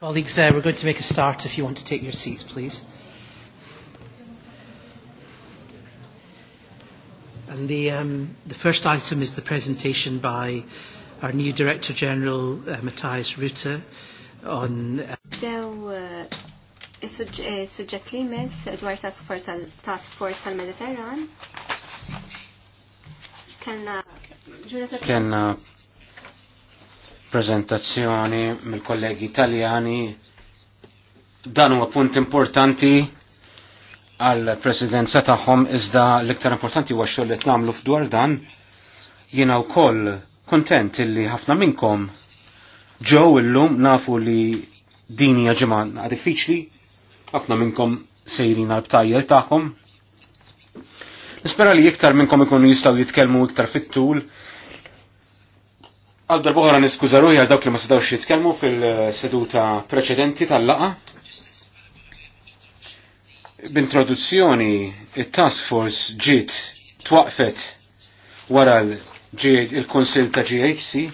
Colleagues, uh, we're going to make a start if you want to take your seats, please. And the, um, the first item is the presentation by our new Director General, uh, Matthias Rutte, on... Uh, Dew, uh, suġġett uh, task force tal-Mediterran. Kenna Kenna prezentazzjoni mill-kollegi italjani. Dan huwa punt importanti għal presidenza tagħhom iżda l-iktar importanti huwa xogħol li tnamlu f'dwar dan. Jiena wkoll kontent illi ħafna minnkom ġew illum nafu li dini ġimgħa diffiċli, ħafna minnkom sejrin għal btajjel tagħhom. Nispera li iktar minnkom ikunu jistgħu jitkellmu iktar fit-tul Għal darba oħra niskużaru għal dawk li ma sadawx jitkellmu fil-seduta preċedenti tal-laqa. B'introduzzjoni, it-task force ġiet twaqfet wara l-Konsil ta' GHC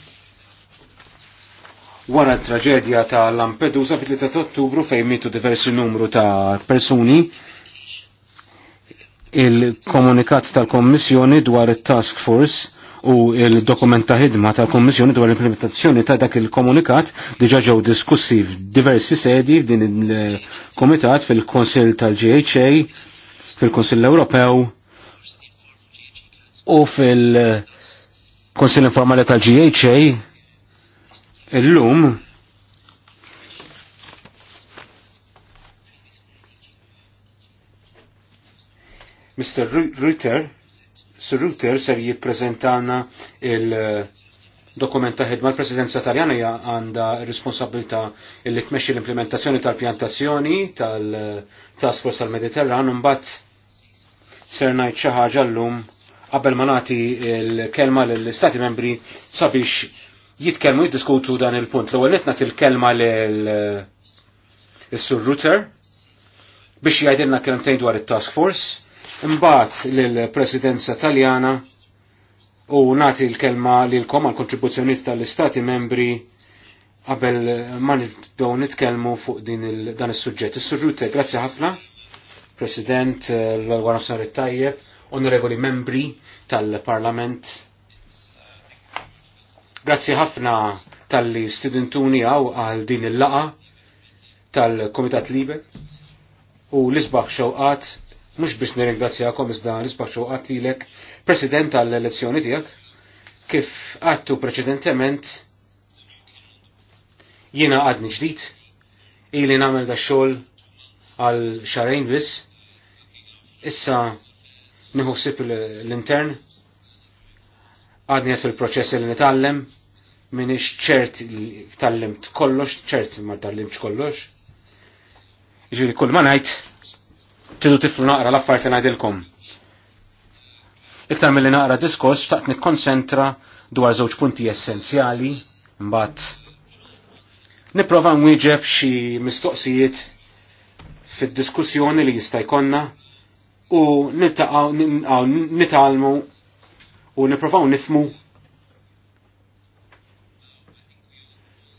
wara t-traġedja ta' Lampedusa fit-3 Ottubru fejn mitu diversi numru ta' persuni il-komunikat tal-Kommissjoni dwar it-Task Force u il-dokument ta' ħidma tal-Kommissjoni dwar l-implementazzjoni ta' dak il-komunikat diġa ġew diskussi f'diversi sedi f'din il-Komitat fil-Konsil tal-GHA, fil-Konsil Ewropew u fil-Konsil Informali tal-GHA illum Mr. Reuter Ruther ser jippreżentana il-dokument eh, ta' ħidma l-Presidenza Taljana hija għandha responsabilità li tmexxi l-implementazzjoni tal-pjantazzjoni tal-Task eh, Force tal-Mediterran un bat ser najt xi ħaġa llum qabel ma nagħti l-kelma lill-Stati Membri sabiex jitkellmu jiddiskutu dan il-punt. L-ewwel qed nagħti l-kelma lill eh, Sur Ruter biex jgħidilna kelmtejn dwar it-Task Force imbagħad lill-Presidenza Taljana u nati l-kelma lilkom għal kontribuzzjonijiet tal-Istati membri qabel ma nibdew nitkellmu fuq din dan is-suġġett. Is-suġġett grazzi ħafna, President l-Għana tajjeb onorevoli membri tal-Parlament. Grazzi ħafna tal-li studentuni għaw għal din il-laqa tal-Komitat Liber u l-isbaħ xewqat Mux biex nirringrazzjakom iżda nispaċu għatlilek president għall elezzjoni tijak, kif għattu preċedentement jiena għadni ġdid, ili namel da xol għal xarajn bis, issa nħuħsib l-intern, għadni għat fil-proċess li nitallem, minix ċert tallimt kollox, ċert ma tallimx kollox. Ġiri kull ma najt, tidu tiflu naqra l-affarijiet li najdilkom. Iktar milli naqra diskors taqt nikkonsentra dwar żewġ punti essenzjali mbagħad nipprova nwieġeb xi mistoqsijiet fid-diskussjoni li jista' jkollna u nitalmu u nipprovaw nifmu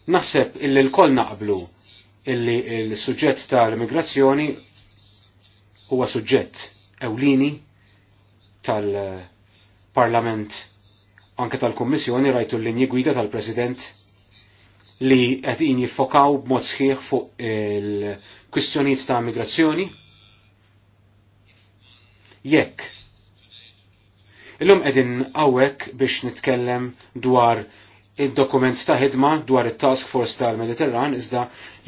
Naħseb illi l-koll naqblu illi l-suġġett tal-immigrazzjoni huwa suġġett ewlini tal-Parlament anke tal-Kommissjoni rajtu l-linji gwida tal-President li qegħdin jiffokaw b'mod sħiħ fuq il-kwistjonijiet ta' migrazzjoni. Jekk. Illum qegħdin hawnhekk biex nitkellem dwar id dokument ta' ħidma dwar it-task force tal-Mediterran iżda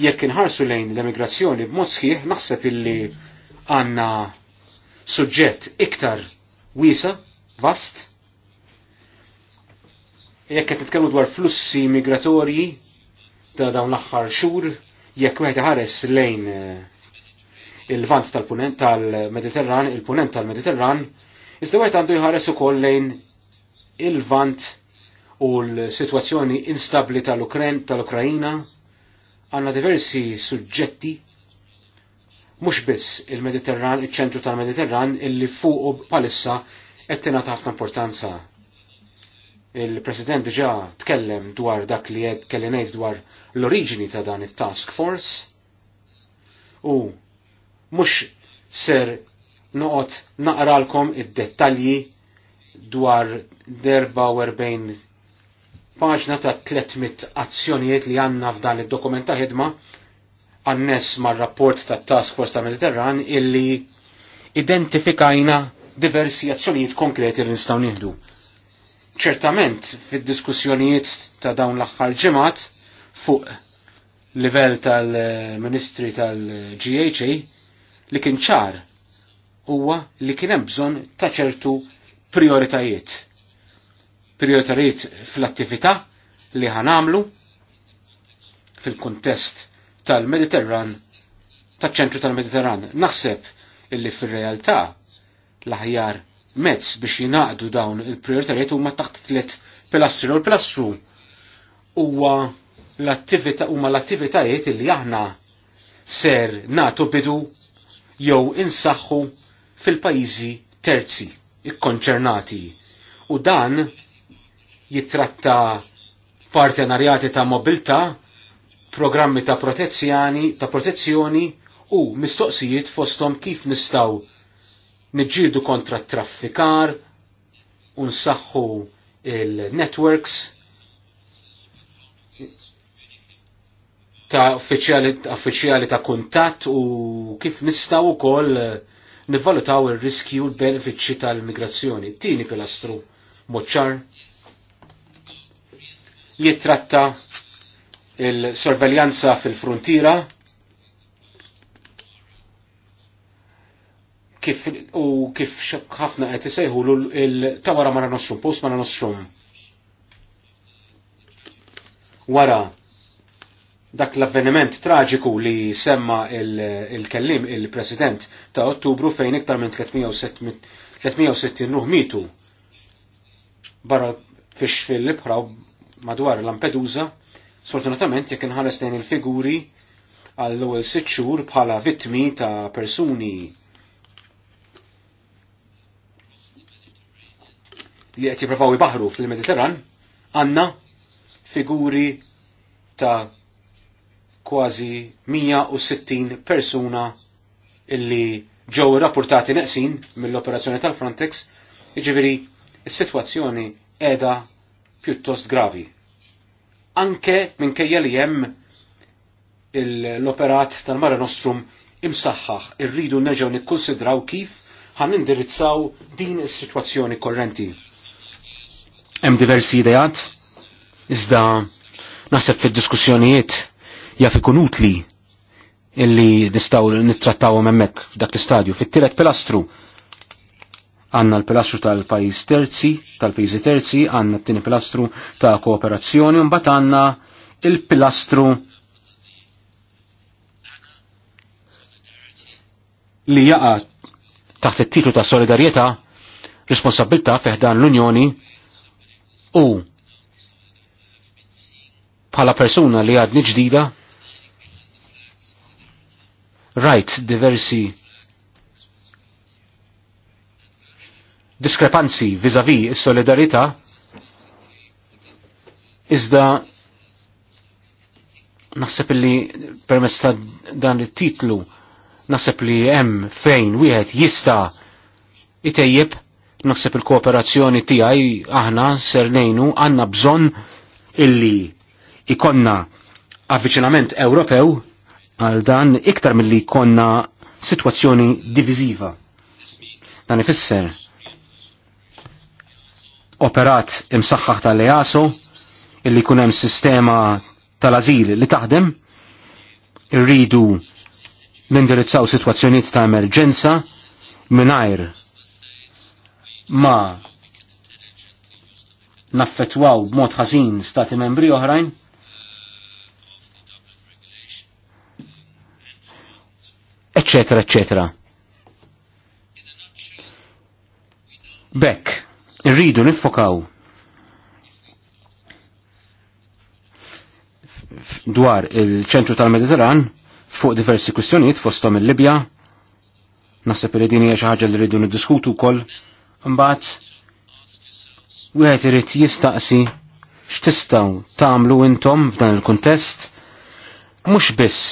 jekk inħarsu lejn l-immigrazzjoni b'mod sħiħ naħseb illi għanna suġġett iktar wisa, vast, jekk qed titkellmu dwar flussi migratorji ta' dawn l-aħħar xhur, jekk wieħed ħares lejn eh, il-vant tal-punent tal-Mediterran, il-punent tal-Mediterran, iżda wieħed għandu jħares ukoll lejn il-vant u l-sitwazzjoni instabli tal ukrain tal-Ukrajina għandna diversi suġġetti mhux biss il-Mediterran, il ċentru tal-Mediterran illi fuq palissa qed tingħata ħafna importanza. Il-President diġà tkellem dwar dak li jed kelli ngħid dwar l-oriġini ta' dan it-task force u mhux ser noqgħod naqralkom id-dettalji dwar 44 paġna ta' 300 azzjonijiet li għanna f'dan id-dokumenta ħidma anness mar-rapport ta' Task Force ta' Mediterran illi identifikajna diversi azzjonijiet konkreti li nistgħu nieħdu. Ċertament fid-diskussjonijiet ta' dawn l-aħħar ġimgħat fuq livell tal-Ministri tal-GHA li kien ċar huwa li kien hemm bżonn ta' ċertu prioritajiet. Prioritajiet fl-attività li ħanamlu fil kuntest tal-Mediterran, tal-ċentru tal-Mediterran. Naħseb illi fil-realtà l-aħjar mezz biex jinaqdu dawn il-prioritajiet huma taħt tliet pilastri u l-pilastru huwa l-attività huma l-attivitajiet illi aħna ser nagħtu bidu jew insaħħu fil-pajjiżi terzi ikkonċernati. U dan jitratta partenarjati ta' mobilta' programmi ta' protezzjoni, ta' protezzjoni u mistoqsijiet fostom kif nistaw nġirdu kontra traffikar, unsaħħu il-networks ta' uffiċjali ta' kuntatt u kif nistaw ukoll nivvalutaw ir-riskju u l-benefiċċji tal-migrazzjoni. Tini pilastru moċċar jittratta il-sorveljanza fil-frontiera kif u kif ħafna qed isejħu il-tawara mara nostrum, post mara nostrum. Wara dak l-avveniment traġiku li semma il-kellim il il-president ta' ottubru fejn iktar minn 360 ruħ mitu barra fix fil-libħra madwar Lampedusa Sfortunatament jekk inħares lejn il-figuri għall-ewwel sitt xhur bħala vittmi ta' persuni li qed jipprovaw ibaħru fil-Mediterran, għandna figuri ta' kważi 160 persuna illi ġew rapportati neqsin mill-operazzjoni tal-Frontex, jiġifieri s-sitwazzjoni qiegħda pjuttost gravi anke minkejja li hemm l-operat tal-Mara Nostrum imsaxħax irridu neġaw nikkonsidraw kif ħan indirizzaw din is-sitwazzjoni korrenti. Hemm diversi ideat, iżda naħseb fid-diskussjonijiet jaf ikun utli illi nistaw nittrattawhom hemmhekk f'dak l-istadju. Fit-tielet pilastru għanna l-pilastru tal-pajis terzi, tal-pajizi terzi, għanna t-tini pilastru ta' kooperazzjoni, un għanna il-pilastru li jaqa taħt it-titlu ta' solidarieta responsabilta feħdan l-Unjoni u bħala persuna li għadni ġdida rajt diversi diskrepanzi vizavi is solidarita iżda naħseb li permezz ta' dan it-titlu naħseb li hemm fejn wieħed jista' itejjeb naħseb il-kooperazzjoni tiegħi aħna ser ngħinu għandna bżonn illi ikonna avviċinament Ewropew għal dan iktar milli konna sitwazzjoni diviziva. Dan ifisser operat imsaħħaħ tal-EASO illi kunem sistema tal-azil li taħdem irridu nindirizzaw situazzjoniet ta' emerġenza minajr ma naffetwaw b'mod ħażin stati membri oħrajn eccetera eccetera Bekk, Irridu nifokaw dwar il-ċentru tal-Mediterran fuq diversi kwistjonijiet fostom il-Libja. Naħseb li din hija xi ħaġa li rridu niddiskutu wkoll. Imbagħad wieħed irid jistaqsi x'tistgħu tagħmlu intom f'dan il-kuntest mhux biss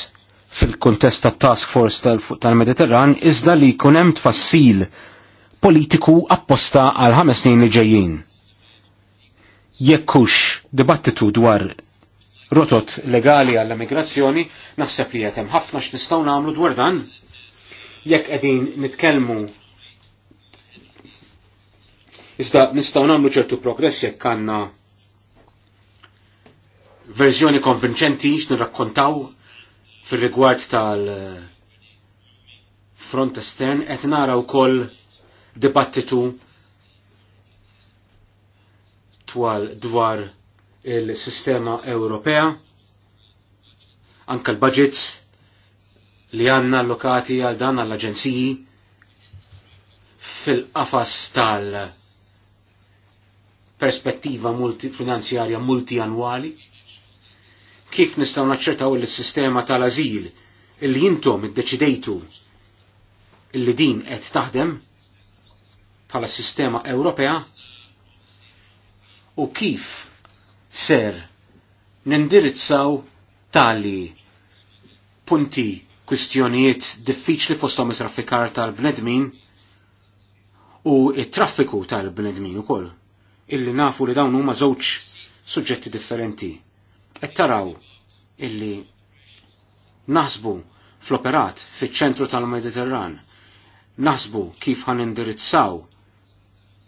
fil-kuntest tat-task force tal-Mediterran iżda li jkun hemm tfassil politiku apposta għal ħames snin li ġejjin. Jekkux dibattitu dwar rotot legali għall immigrazzjoni naħseb li hemm ħafna x'nistgħu nagħmlu dwar dan. Jekk qegħdin nitkellmu Iżda nistgħu nagħmlu ċertu progress jekk għandna verżjoni konvinċenti x'nirrakkontaw fir-rigward tal- front estern qed nara wkoll dibattitu twal dwar il-sistema Ewropea, anka l-budgets li għanna allokati għal dan għall aġenziji fil-qafas tal perspettiva multi finanzjarja multianwali. Kif nistaw naċċertaw il-sistema tal-azil illi jintom id-deċidejtu illi din qed taħdem bħala sistema Ewropea u kif ser nindirizzaw tali punti kwistjonijiet diffiċli fostom it-traffikar tal-bnedmin u it-traffiku tal-bnedmin ukoll illi nafu li dawn huma żewġ suġġetti differenti. Qed taraw illi naħsbu fl-operat fiċ-ċentru tal-Mediterran, naħsbu kif ħan indirizzaw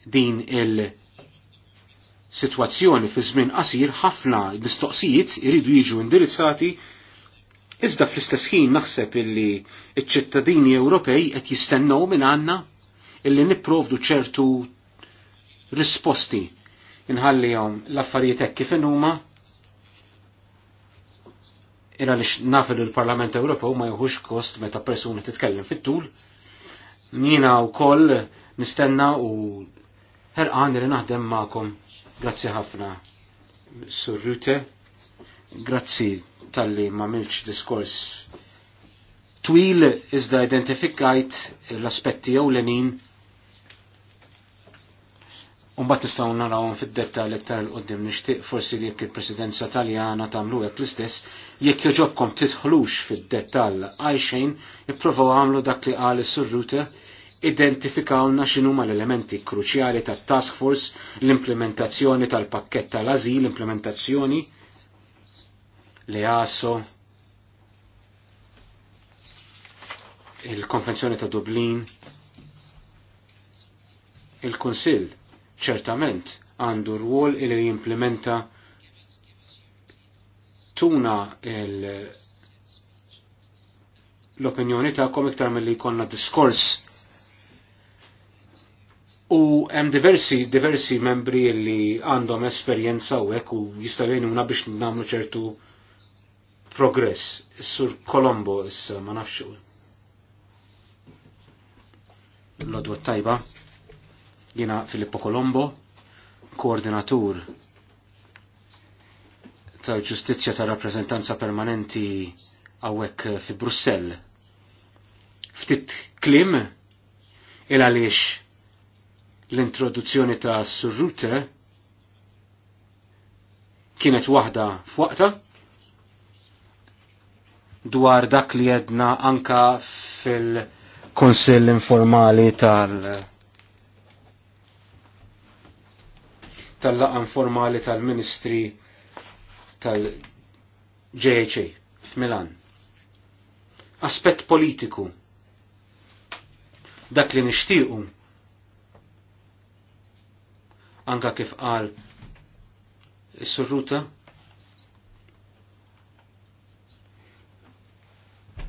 din il- situazzjoni fi żmien qasir ħafna mistoqsijiet iridu jiġu indirizzati iżda fl-istess ħin naħseb illi iċ-ċittadini Ewropej qed jistennew minn għandna illi nipprovdu ċertu risposti inħallihom l-affarijiet hekk kif huma ira lix naf li l-Parlament Ewropew ma jħux kost meta persuni titkellem fit-tul. Mina wkoll nistenna u Herqan li naħdem ma'kom. Grazzi ħafna. Sur Rute, grazzi tal-li ma' milċ diskors twil iżda identifikajt l-aspetti jew lenin Umbat nistaw narawhom fid l iktar l qoddim nixtieq forsi li jekk il-Presidenza Taljana tagħmlu hekk l-istess jekk joġobkom titħlux fid-dettall għal xejn jiprofaw għamlu dak li qal is-surrute identifikawna xinu ma l-elementi kruċjali ta' task force, l-implementazzjoni tal-pakket tal-azil, l-implementazzjoni li għasso il-konvenzjoni ta' Dublin, il-Konsil ċertament għandu rwol il jimplementa tuna l-opinjoni ta' kom iktar mill-li konna diskors U hemm diversi, diversi membri li għandhom esperjenza u hekk u jistajenu na biex nagħmlu ċertu progress. Is-Sur Kolombo issa ma nafx. Lodwa tajba. Jiena Filippo Kolombo, koordinatur tal-ġustizzja ta' rappresentanza permanenti għawek fi Brussell. Ftit klim il għaliex l-introduzzjoni ta' surrute kienet waħda f'waqta dwar dak li jedna anka fil-konsill informali tal- tal-laqa informali tal-ministri tal-JHA f'Milan. Aspett politiku. Dak li nixtiequ anka kif qal is-surruta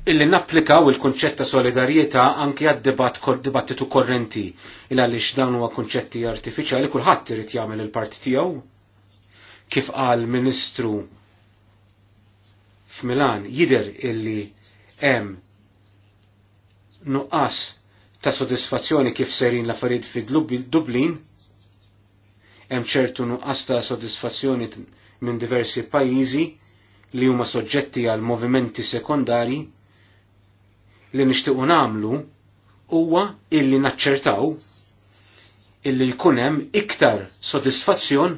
illi napplikaw il-konċett ta' solidarjetà anke għad dibattitu korrenti il għaliex dawn huwa konċetti artifiċjali kulħadd irid jagħmel il-parti tiegħu. Kif qal Ministru f'Milan jidher illi hemm nuqqas ta' sodisfazzjoni kif serin l-affarijiet fi Dublin hemm ċertu nuqqas ta' sodisfazzjoni minn diversi pajjiżi li huma soġġetti għal movimenti sekondari li nixtiequ nagħmlu huwa illi naċċertaw illi jkun hemm iktar sodisfazzjon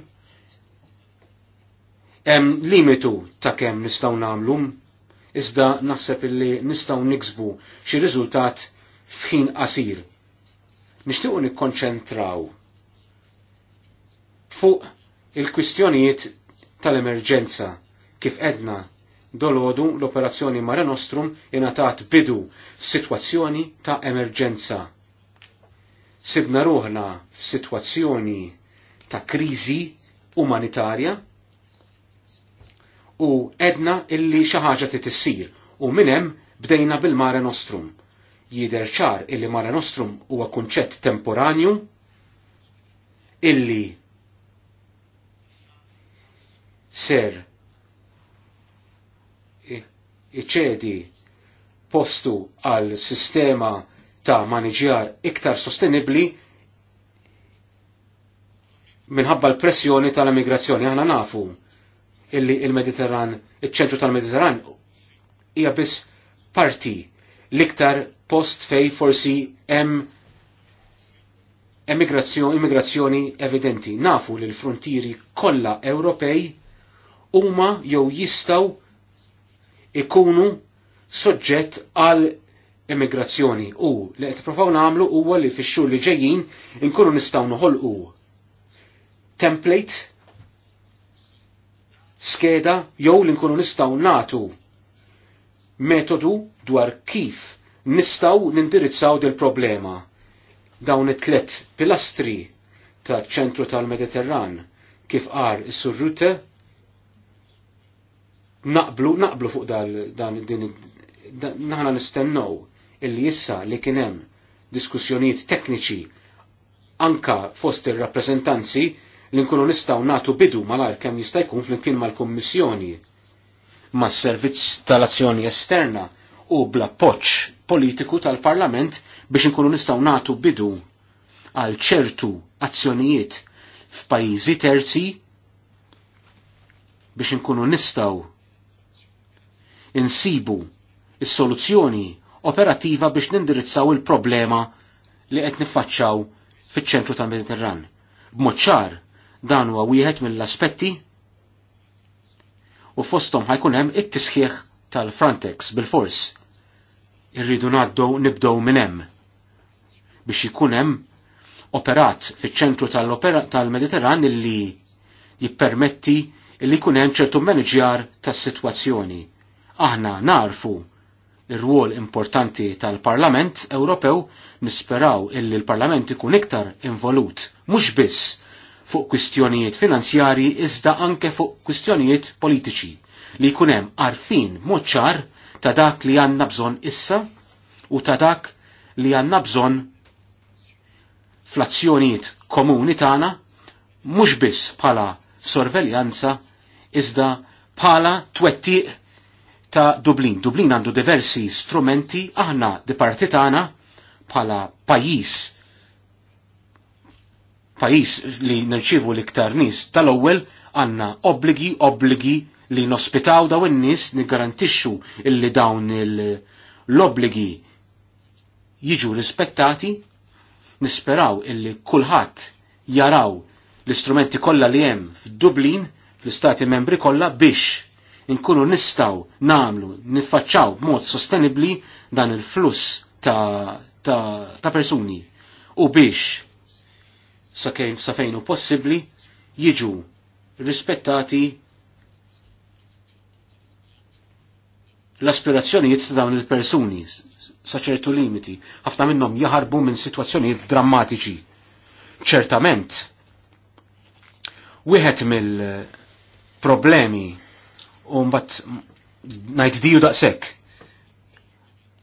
hemm limitu ta' kemm nistgħu nagħmlu iżda naħseb illi nistgħu niksbu xi riżultat f'ħin qasir. Nixtiequ nikkonċentraw fuq il-kwistjonijiet tal-emerġenza kif edna dolodu l-operazzjoni Mare Nostrum ingħatat bidu f'sitwazzjoni ta' emerġenza. Sibna ruħna f'sitwazzjoni ta' kriżi umanitarja u edna illi xi ħaġa trid issir u minn hemm bdejna bil-Mare Nostrum. Jider ċar illi Mare Nostrum huwa kunċett temporanju illi ser iċedi postu għal sistema ta' maniġjar iktar sostenibli minħabba l-pressjoni tal-immigrazzjoni. Aħna nafu illi il-Mediterran, il-ċentru tal-Mediterran hija biss parti l-iktar post fej forsi hemm immigrazzjoni evidenti. Nafu li l-frontieri kollha Ewropej huma jew jistaw ikunu soġġett għal immigrazzjoni u li qed provaw nagħmlu huwa li fix-xhur li ġejjin inkunu nistgħu noħolqu template skeda jew li nkunu nistgħu nagħtu metodu dwar kif nistgħu nindirizzaw del problema dawn it-tlet pilastri taċ ċentru tal-Mediterran kif qar is-Surrute naqblu, naqblu fuq dan din naħna nistennow illi issa li kienem diskussjonijiet tekniċi anka fost il-rappresentanzi li nkunu nistaw natu bidu malar kem jista' jkun flimkien mal-Kummissjoni mas servizz tal-azzjoni esterna u bla poċ politiku tal-Parlament biex nkunu nistaw natu bidu għal ċertu azzjonijiet f'pajjiżi terzi biex nkunu nistaw insibu is-soluzzjoni operativa biex nindirizzaw il-problema li qed niffaċċaw fiċ-ċentru ta' Mediterran. B'mod ċar, dan huwa wieħed mill-aspetti u fosthom ħajkun hemm it-tisħiħ tal-Frontex bil-fors. Irridu naddu nibdew minn hemm biex ikun hemm operat fiċ-ċentru tal-Mediterran tal illi jippermetti illi jkun hemm ċertu manager tas-sitwazzjoni Aħna narfu ir-rwol importanti tal-Parlament Ewropew nisperaw illi l-Parlament ikun iktar involut, mhux biss fuq kwistjonijiet finanzjari iżda anke fuq kwistjonijiet politiċi li jkun hemm għarfin moċċar ċar ta' dak li għandna bżonn issa u ta' dak li għandna bżonn fl-azzjonijiet komuni tagħna mhux biss bħala sorveljanza iżda bħala twettiq ta' Dublin. Dublin għandu diversi strumenti, aħna dipartitana bħala pajis pajis li nirċivu l-iktar nis tal-ewwel għanna obbligi obbligi li nospitaw daw in-nies nigarantixxu illi dawn l-obbligi jiġu rispettati nisperaw illi kulħadd jaraw l-istrumenti kollha li hemm f'Dublin l istati membri kollha biex inkunu nistaw namlu, nifacċaw b'mod sostenibli dan il-fluss ta', ta, ta persuni u biex sa, kejn, sa fejnu possibli jiġu rispettati l-aspirazzjonijiet ta' dawn il-persuni sa ċertu limiti. Ħafna minnhom jaħarbu minn sitwazzjonijiet drammatiċi. Ċertament, wieħed mill-problemi u mbagħad najt diju daqshekk.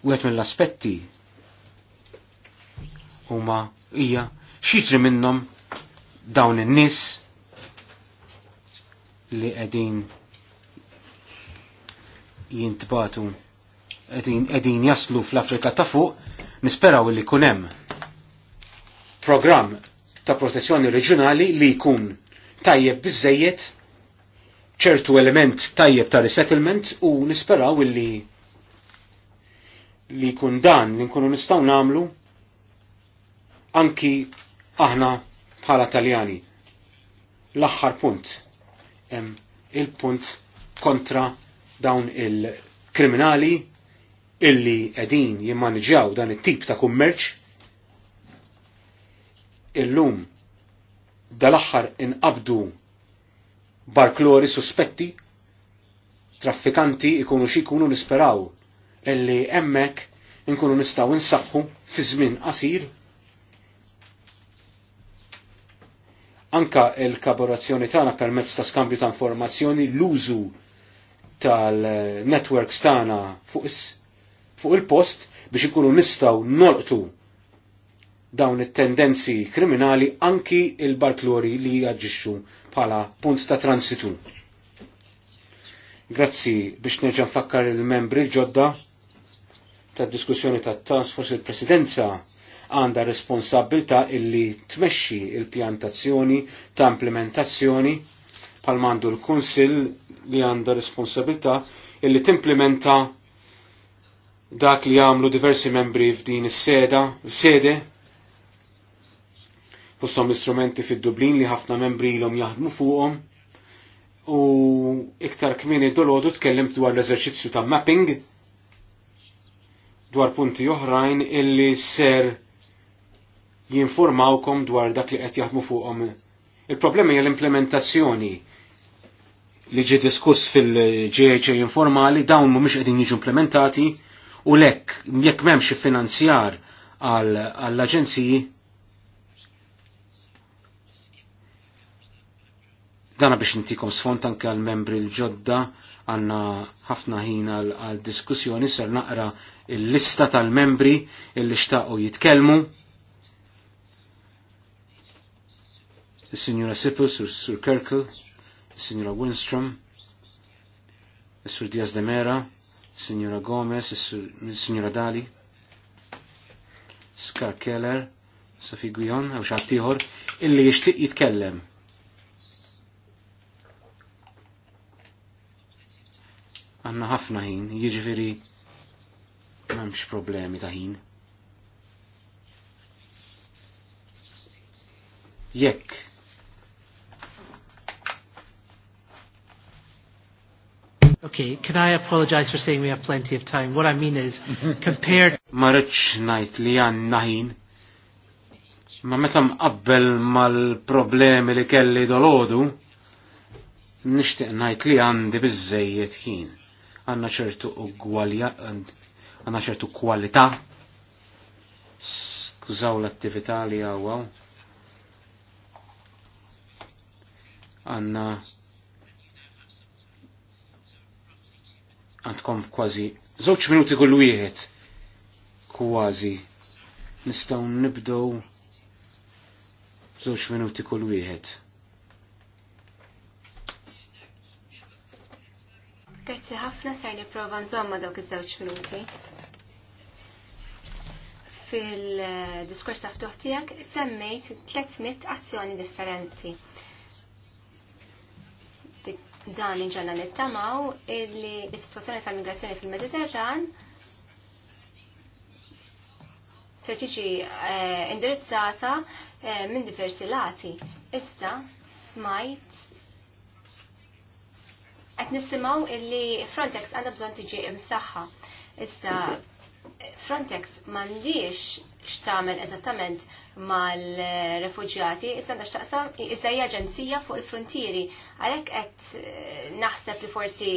Wieħed mill-aspetti huma hija x'jiġri minnhom dawn in-nies li qegħdin jintbatu qegħdin jaslu fl-Afrika ta' fuq nisperaw li jkun hemm programm ta' protezzjoni reġjonali li jkun tajjeb biżejjed ċertu element tajjeb ta' resettlement u nisperaw illi li kun dan li nkunu nistaw namlu anki aħna bħala taljani. L-aħħar punt, il-punt kontra dawn il-kriminali illi edin jimmanġjaw dan it-tip ta' kummerċ, illum dal aħħar inqabdu barklori suspetti, traffikanti ikunu xikunu nisperaw illi emmek inkunu nistaw insaxhu fi żmien qasir. Anka il-kaborazzjoni tagħna permezz ta' skambju ta' informazzjoni l-użu tal-networks tagħna fuq fuq il-post biex ikunu nistaw nolqtu dawn it-tendenzi kriminali anki il-barklori li jaġġixxu pala punt ta' transitu. Grazzi biex nerġa' nfakkar il-membri ġodda tad diskussjoni tat task force il-presidenza għanda responsabilta illi tmexxi il-pjantazzjoni ta' implementazzjoni pal mandu l-Kunsil li għanda responsabilta illi timplementa dak li għamlu diversi membri f'din is-seda, sede, fostom istrumenti fid-Dublin li ħafna membri l-om jaħdmu fuqhom. U iktar kmini dolodu tkellimt dwar l-eżerċizzju ta' mapping dwar punti oħrajn illi ser jinformawkom dwar dak li qed jaħdmu fuqhom. Il-problema hija l-implementazzjoni li ġi diskuss fil-GHA informali dawn mhumiex qegħdin jiġu implementati u lek jekk m'hemmx finanzjar għall-aġenziji Dana biex intikom sfont anke għal membri l-ġodda għanna ħafna ħin għal diskussjoni ser naqra il-lista tal-membri illi xtaqo jitkellmu. is signora Sippel, Sur Kirkle, is signora Winstrom, is-Sur Diaz de Mera, Il-Signora Gomez, Il-Signora Dali, Scar Keller, Sofi Guion, għaw xaħtiħor, illi jishtiq jitkellem Għanna ħafna ħin, jiġifieri m'hemmx problemi ta' ħin. Jekk Okay, can I apologize for saying we have plenty of time? What I mean is, compared... Marriċ najt li għanna ħin. Ma meta mqabbel mal-problemi li kelli dolodu, nishtiq najt li għandi bizzejiet ħin għanna ċertu ugwalja, għanna ċertu kwalità. Skużaw l-attività li għaw. Għanna għandkom kważi żewġ minuti kull wieħed kważi nistgħu nibdew żewġ minuti kull wieħed. Grazzi ħafna sar nipprova nżomma dawk iż-żewġ minuti. Fil-diskors ftuħ tiegħek semmejt 300 azzjoni differenti. Dan inġanna nittamaw illi is-sitwazzjoni tal-migrazzjoni fil-Mediterran se tiġi eh, indirizzata eh, minn diversi lati. Iżda smajt qed nisimgħu illi Frontex għandha bżonn tiġi imsaħħa. issa Frontex m'għandix x'tagħmel eżattament mal-refuġjati, issa x'taqsam iżda hija ġenzija fuq il-frontieri. Għalhekk qed naħseb li forsi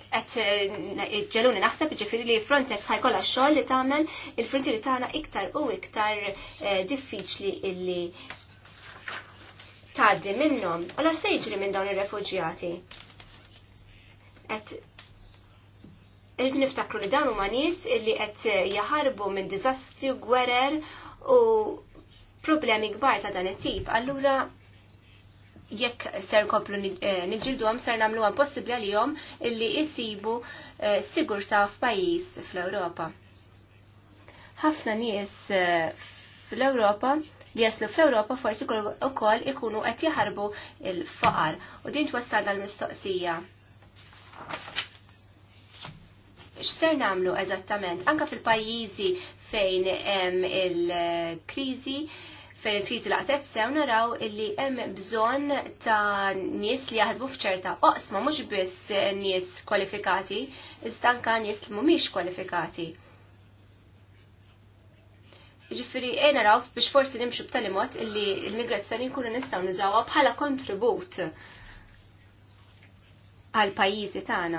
qed ġeluni naħseb ġifieri li Frontex ħajkollha xogħol li tagħmel il-frontieri tagħna iktar u iktar eh, diffiċli illi tgħaddi minnhom. U la se jiġri minn dawn ir-refuġjati? et irrid niftakru li dan huma nies illi qed jaħarbu minn diżastri, gwerer u problemi kbar ta' dan it-tip. Allura jekk ser nkomplu nġildu eh, għam ser namlu għam possibli illi jsibu eh, sigurta f'pajjiż fl ewropa ħafna nies eh, fl ewropa li jaslu fl ewropa forsi u ikunu qed jaħarbu il-faqar u din twassalna l-mistoqsija X'ser namlu eżattament? Anka fil-pajjiżi fejn hemm il-kriżi, fejn il-kriżi laqtet sew naraw illi hemm bżonn ta' nies li jaħdmu f'ċerta oqsma mhux biss nies kwalifikati, iżda anka nies li mhumiex kwalifikati ġifiri, ej eh, naraw biex forsi nimxu b'tali mod illi l-migrazzjoni nkunu nistgħu nużawha bħala kontribut għal pajjiżi tagħna.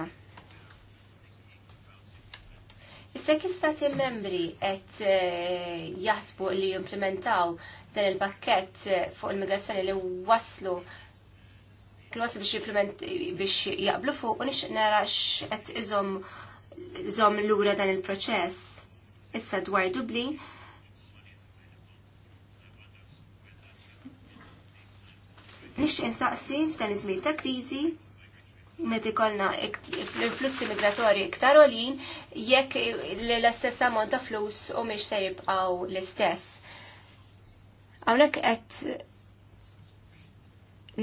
Issa istati l membri qed eh, jasbu li jimplementaw dan il-pakkett eh, fuq il-migrazzjoni li waslu klos biex biex jaqblu fuq u nix nara x'qed iżom l lura dan il-proċess. Issa dwar dubli nix insaqsi f'dan iż-żmien ta' kriżi net ikolna l-flussi migratorji iktar olin jekk l-istess ammont ta' flus u miex se jibqaw l-istess. Hawnhekk qed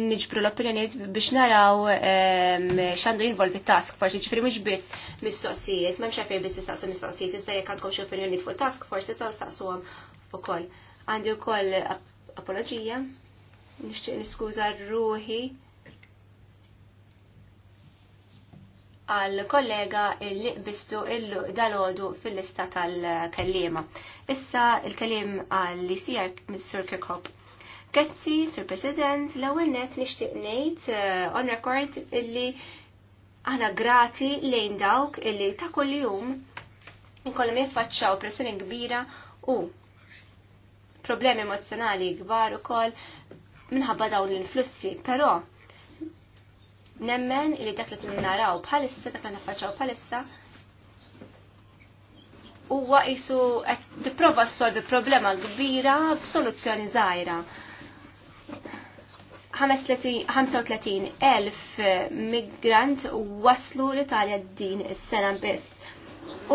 niġbru l-opinjoniet biex naraw ehm, x'għandu jinvolvi task force, ġifri mhux biss mistoqsijiet, m'hemmx bis biss tistaqsu mistoqsijiet, iżda jekk għandkom xi opinjoniet fuq task force tistgħu tistaqsuhom ukoll. Għandi wkoll apologija, nixtieq niskuża ruħi għal kollega li bistu dal-ħodu fil-lista tal-kellima. Issa il-kellim għal li sijar Mr. Kirkhope. Ketzi, Sir President, l-ewwel net nixtieq ngħid uh, on record illi aħna grati lejn dawk illi ta' kuljum inkollhom jiffaċċaw pressjoni kbira u problemi emozjonali kbar ukoll minħabba dawn l-influssi, però Nemmen li dak li naraw bħalissa, dak li naffaċċaw bħalissa, huwa jisu qed tipprova ssolvi problema kbira b'soluzzjoni żgħira. 35 elf migrant waslu l-Italja din is-sena biss.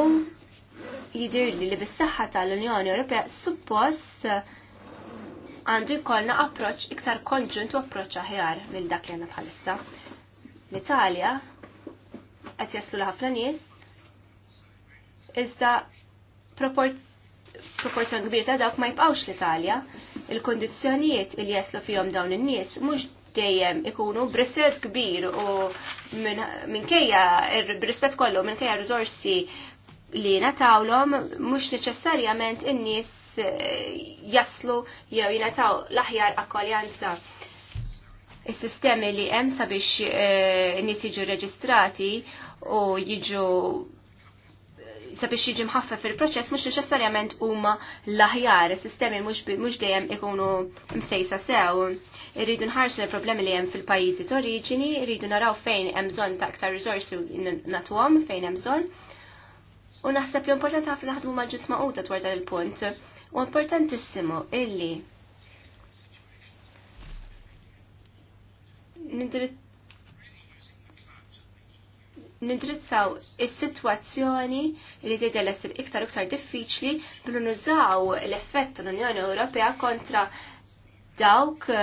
U jidir li li bis-saħħa tal-Unjoni Ewropea suppost għandu jkollna approċ iktar konġunt u approċ aħjar mill dak li għanna bħalissa l-Italja qed jaslu ħafna nies iżda proporzjon kbir ta' dawk ma jibqgħux l-Italja. Il-kondizzjonijiet il jaslu fihom dawn in-nies mhux dejjem ikunu brisset kbir u minkejja brispett kollu minkejja riżorsi li natawlhom mhux neċessarjament in-nies eh, jaslu jew jingħataw l-aħjar akkoljanza is-sistemi li hemm sabiex eh, nies jiġu reġistrati u jiġu sabiex jiġi mħaffa fil-proċess mhux neċessarjament huma l-aħjar, is-sistemi mhux dejjem ikunu msejsa sew. Irridu nħarsu l-problemi li hemm fil-pajjiżi t-oriġini, irridu naraw fejn hemm bżonn ta' aktar riżorsi nagħtuhom fejn hemm bżonn. U naħseb li importanti ħafna naħdmu ma' ġisma' dwar dan il-punt. U importantissimo illi nindrizzaw is-sitwazzjoni li tidelles essir iktar iktar diffiċli billi nużaw l-effett tal-Unjoni Ewropea kontra dawk eh,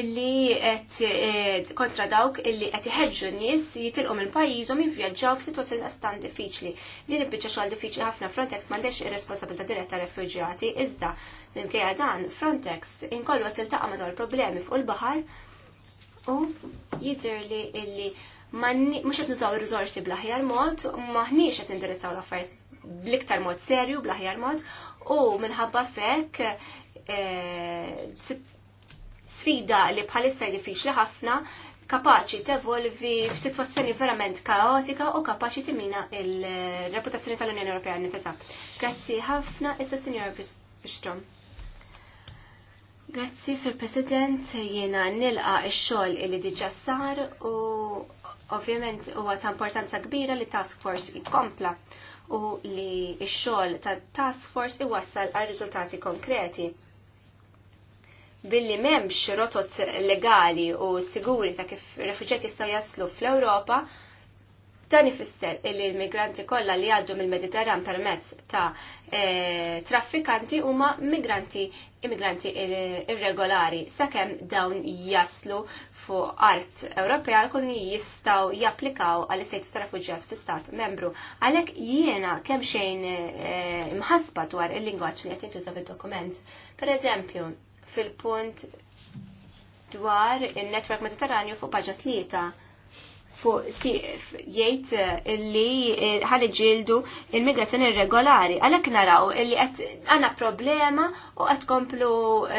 illi et, eh, kontra dawk illi qed iħeġġu n-nies jitilqu minn pajjiżhom jivvjaġġaw f'sitwazzjoni stan diffiċli. li nibbiċċa xogħol diffiċli ħafna Frontex m'għandex ir-responsabilità diretta tal-refuġjati iżda minkejja dan Frontex inkollu tiltaqa' madwar problemi fuq il-baħar u jidher li illi mhux qed nużaw il-rizorsi bl-aħjar mod, maħniex qed nindirizzaw l-affarijiet bl-iktar mod serju bl-aħjar mod u minħabba fekk eh, sfida li bħalissa diffiċli ħafna kapaċi tevolvi f'sitwazzjoni verament kaotika u kapaċi timina il-reputazzjoni tal-Unjoni Ewropea nifesa. Grazzi ħafna, issa Sinjor Bistrom. Grazzi, Sur President, jiena nilqa x-xogħol li diġà sar u ovvjament huwa ta' importanza kbira li task force jitkompla u li x-xogħol ta' task force iwassal għal riżultati konkreti. Billi m'hemmx rotot legali u siguri ta' kif refuġjati jistgħu jaslu fl-Ewropa, Dan ifisser illi l-migranti kollha li għaddu mill-Mediterran permezz ta' eh, traffikanti huma migranti immigranti irregolari sakemm dawn jaslu fuq art Ewropea jkunu jistgħu japplikaw għal istatus ta' refuġjat fi stat membru. Għalhekk jiena kemm xejn eh, imħasba dwar il-lingwaġġ li qed jintuża fid-dokument. Pereżempju, fil-punt dwar il-netwerk mediterranju fuq paġa tlieta fuq siqf jgħid eh, illi eh, ħaniġildu il-migrazzjoni irregolari. Għalhekk naraw illi qed għandna problema u qed komplu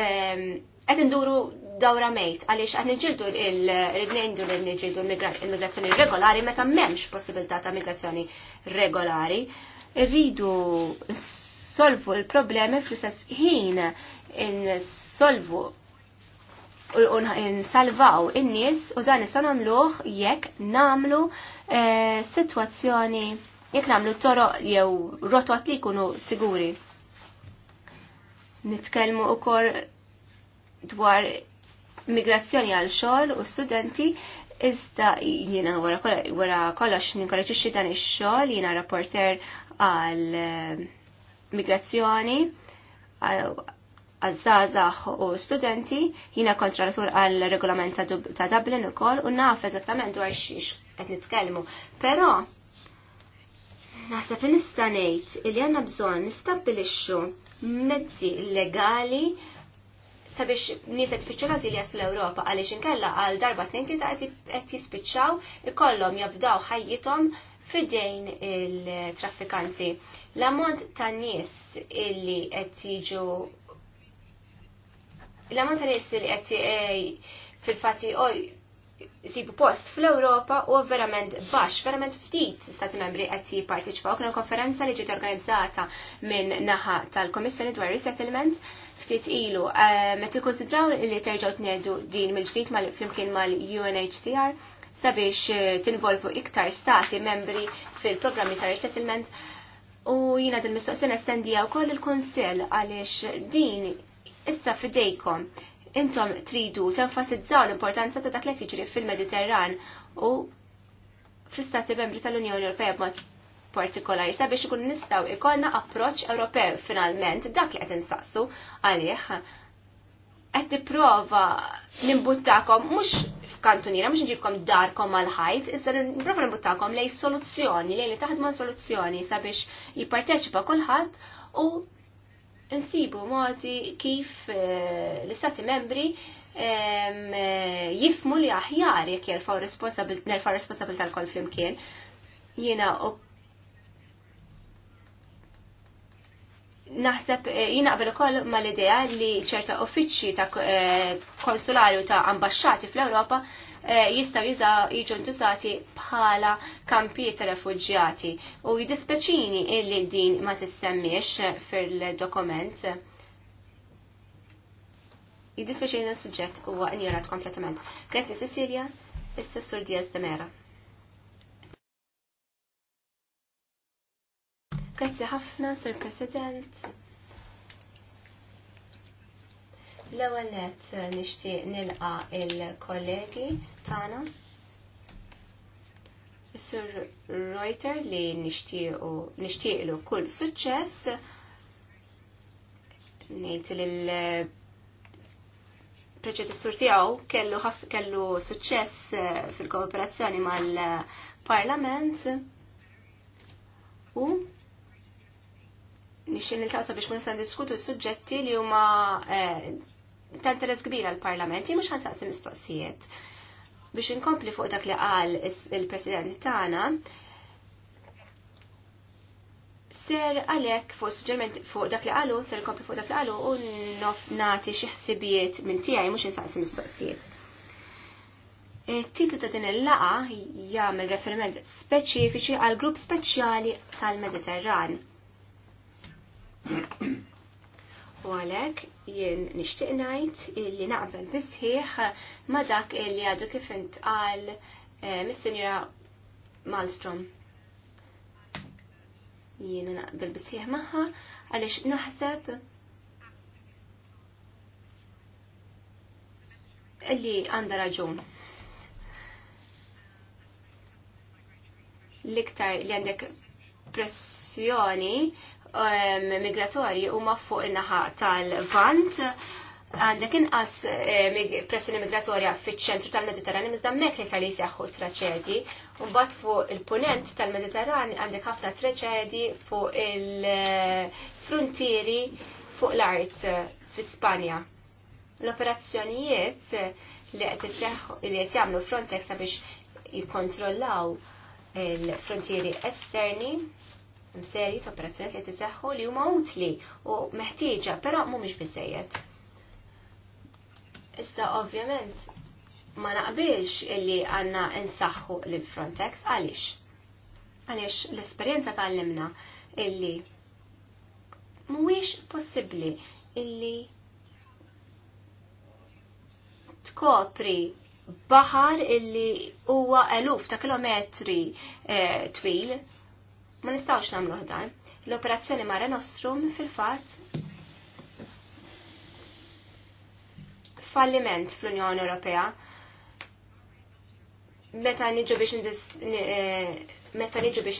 ehm, qed induru dawra mejt għaliex qed niġildu il-ridnejndu li niġildu il-migrazzjoni irregolari meta m'hemmx possibilità ta' migrazzjoni regolari. rridu solvu l-problemi fl-istess ħin insolvu u n-salvaw in-nies u dan nistgħu nagħmluh jekk nagħmlu eh, sitwazzjoni jekk nagħmlu toroq jew rotot li jkunu siguri. Nitkellmu kor dwar migrazzjoni għal xogħol u studenti Iżda jiena wara kollox ninkoraġixxi dan ix-xogħol, jiena rapporter għal eh, migrazzjoni għazzazax u studenti, jina l-tur għal regolament ta' Dublin u kol, u naf eżattament dwar xiex qed nitkellmu. Però naħseb li nista' ngħid li għandna bżonn nistabbilixxu mezzi legali sabiex nies qed fiċċu l l-Ewropa għaliex inkella għal darba tnejn kita qed jispiċċaw ikollhom jafdaw ħajjithom fidejn il-traffikanti. L-ammont ta' nies illi qed jiġu l-ammont ta' nies li qed eh, fil-fatti jisibu post fl-Europa u verament bax, verament ftit stati membri qed jipparteċipaw. Kien konferenza li ġiet organizzata minn naħa tal-Komissjoni dwar Resettlement ftit ilu. Eh, Meta tikkonsidraw li terġgħu tnedu din mill-ġdid flimkien mal-UNHCR sabiex eh, tinvolvu iktar stati membri fil-programmi ta' resettlement u jina din mistoqsija u wkoll il konsil għaliex din Issa fidejkom, intom tridu tenfasizzaw l-importanza ta' dak li tiġri fil-Mediterran u fl-istati membri tal-Unjoni Ewropea b'mod partikolari sabiex ikun nistgħu ikollna approċċ Ewropew finalment dak li qed insaqsu għalih qed tipprova nimbuttakom mhux f'kantuniera mhux nġibkom darkom għal ħajt, iżda nipprova nimbuttakom lej soluzzjoni, lej li taħdmu soluzzjoni sabiex jipparteċipa kulħadd u insibu modi kif eh, l-istati membri eh, jifmu li aħjar jek nerfaw responsabilta l-kol flimkien. Jina u naħseb eh, jina qabel ukoll mal-idea li ċerta uffiċċji ta' konsulari u ta' ambasċati fl-Ewropa Eh, jistaw jiġu ntużati bħala kampiet refugġjati u jidispeċini illi din ma tissemmiex fil-dokument. Jidispeċini l-sujġet u għanjurat kompletament. Grazie Cecilia, issa Sur Diaz de Mera. Grazie ħafna, Sir President. L-ewwel nett nixtieq nilqa il-kollegi tagħna. Sur Reuter li nixtieqlu kull suċċess ngħid lil preċedessur tiegħu kellu kellu suċċess eh, fil-kooperazzjoni mal-Parlament u nixtieq il-taqsa biex kun diskutu suġġetti li huma eh, ta' interess kbir għal parlamenti mhux ħansaqsi mistoqsijiet. Biex inkompli fuq dak li qal il-President tagħna, ser għalek fuq suġġerment fuq dak li qalu, ser inkompli fuq dak li qalu u nof nati xi ħsibijiet minn tiegħi mhux insaqsi mistoqsijiet. Titlu ta' din il-laqa jagħmel referiment speċifiċi għal grupp speċjali tal-Mediterran. U għalek jien nishtiq najt illi naqbel bisħiħ ma dak illi għadu kif intqal eh, mis senjura Malstrom. Jien naqbel bisħiħ maħħa għalix naħseb illi għanda raġun. L-iktar li għandek pressjoni migratorji huma fuq in-naħa tal-Vant għandek inqas pressjoni migratorja fiċ-ċentru tal-Mediterranju iżda mek li tal traċedi u Mbagħad fuq il-punent tal-Mediterranju għandek ħafna traċedi fuq il-frontieri fuq l-art fi Spanja. L-operazzjonijiet li qed jagħmlu Frontex sabiex jikkontrollaw il-frontieri esterni serji ta' operazzjoniet li titeħħu li huma utli u meħtieġa, però mhumiex biżejjed. Iżda ovvjament ma naqbilx illi għanna insaħħu li Frontex għaliex. Għaliex l-esperjenza tal illi mhuwiex possibbli illi tkopri baħar illi huwa eluf ta' kilometri eh, twil ma nistawx namlu dan. L-operazzjoni Mare Nostrum fil-fatt falliment fl-Unjoni Ewropea. Meta niġu biex eh,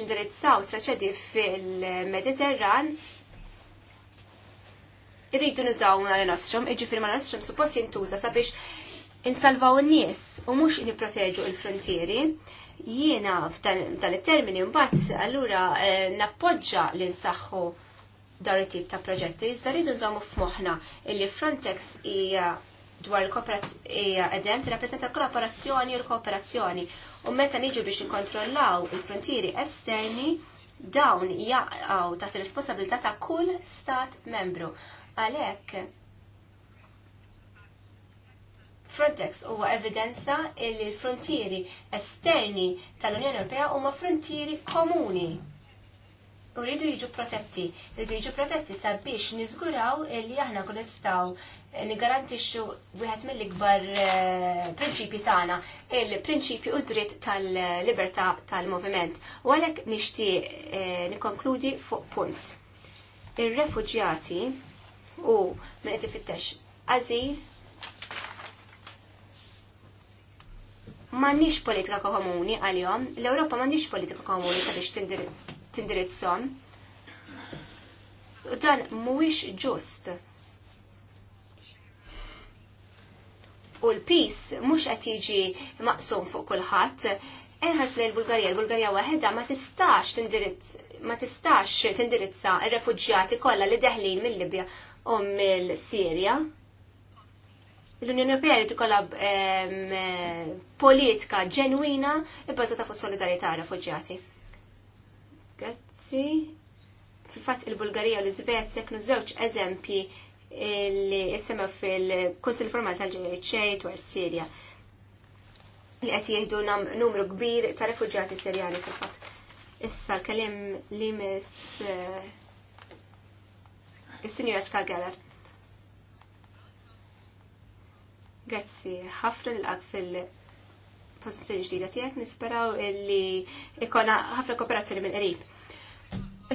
indirizzaw traċedi fil-Mediterran, irridu nużaw Mare Nostrum, iġifir Mare Nostrum suppost jintuża sabiex insalvaw n-nies u mhux nipproteġu il-frontieri. il frontieri jiena f'dan it-termini mbagħad allura eh, nappoġġa li nsaħħu dawn it-tip ta' proġetti iżda rridu nżommu f'moħħna illi Frontex hija dwar il-kooperazzjoni edem tirrappreżenta l-kollaborazzjoni u l-kooperazzjoni u meta niġu biex ikkontrollaw il-frontieri esterni dawn jaqgħu taħt ir-responsabilità ta' kull stat membru. Għalhekk Frontex huwa evidenza li l-frontieri esterni tal-Unjoni Ewropea huma frontieri komuni. U rridu jiġu protetti, rridu jiġu protetti sabiex niżguraw li aħna kun nistgħu nigarantixxu wieħed mill-ikbar eh, prinċipji tagħna, il-prinċipju u dritt tal-libertà tal-moviment. U għalhekk nixtieq eh, nikkonkludi fuq punt. Ir-refuġjati u meta ifittex għażil M'għandniex politika komuni għalihom, l-Ewropa m'għandix politika komuni sabiex tindirizzhom. Dan mhuwiex ġust. U l-pis mhux qed jiġi maqsum fuq kulħadd, Enħarġ li l-Bulgarija, l-Bulgarija waħedha ma tistax tindirizz ma tistax tindirizza r-refuġġjati kollha li deħlin mill-Libja u mill-Sirja l-Unjoni Ewropea jrid tikolla politika ġenwina bbażata fuq solidarjetà rifuġjati. Grazzi. Fil-fatt il-Bulgarija u l-Iżvezja kienu żewġ eżempji li jissema fil-Kunsil Formal tal-ġeħiċe dwar Sirja li qed jieħdu numru kbir ta' rifuġjati Sirjani fil-fatt. Issa l-kelim li mis eh, is-Sinjura Skageller. Grazzi, ħafna l-għak fil-pozizjoni ġdida tijak nisperaw illi ikona ħafna kooperazzjoni minn qrib.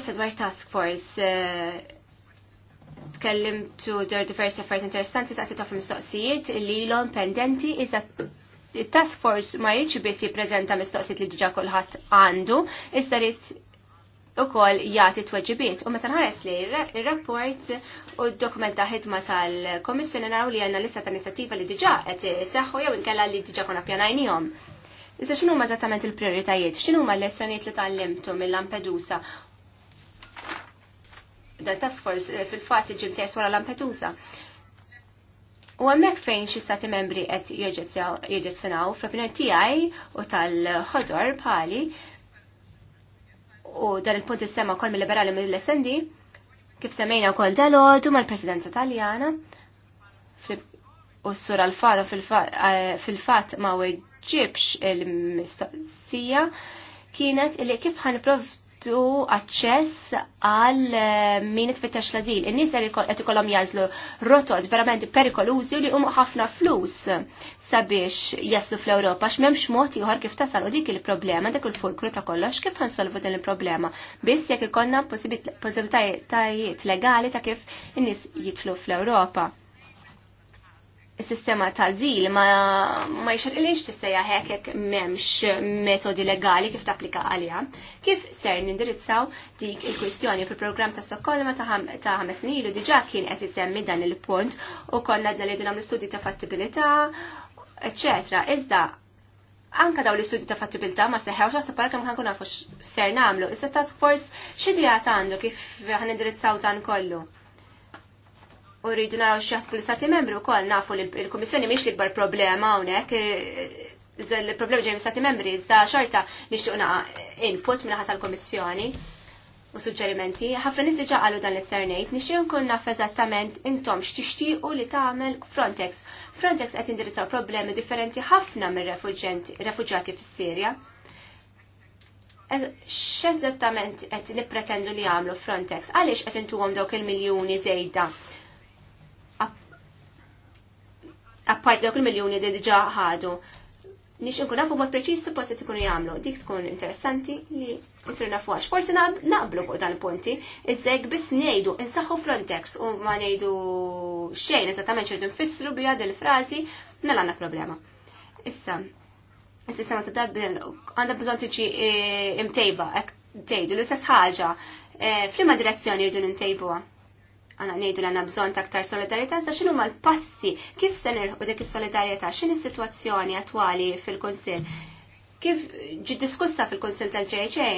Issa dwar task force, eh, tu dwar diversi affarijiet interessanti taqsi tof mistoqsijiet li l on pendenti iżda il-task force ma jirċi biss jiprezenta mistoqsijiet li diġa' kulħadd għandu, iżda rrid u kol jati t-weġibiet. U meta ħares li il-rapport u dokumenta ħidma tal-Komissjoni naraw li għanna lista ta' inizjattiva li diġa qed seħħu jew inkella li diġa konna pjanajnijom. Issa x'inhu ma eżattament il-prioritajiet? x'inhuma ma l lessjonijiet li tallimtu mill-Lampedusa? Dan task force eh, fil-fatt iġib sejs wara Lampedusa. U għemmek fejn xi stati membri qed jeġezzjonaw fl-opinjoni tiegħi u tal-ħodor bħali u dan il-punt issemma wkoll mill-liberali mill-SND, kif semmejna wkoll dalodu mal-Presidenza Taljana u s-sur Alfaro eh, fil-fatt ma weġġibx il-mistoqsija kienet li kif ħaniprovdu Tu aċċess għal eh, min tfittex l-azil. In-nies qed ikollhom jażlu rotod verament perikolużi li huma ħafna flus sabiex jaslu fl-Ewropa x'memx mod ieħor kif tasal dik il-problema dak il-fulkru ta' kollox kif ħansolvu din il-problema. Biss jekk ikollna possibilitajiet legali ta' kif in-nies jitlu fl-Ewropa sistema ta' zil ma, ma jxar il-ix tistaja hekk memx metodi legali kif tapplika għalija. Kif ser nindirizzaw dik il-kwistjoni fil-program ta' Stokkolma ta' ħames ilu diġa kien qed isemmi dan il-punt u konna għadna li l studi ta' fattibilità, eccetera. Iżda anka daw l-istudji ta' fattibilità ma seħħewx għasab parka ma kankun nafu ser namlu. Issa task force xidijat għandu kif għan indirizzaw dan kollu? U rridu naraw x'jaħsbu l-Stati membri wkoll nafu li l-Kummissjoni mhix l-ikbar problema hawnhekk il-problemi ġej stati membri iżda xorta nixtieq input input minn tal-Kummissjoni u suġġerimenti. Ħafna nis diġa għalu dan l-isternejt nixtieq nkun naf eżattament intom x'tixtiequ li tagħmel Frontex. Frontex qed indirizzaw problemi differenti ħafna minn refugġati fis-Sirja e, x'eżattament qed nippretendu li jagħmlu Frontex? Għaliex qed intuhom dawk il-miljuni żejda apparti dawk il-miljoni li diġà ħadu. Nix inkun nafu mod preċis suppost ikunu jagħmlu. Dik tkun interessanti li jisir nafu għax. Forsi naqblu fuq il punti jekk biss ngħidu insaħħu Frontex u ma ngħidu xejn eżattament xejn nfissru bija dil-frażi mela għandna problema. Issa, is-sistema ta' Dublin għandha bżonn tiġi eh, imtejba, tgħidu l-istess ħaġa, eh, flima direzzjoni rridu ntejbuha għana nejdu l għanna bżon ta' ktar solidarieta, sa xinu l passi kif se nirħu dik il-solidarieta, xin il-situazzjoni attuali fil-Konsil, kif ġi diskussa fil-Konsil tal-JHA,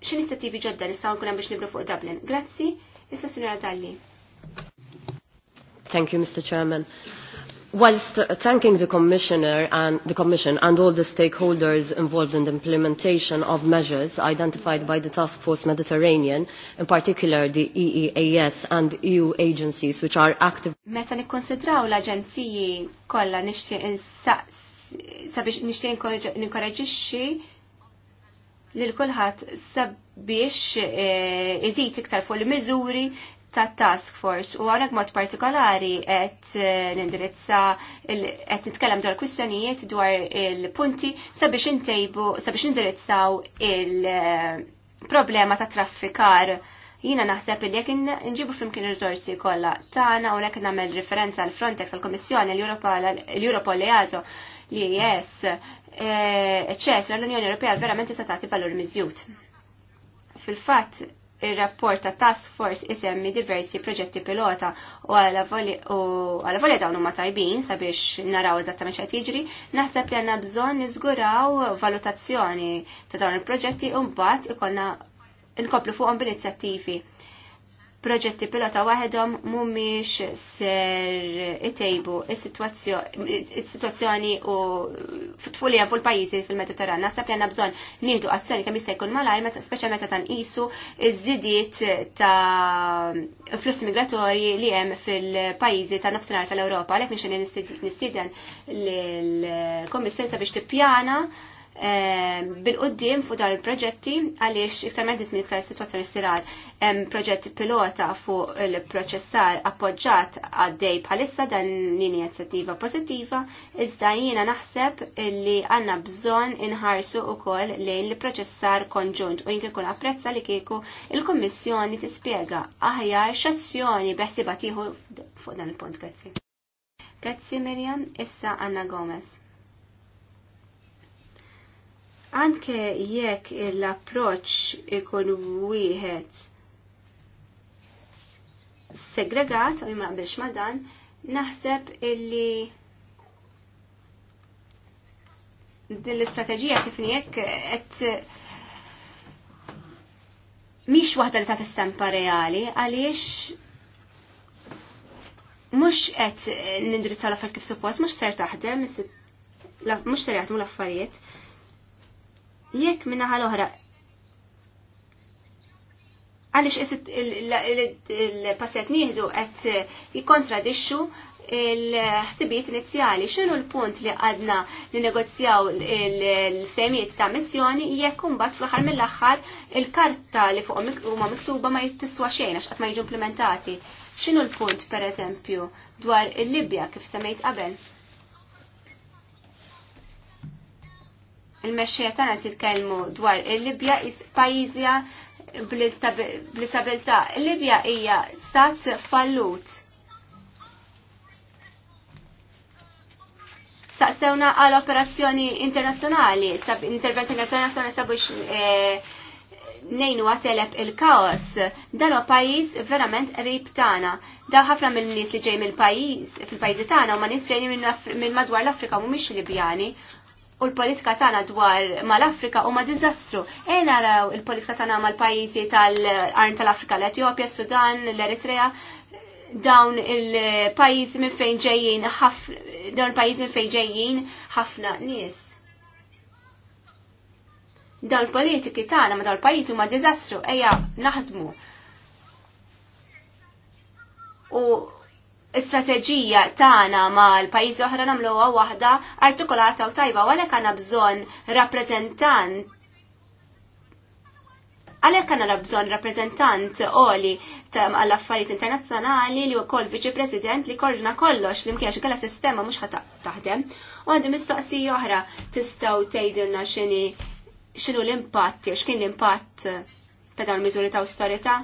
xin inizjattivi ġodda nistaw nkun biex nibru fuq Dublin. Grazzi, issa Sinjora Dalli. Thank you, Mr. Chairman. Whilst thanking the Commissioner and the Commission and all the stakeholders involved in the implementation of measures identified by the Task Force Mediterranean, in particular the EEAS and EU agencies which are active. Meta nikkonsidraw l-aġenziji kollha nixtieq sabiex nixtieq ninkoraġixxi lil kulħadd sabiex eh, iżid iktar fuq il-miżuri ta' task force u għalek mod partikolari et eh, nindirizza et nitkellem dwar kwistjonijiet dwar il-punti sabiex intejbu sabiex indirizzaw il-problema eh, ta' traffikar jina naħseb li jekk nġibu flimkien rizorsi kolla kollha tagħna u jekk nagħmel referenza għal Frontex għal Komissjoni, l-Europol li għażo li jes eċċetra eh, l-Unjoni Ewropea verament tista' tagħti valur miżjud. Fil-fatt il-rapport ta' task force isemmi diversi proġetti pilota u għala volja dawn huma tajbin sabiex naraw eżattament xa jiġri, naħseb li għandna bżonn niżguraw valutazzjoni ta' dawn il-proġetti u mbagħad ikollna fuqom fuqhom bil-inizjattivi proġetti pilota waħedhom mhumiex ser itejbu is-sitwazzjoni u tfulija fuq il-pajjiżi fil-Mediterran. Naħseb li għandna bżonn nieħdu azzjoni kemm jista' jkun malajr speċjal meta tanqisu iż-żidiet ta' flussi migratorji li hemm fil-pajjiżi ta' nofsinhar tal-Ewropa. Għalhekk nixtieq nistieden lill-Kommissjoni sabiex tippjana bil-qoddim fuq dar il-proġetti għaliex iktar minn dismin iktar situazzjoni sirar proġett pilota fuq il-proċessar appoġġat għaddej bħalissa dan l-injattiva pożittiva iżda jiena naħseb li għanna bżon inħarsu wkoll lejn il proċessar konġunt u jinkin kun apprezza li kieku il-Kommissjoni tispjega aħjar x'azzjoni beħsiba tieħu fuq dan il-punt. Grazzi. Grazzi Miriam, issa Anna Gomez. Anke jekk l-approċ ikun wieħed segregat, u jimra biex madan, naħseb illi din l-istrateġija kif jekk qed mhix waħda li ta' tistampa reali għaliex mhux qed nindrizzaw l-affarijiet kif suppost, mhux ser taħdem, mhux ser jaħdmu l-affarijiet. Jekk minna ħal oħra għalix il passet nieħdu qed eh, jikontradixxu il-ħsibiet inizjali, xinu l-punt li għadna li negozjaw l-semijiet ta' missjoni jekk mbagħad fl-aħħar mill-aħħar il-karta li fuq huma miktuba ma jittiswa xejn għax qatt ma jiġu implementati. Xinu l-punt pereżempju dwar il-Libja kif semmejt qabel? il-mexxija tagħna titkellmu dwar il-Libja pajjiżja bl-istabilità. Il-Libja hija stat fallut. Saqsewna għal operazzjoni internazzjonali, interventi internazzjonali sabiex eh, nejnu għateleb il-kaos, dan u pajis verament rib tana. Daw ħafna mill-nis li ġej mill-pajis, fil pajis tana, u ma nis ġej mill madwar l-Afrika mu mix Libjani, u l-politika tagħna dwar mal-Afrika huma diżastru. Ejn naraw il-politika tagħna mal-pajjiżi tal-Arn tal-Afrika, l-Etjopja, Sudan, l-Eritrea, dawn il-pajjiżi minn fejn ġejjin dawn il-pajjiżi minn fejn ġejjin ħafna nies. Dawn il-politiki tagħna ma dawn il-pajjiżi huma diżastru, ejja naħdmu. U Is-strateġija tagħna mal pajjiżi oħra namluha waħda artikolata u tajba għalhekk għandna bżonn rappreżentant għalhekk għandna bżonn rappreżentant oli għall affarijiet internazzjonali li wkoll viċi president li korġna kollox flimkien xi kellha sistema mhux ħa taħdem. U għandi mistoqsija oħra tistgħu tgħidilna x'inhi x'inhu l-impatt jew x'kien l-impatt ta' dawn il-miżuri ta' awstorità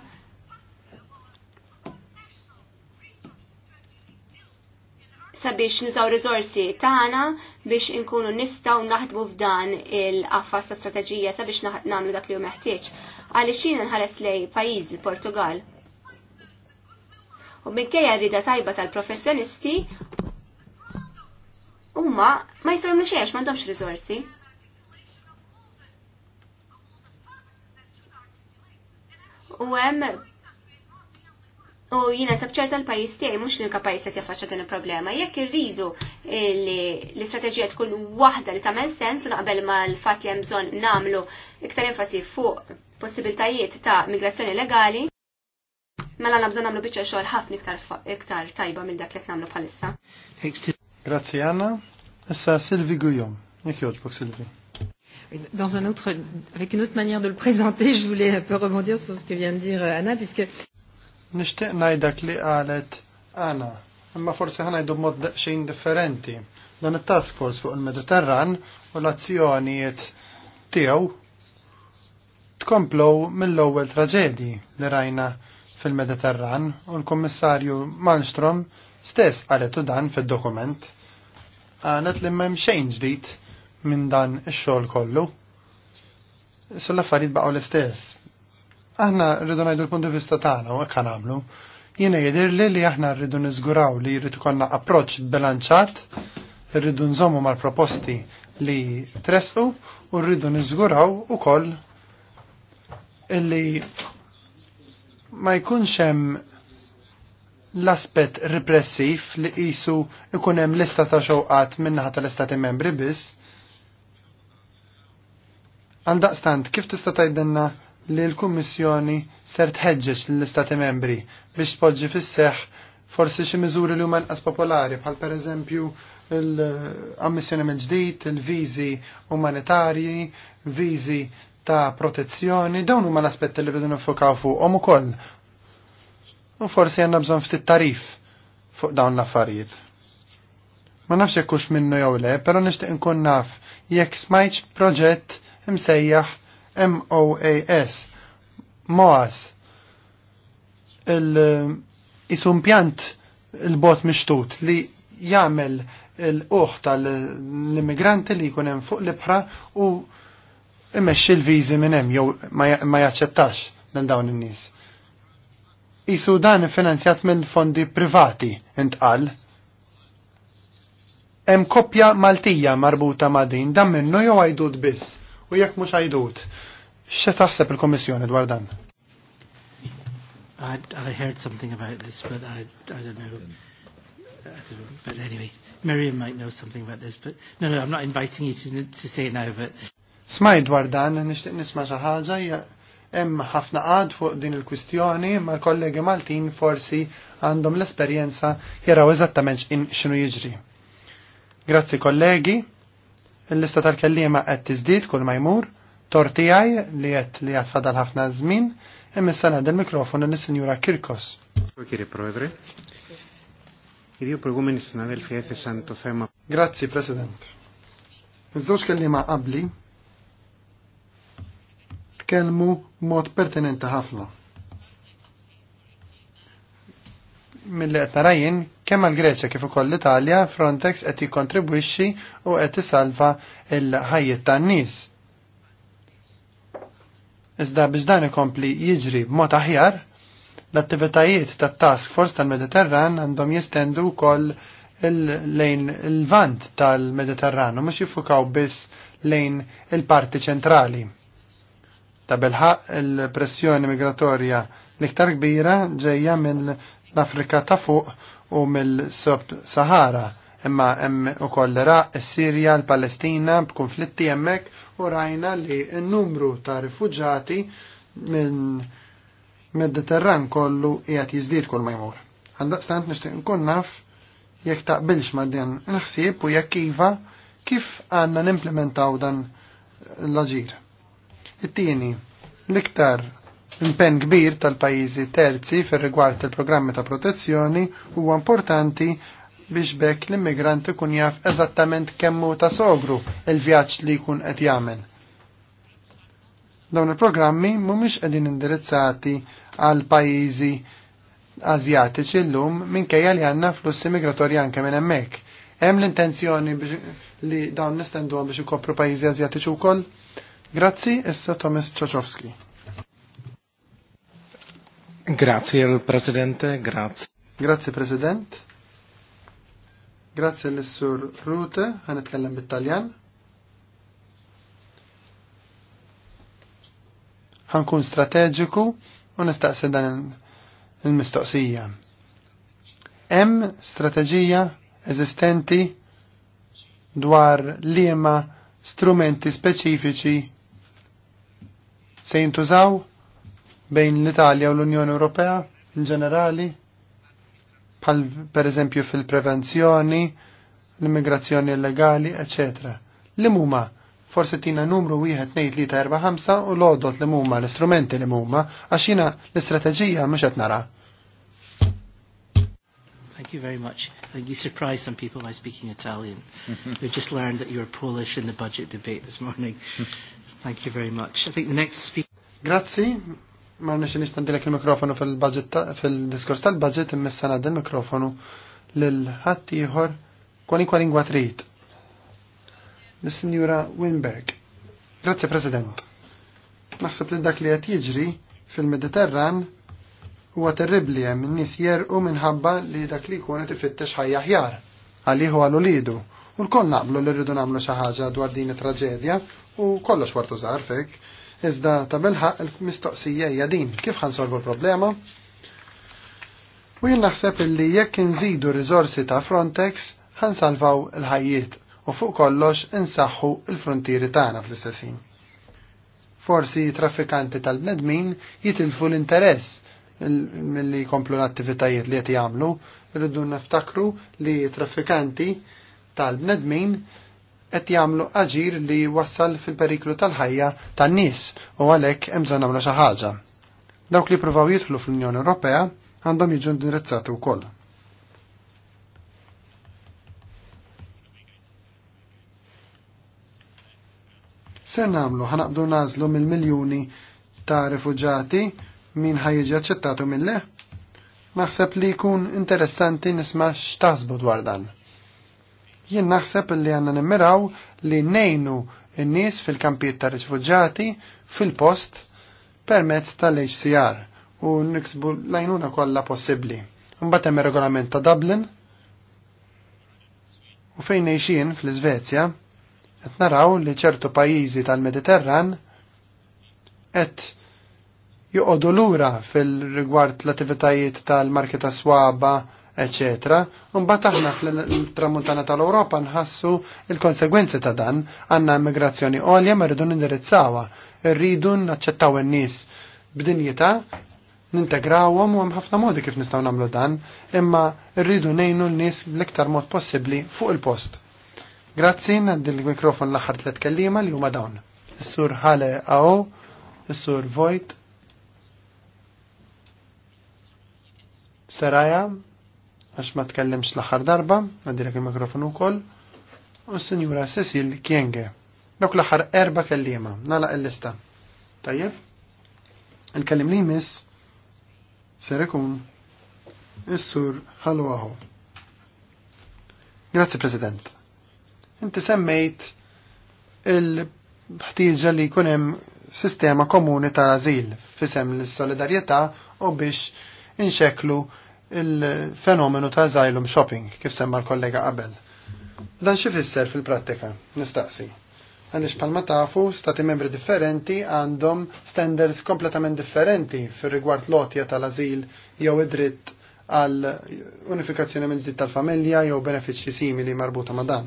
sabiex nużaw rizorsi tagħna biex inkunu nistgħu naħdmu f'dan il-qafas ta' strateġija sabiex nagħmlu dak li hu meħtieġ. Għaliex jiena nħares lej pajjiż il-Portugal. U minkejja rida tajba tal-professjonisti huma ma jisirmlu xejn m'għandhomx rizorsi. U hemm U jina sabċerta l-pajis tiegħi mhux l-unika pajis qed jaffaċċa din il-problema. Jekk irridu eh, l-istrateġija tkun waħda li tagħmel sens u naqbel l fatt li hemm bżonn nagħmlu iktar enfasi fuq possibiltajiet ta' migrazzjoni legali, mela għandna bżonn nagħmlu biċċa xogħol ħafna iktar, iktar tajba minn dak li qed nagħmlu bħalissa. Grazzi Anna. Issa Silvi Guillaume. Jekk jogħġbok Silvi. Dans un autre, avec une autre manière de le présenter, je voulais un peu rebondir sur ce que vient de dire euh, Anna, puisque Nishtiq najdak li qalet għana, imma forse jdu mod xejn differenti. Dan it-task force fuq il-Mediterran u l-azzjonijiet tiegħu tkomplow mill-ewwel traġedji li rajna fil-Mediterran u l-Kummissarju Malmstrom stess qalet dan fid-dokument. Għalet li m'hemm xejn ġdid minn dan ix-xogħol kollu. l affarijiet baqgħu l-istess Aħna rridu ngħidu l-punt vista tagħna u hekk nagħmlu. Jiena jidhirli li aħna rridu niżguraw li jrid ikollna approċċ bilanċat, rridu nżommu mal-proposti li tresqu u rridu niżguraw ukoll illi ma jkunx hemm l-aspet repressiv li qisu ikun hemm lista ta' xewqat minnaħa tal-istati membri biss. Għaldaqstant, kif tista' tgħidilna li l-Kummissjoni ser tħeġġeġ l-Istati membri biex tpoġġi fis forsi xi miżuri li huma nqas popolari bħal pereżempju l-ammissjoni minn ġdid, il-viżi umanitarji, viżi ta' protezzjoni, dawn huma l-aspetti li rridu nifokaw fuqhom ukoll. U forsi għandna bżonn ftit tarif fuq dawn l-affarijiet. Ma nafx hekk hux minnu jew le, però nixtieq nkun naf jekk smajtx proġett imsejjaħ MOAS, MOAS, il-isum pjant il-bot mishtut li jagħmel l-uħ tal-immigranti li jkun hemm fuq l-ibħra u imexxi l-viżi minn hemm jew ma jaċċettax lil dawn in-nies. Isu dan finanzjat minn fondi privati intqal. Hemm koppja Maltija marbuta ma' din dan minnu jew għajdut biss u jekk mhux għajdut. X'e taħseb il-Kommissjoni dwar dan? I, I heard something about this, but I, I don't know. I don't know. But anyway, Miriam might know something about this, but no, no, I'm not inviting you to, to say now, but... Smaj dwar dan, nishtiq nisma xi ħaġa hemm ħafna qad fuq din il-kwistjoni, ma l-kollegi Maltin forsi għandhom l-esperjenza jaraw eżattament x'inhu jiġri. Grazzi kollegi il-lista tal-kellima qed tiżdied kull ma jmur, tortijaj li qed li qed fadal ħafna żmien, imma se il l-mikrofonu lis-Sinjura Kirkos. E Grazzi President. Iż-żewġ kellima qabli tkellmu mod pertinenti ħafna mill tarajin kemm għal Greċja kif ukoll l-Italja Frontex qed jikkontribwixxi u qed isalva l-ħajjiet tan-nies. Iżda biex dan ikompli jiġri b'mod aħjar, l-attivitajiet tat-Task Force tal-Mediterran għandhom jistendu wkoll lejn il-vant tal-Mediterran u mhux jiffukaw biss lejn il-parti ċentrali. Ta' belħaq il-pressjoni migratorja l-iktar kbira ġejja minn l-Afrika ta' fuq u mill-Sub-Sahara imma hemm ukoll l-Iraq, is-Sirja, l-Palestina b'kunflitti hemmhekk u rajna li n-numru ta' rifuġati minn Mediterran kollu qiegħed jiżdied kull ma jmur. Għaldaqstant nixtieq nkun naf jekk taqbilx ma' din il-ħsieb u jekk iva kif għandna nimplementaw dan l-aġir. It-tieni, l-iktar Impenn kbir tal-pajjiżi terzi fir-rigward tal-programmi ta' protezzjoni huwa importanti biex bekk l-immigranti kun jaf eżattament kemmu ta' sogru il-vjaġġ li jkun qed jagħmel. Dawn il-programmi mhumiex qegħdin indirizzati għal pajjiżi Azjatiċi llum minkejja li għandna flussi migratorji anke minn hemmhekk. Hemm l-intenzjoni li dawn nistenduhom biex ikopru pajjiżi Azjatiċi wkoll? Grazzi issa Thomas Czoczowski. Grazie, Presidente, grazie. Grazie, President. Grazie l-Sur Rute, Hanet bit-Taljan. Hankun strategiku u nistaqsi dan il-mistoqsija. Hemm strategija eżistenti dwar liema strumenti speċifiċi se jintużaw bejn l-Italja u l-Unjoni Ewropea in ġenerali, bħal per eżempju fil-prevenzjoni, l-immigrazzjoni illegali, ecc. Li muma forse tina numru 1, 2, 3, 4, u l-odot li muma l-istrumenti li muma għaxina l-istrateġija mux nara. Thank you very much. You surprised some people by speaking Italian. We just learned that you were Polish in the budget debate this morning. Thank you very much. I think the next speaker... Grazie ma rnex nistandilek il-mikrofonu fil-diskors tal-budget immissa nad il-mikrofonu l-ħatt ieħor kwalinkwa lingwa trid. lis Winberg. Grazzi President. Naħseb li dak li qed jiġri fil-Mediterran huwa terribli hemm in-nies jerqu minħabba li dak li jkun ifittex ħajja ħjar għalih għallu għalu lidu. U l-koll naqblu li rridu namlu xi ħaġa dwar din it-traġedja u kollox wartu żgħar fek. Iżda ta' bilħaq il-mistoqsija hija din kif ħansolvu l-problema? U jien naħseb illi jekk inżidu riżorsi ta' Frontex ħansalvaw il-ħajjiet u fuq kollox insaħħu il-frontieri tagħna fl-istessin. Forsi traffikanti tal-bnedmin jitilfu l-interess mill-li komplu l-attivitajiet li qed jagħmlu, irridu niftakru li traffikanti tal-bnedmin qed jagħmlu aġir li wassal fil-periklu tal-ħajja tan-nies u għalhekk hemm bżonn nagħmlu xi ħaġa. Dawk li pruvaw jidħlu fl-Unjoni Ewropea għandhom jiġu indirizzati wkoll. Ser nagħmlu ħanaqdu nażlu mill-miljuni ta' rifuġati min ħajjiġi aċċettatu mill-le? Naħseb li jkun interessanti nisma' x'taħsbu dwar dan. Jien naħseb li għanna nimmiraw li nejnu n-nies fil-kampijiet ta' rifugġati fil-post permezz tal-HCR u niksbu lajnuna kollha possibbli. Mbagħad hemm regolament ta' Dublin u fejn nejxin fl-Iżvezja qed naraw li ċertu pajjiżi tal-Mediterran qed joqogħdu lura fil-rigward l-attivitajiet tal-marketa swaba' eċetera, mbagħad aħna fl-tramuntana tal-Ewropa nħassu il-konsegwenzi ta' dan għandna immigrazzjoni għolja ma rridu nindirizzawha, rridu naċċettaw n nies b'dinjeta, nintegrawhom u hemm ħafna modi kif nistgħu nagħmlu dan, imma rridu ngħinu n-nies bl-iktar mod possibbli fuq il-post. Grazzi, naddi l-mikrofon l-aħħar tliet kellima li huma dawn. Is-sur Ħale għaw, is-sur Vojt, Saraja, għax ma tkellemx l-aħħar darba, għandilek il-mikrofonu wkoll, u s-Sinjura Cecil Kienge. Dok l-aħħar erba kellima, nalaq il-lista. Tajjeb? Il-kellim li jmiss ser ikun is-sur Ħalwaħu. Grazzi President. Inti semmejt il-ħtieġa li jkun hemm sistema komuni ta' azil fisem l-solidarjetà u biex inxeklu il-fenomenu ta' zajlum shopping, kif semma l-kollega qabel. Dan x'ifisser fil-prattika, nistaqsi. Għaliex palma tafu, stati membri differenti għandhom standards kompletament differenti fir rigward lotja tal-azil jew id-dritt għal unifikazzjoni mill tal-familja jew benefiċċji simili marbuta ma' dan.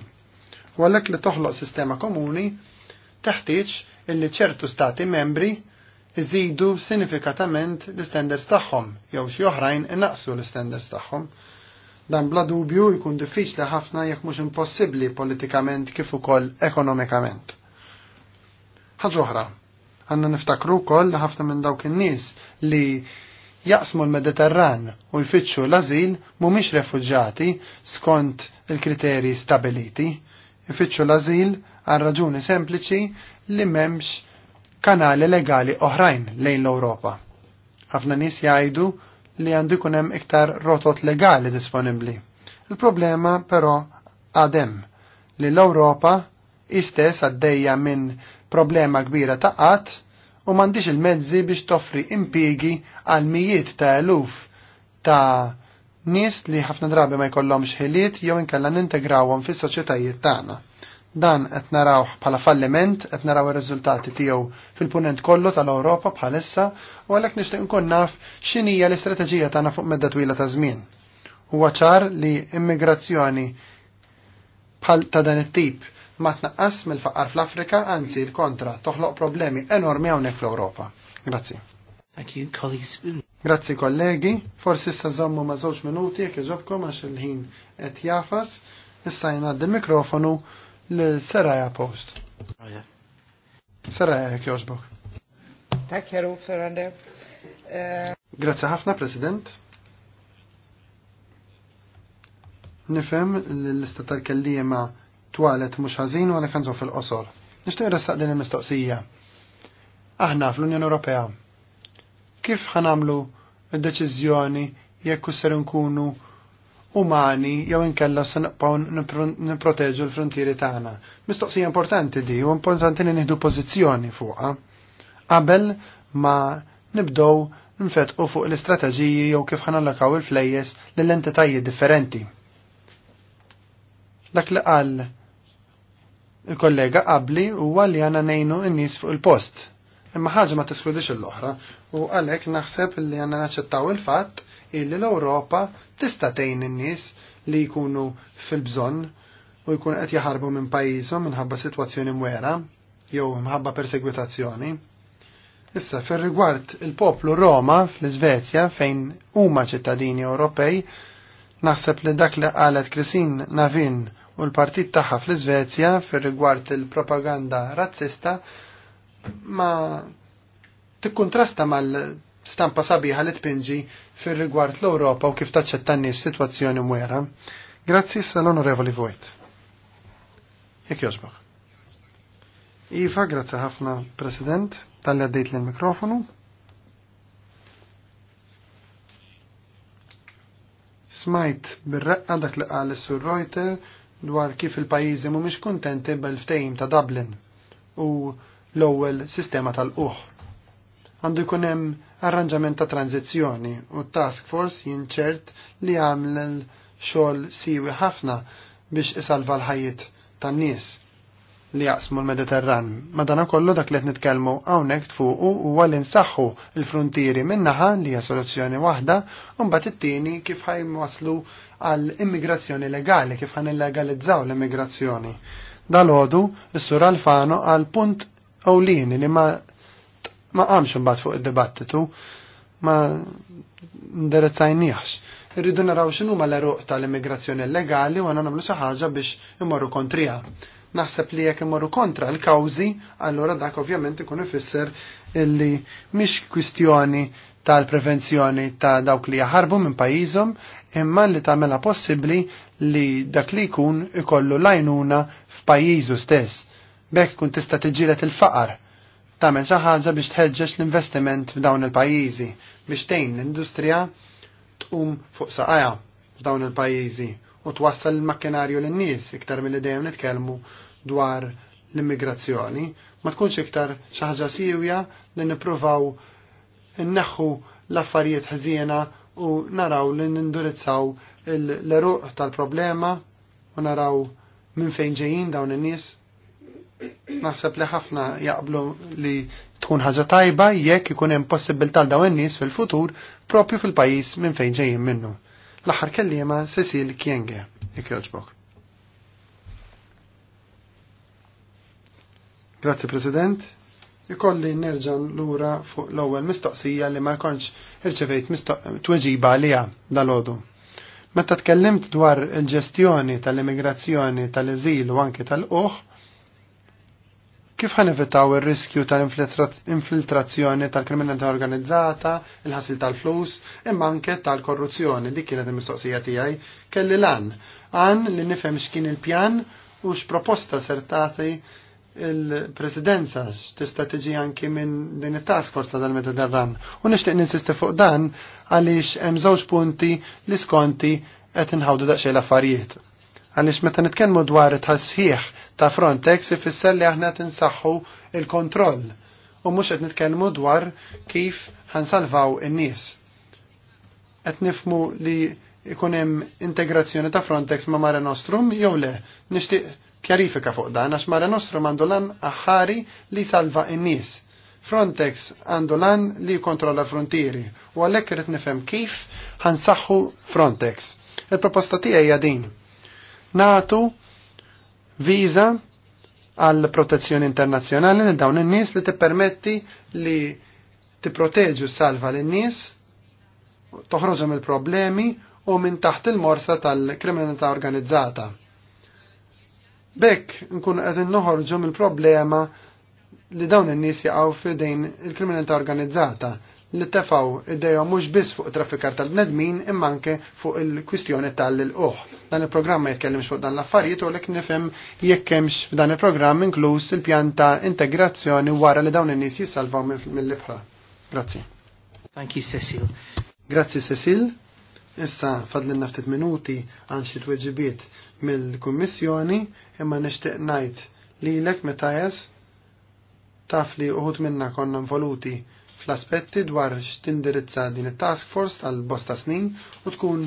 U għalhekk li toħloq sistema komuni teħtieġ illi ċertu stati membri iżidu sinifikatament l-standards tagħhom jew xi oħrajn innaqsu l-standards tagħhom. Dan bla dubju jkun diffiċli ħafna jekk mhux impossibbli politikament kif ukoll ekonomikament. Ħaġa oħra, għandna niftakru wkoll li ħafna minn dawk in-nies li jaqsmu l-Mediterran u jfittxu l-azil mhumiex refuġġati skont il kriterji stabiliti. Jfittxu l-azil għal raġuni sempliċi li memx kanali legali oħrajn lejn l-Ewropa. Ħafna nies jgħidu li għandu jkun hemm iktar rotot legali disponibbli. Il-problema però għadem li l-Ewropa istess għaddejja minn problema kbira ta' qatt u m'għandix il-mezzi biex toffri impigi għal mijiet ta' eluf ta' nies li ħafna drabi ma jkollhomx ħiliet jew inkella nintegrawhom fis-soċjetajiet tagħna. Dan qed naraw bħala falliment, qed naraw ir-riżultati tiegħu fil-punent kollu tal-Ewropa bħalissa u għalhekk nixtieq nkun naf x'inhija l-istrateġija tagħna fuq medda twila ta' żmien. Huwa ċar li immigrazzjoni bħal ta' dan it-tip ma tnaqqas mill-faqar fl-Afrika, anzi l-kontra, toħloq problemi enormi hawnhekk fl-Ewropa. Grazzi. Thank you, colleagues. Grazzi kollegi, forsi issa żommu ma' żewġ minuti jekk iġobkom għax il-ħin qed jafas, issa jingħaddi l-mikrofonu l-Saraja Post. Oh, Saraja jek joġbok. Tak, jaru, Ferrande. Eh, Grazie ħafna, President. Nifem l-lista tal-kellima twalet mux ħazin u għalek fil-qosor. Nishtiq ressaq din il-mistoqsija. Aħna fl-Unjoni Ewropea. Kif ħanamlu id deċizjoni jekk kusser nkunu umani jew inkella se nibqgħu nipproteġu l-frontieri tagħna. Mistoqsija importanti di u importanti li nieħdu pożizzjoni fuqha qabel ma nibdew nfetqu fuq l-istrateġiji jew kif ħanallakaw il-flejjes lill entitajiet differenti. Dak li qal il-kollega qabli huwa li għana nejnu n-nies fuq il-post. Imma ħaġa ma teskludix l-oħra u għalhekk naħseb li għandna naċċettaw il-fatt illi l-Ewropa tista' tgħin in-nies li jkunu fil-bżonn u jkun qed jaħarbu minn pajjiżhom minħabba sitwazzjoni mwera jew minħabba persegwitazzjoni. Issa fir-rigward il-poplu Roma fl-Iżvezja fejn huma ċittadini Ewropej, naħseb li dak li qalet Krisin Navin u l-partit tagħha fl-Iżvezja fir-rigward il-propaganda razzista ma tikkuntrasta mal stampa sabiħa li tpinġi fir rigward l europa u kif taċċetta n-nies situazzjoni mwera. Grazzi sal-Onorevoli Vojt. Jek joġbok. Iva, grazzi ħafna, President, tal-li għaddejt l-mikrofonu. Smajt bil-reqqa dak li qal sur Reuter dwar kif il-pajizi mhumiex kuntenti bil-ftehim ta' Dublin u l-ewwel sistema tal-qoħ għandu jkun hemm arranġament ta' tranzizzjoni u task force jinċert li għamel xogħol siwi ħafna biex isalva l-ħajjiet tan-nies li jaqsmu l-Mediterran. Madana kollu dak li nitkellmu hawnhekk fuqu huwa li nsaħħu l-frontieri minnaħa li hija soluzzjoni waħda, u mbagħad it-tieni kif ħajmwaslu għall immigrazzjoni legali, kif ħan illegalizzaw l-immigrazzjoni. Dalodu, s sur Alfano għal punt ewlieni li ma ma qamx imbagħad fuq id-dibattitu ma nderezzajniex. Irridu naraw x'inhu ma l-eruq tal-immigrazzjoni illegali u għandna nagħmlu xi ħaġa biex imorru kontriha. Naħseb li jekk imorru kontra l-kawżi, allura dak ovvjament ikun ifisser illi mhix kwistjoni tal-prevenzjoni ta' dawk li jaħarbu minn pajjiżhom, imma li tagħmilha possibbli li dak li jkun ikollu lajnuna f'pajjiżu stess. Bekk kun tista' tiġilet il-faqar tagħmel xi ħaġa biex tħeġġeġ l-investiment f'dawn il-pajjiżi biex tejn l-industrija tqum fuq saqajja f'dawn il-pajjiżi u twassal il-makkinarju lin-nies iktar milli dejjem nitkellmu dwar l-immigrazzjoni, ma tkunx iktar xi ħaġa siwja li nippruvaw neħu l-affarijiet ħzina u naraw li nindurizzaw l-eruq tal-problema u naraw minn fejn ġejjin dawn in-nies Naħseb li ħafna jaqblu li tkun ħaġa tajba jekk ikun hemm possibilità daw in-nies fil-futur propju fil-pajjiż minn fejn ġejjin minnu. L-aħħar kelliema Cecil Kienge, jekk jogħġbok. Grazzi President. Ikolli nerġan lura fuq l-ewwel mistoqsija li ma rkonx irċevejt tweġiba għaliha dal-għodu. Meta tkellimt dwar il-ġestjoni tal-immigrazzjoni tal-eżil u anke tal-qoħ, Kif ħan evitaw il-riskju tal-infiltrazzjoni tal-kriminalità organizzata, il-ħasil tal-flus, imma anke tal-korruzzjoni, dik kienet il-mistoqsija tiegħi, kelli lan. Għan li nifhem x'kien il-pjan u x'proposta proposta sertati il-presidenza x'tista' tiġi anki minn din it-task force dal mediterran U nixtieq ninsisti fuq dan għaliex hemm żewġ punti li skonti qed inħawdu daqsxejn l-affarijiet. Għaliex meta nitkellmu dwar it-tħassieħ ta' Frontex ifisser li aħna tinsaħħu il-kontroll u mhux qed nitkellmu dwar kif ħansalvaw in-nies. Qed nifmu li ikun hemm integrazzjoni ta' Frontex ma' Mare Nostrum jew le, nixtieq kjarifika fuq dan għax Mare Nostrum għandu lan aħħari li salva in-nies. Frontex għandu lan li kontrolla l-frontieri u għalhekk irid nifhem kif ħansaħħu Frontex. Il-proposta tiegħi hija din. Natu Viza għal protezzjoni internazzjonali li dawn in-nies li tippermetti li tipproteġu salva lin-nies, toħroġhom il-problemi u minn taħt il-morsa tal-kriminalità organizzata. Bekk nkun qed noħorġu mill-problema li dawn in-nies jaqgħu f'idejn il-kriminalità organizzata li tefaw id-dejhom mhux biss fuq traffikar tal-bnedmin imma anke fuq il-kwistjoni tal-uħ. Dan il program ma jitkellimx fuq dan l-affarijiet u l nifhem jekk hemmx f'dan il-programm inkluż il-pjan ta' integrazzjoni wara li dawn in-nies jissalvaw mill-libħra. Grazzi. Thank you, Cecil. Grazzi, Cecil. Issa fadlinna ftit minuti għan xi tweġibiet mill-Kummissjoni imma nixtieq ngħid li lek meta jes taf li uħut minna konna involuti fl-aspetti dwar x'tindirizza din it-task force tal-bosta snin u tkun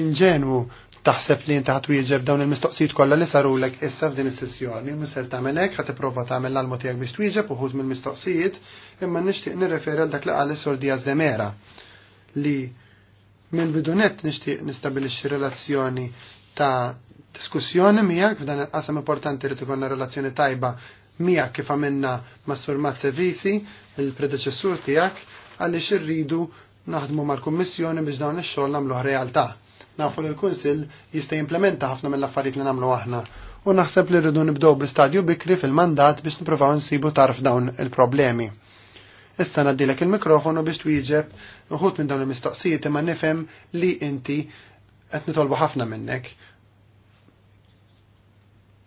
inġenwu taħseb li inti ħatwieġeb dawn il-mistoqsijiet kollha li sarulek issa f'din is-sessjoni, misser tagħmel hekk ħad tipprova tagħmel l-almu tiegħek biex twieġeb uħud mill-mistoqsijiet, imma nixtieq nirreferi għal dak li qal is-Sur Diaz de Mera li minn bidunet nixtieq nistabilixxi relazzjoni ta' diskussjoni miegħek f'dan il-qasam importanti li tkun relazzjoni tajba miegħek kif għamilna mas-Sur Mazzevisi il-predeċessur tiegħek għaliex irridu naħdmu mal-Kummissjoni biex dawn ix-xogħol nagħmluh realtà. Nafu li l-Kunsill jista' jimplementa ħafna mill-affarijiet li nagħmlu aħna u naħseb li rridu nibdew bi-stadju bikri fil-mandat biex nippruvaw nsibu tarf dawn il-problemi. Issa naddilek il-mikrofonu biex twieġeb uħut minn dawn il-mistoqsijiet imma nifhem li inti qed nitolbu ħafna minnek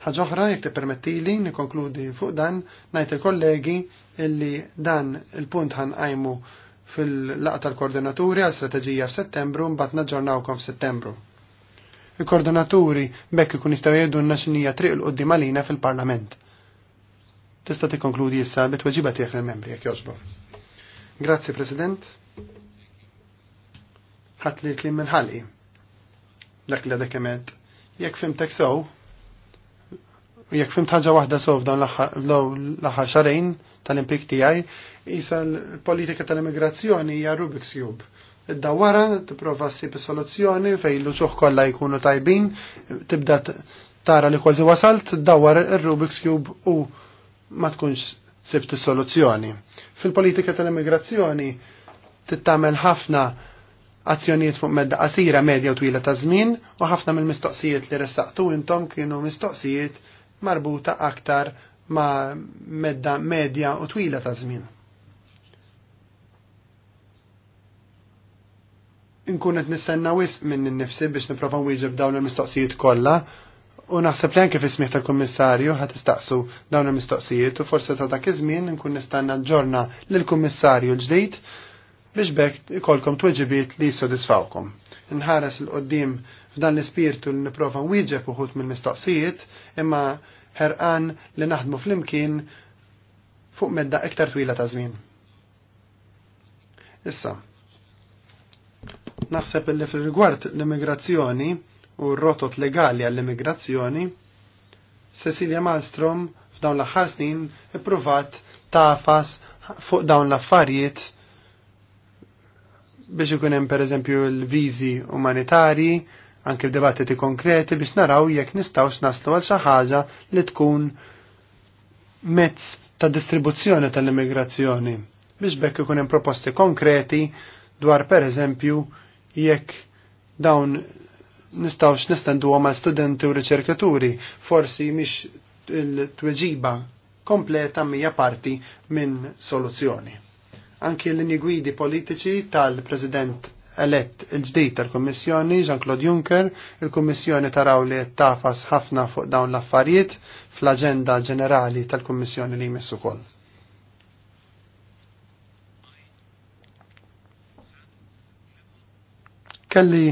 Ħaġa oħra jekk tippermettili nikkonkludi fuq dan ngħid il-kollegi illi dan il-punt ħanqajmu fil-laqgħa tal-koordinaturi għal strateġija f'Settembru mbagħad naġġornawkom f'Settembru. Il-koordinaturi bekk ikun jistgħu n x'inhija triq il-qudiem għalina fil-Parlament. Tista' tikkonkludi issa bit-tweġiba tiegħek lill-membri jekk jogħġbu. Grazzi President. Ħadli li l-klim minħalli. Dak li dak emet. Jekk tek sew, jekk fimt ħaġa waħda sof dan l-aħħar xarajn tal-impik tiegħi isa l-politika tal-immigrazzjoni hija Rubik's Cube. Id-dawara tipprova ssib is-soluzzjoni fejn l-uċuħ kollha jkunu tajbin, tibda tara li kważi wasalt, dawar ir-Rubik's Cube u ma tkunx sibt is-soluzzjoni. Fil-politika tal-immigrazzjoni t t-tamel ħafna azzjoniet fuq medda qasira medja u twila ta' żmien u ħafna mill-mistoqsijiet li ressaqtu intom kienu mistoqsijiet marbuta aktar ma' medda medja u twila ta' żmien. Inkun qed nistenna wisq minn innifsi biex nipprova nwieġeb dawn il-mistoqsijiet kollha u naħseb li anke fis-smih tal-Kummissarju ħad istaqsu dawn il-mistoqsijiet u forse ta' dak iż-żmien nkun nistanna ġorna lill-Kummissarju l-ġdid biex bekk ikolkom tweġibiet li jissodisfawkom. Nħares il-qoddim F'dan l-ispirtu li niprofa nwieġeb uħut mill-mistoqsijiet, imma ħerqan li naħdmu fl-imkien fuq medda iktar twila ta' żmien. Issa, naħseb li fil-rigward l-immigrazzjoni u r-rotot legali għall-immigrazzjoni, Cecilia Malmstrom f'dawn l-aħħar snin ippruvat tafas fuq dawn l-affarijiet biex ikun hemm pereżempju l-viżi umanitarji anke b'debattiti konkreti biex naraw jekk nistgħux naslu għal xi ħaġa li tkun mezz ta' distribuzzjoni tal-immigrazzjoni biex bekk ikun hemm proposti konkreti dwar pereżempju jekk dawn nistgħux nistenduhom għal studenti u riċerkaturi, forsi mhix il-tweġiba kompleta mija parti minn soluzzjoni. Anki l-linji gwidi politiċi tal-President elett il-ġdid tal-Kommissjoni, Jean-Claude Juncker, il-Kommissjoni taraw li tafas ħafna fuq dawn l-affarijiet fl-agenda ġenerali tal-Kommissjoni li jmessu kol. Kelli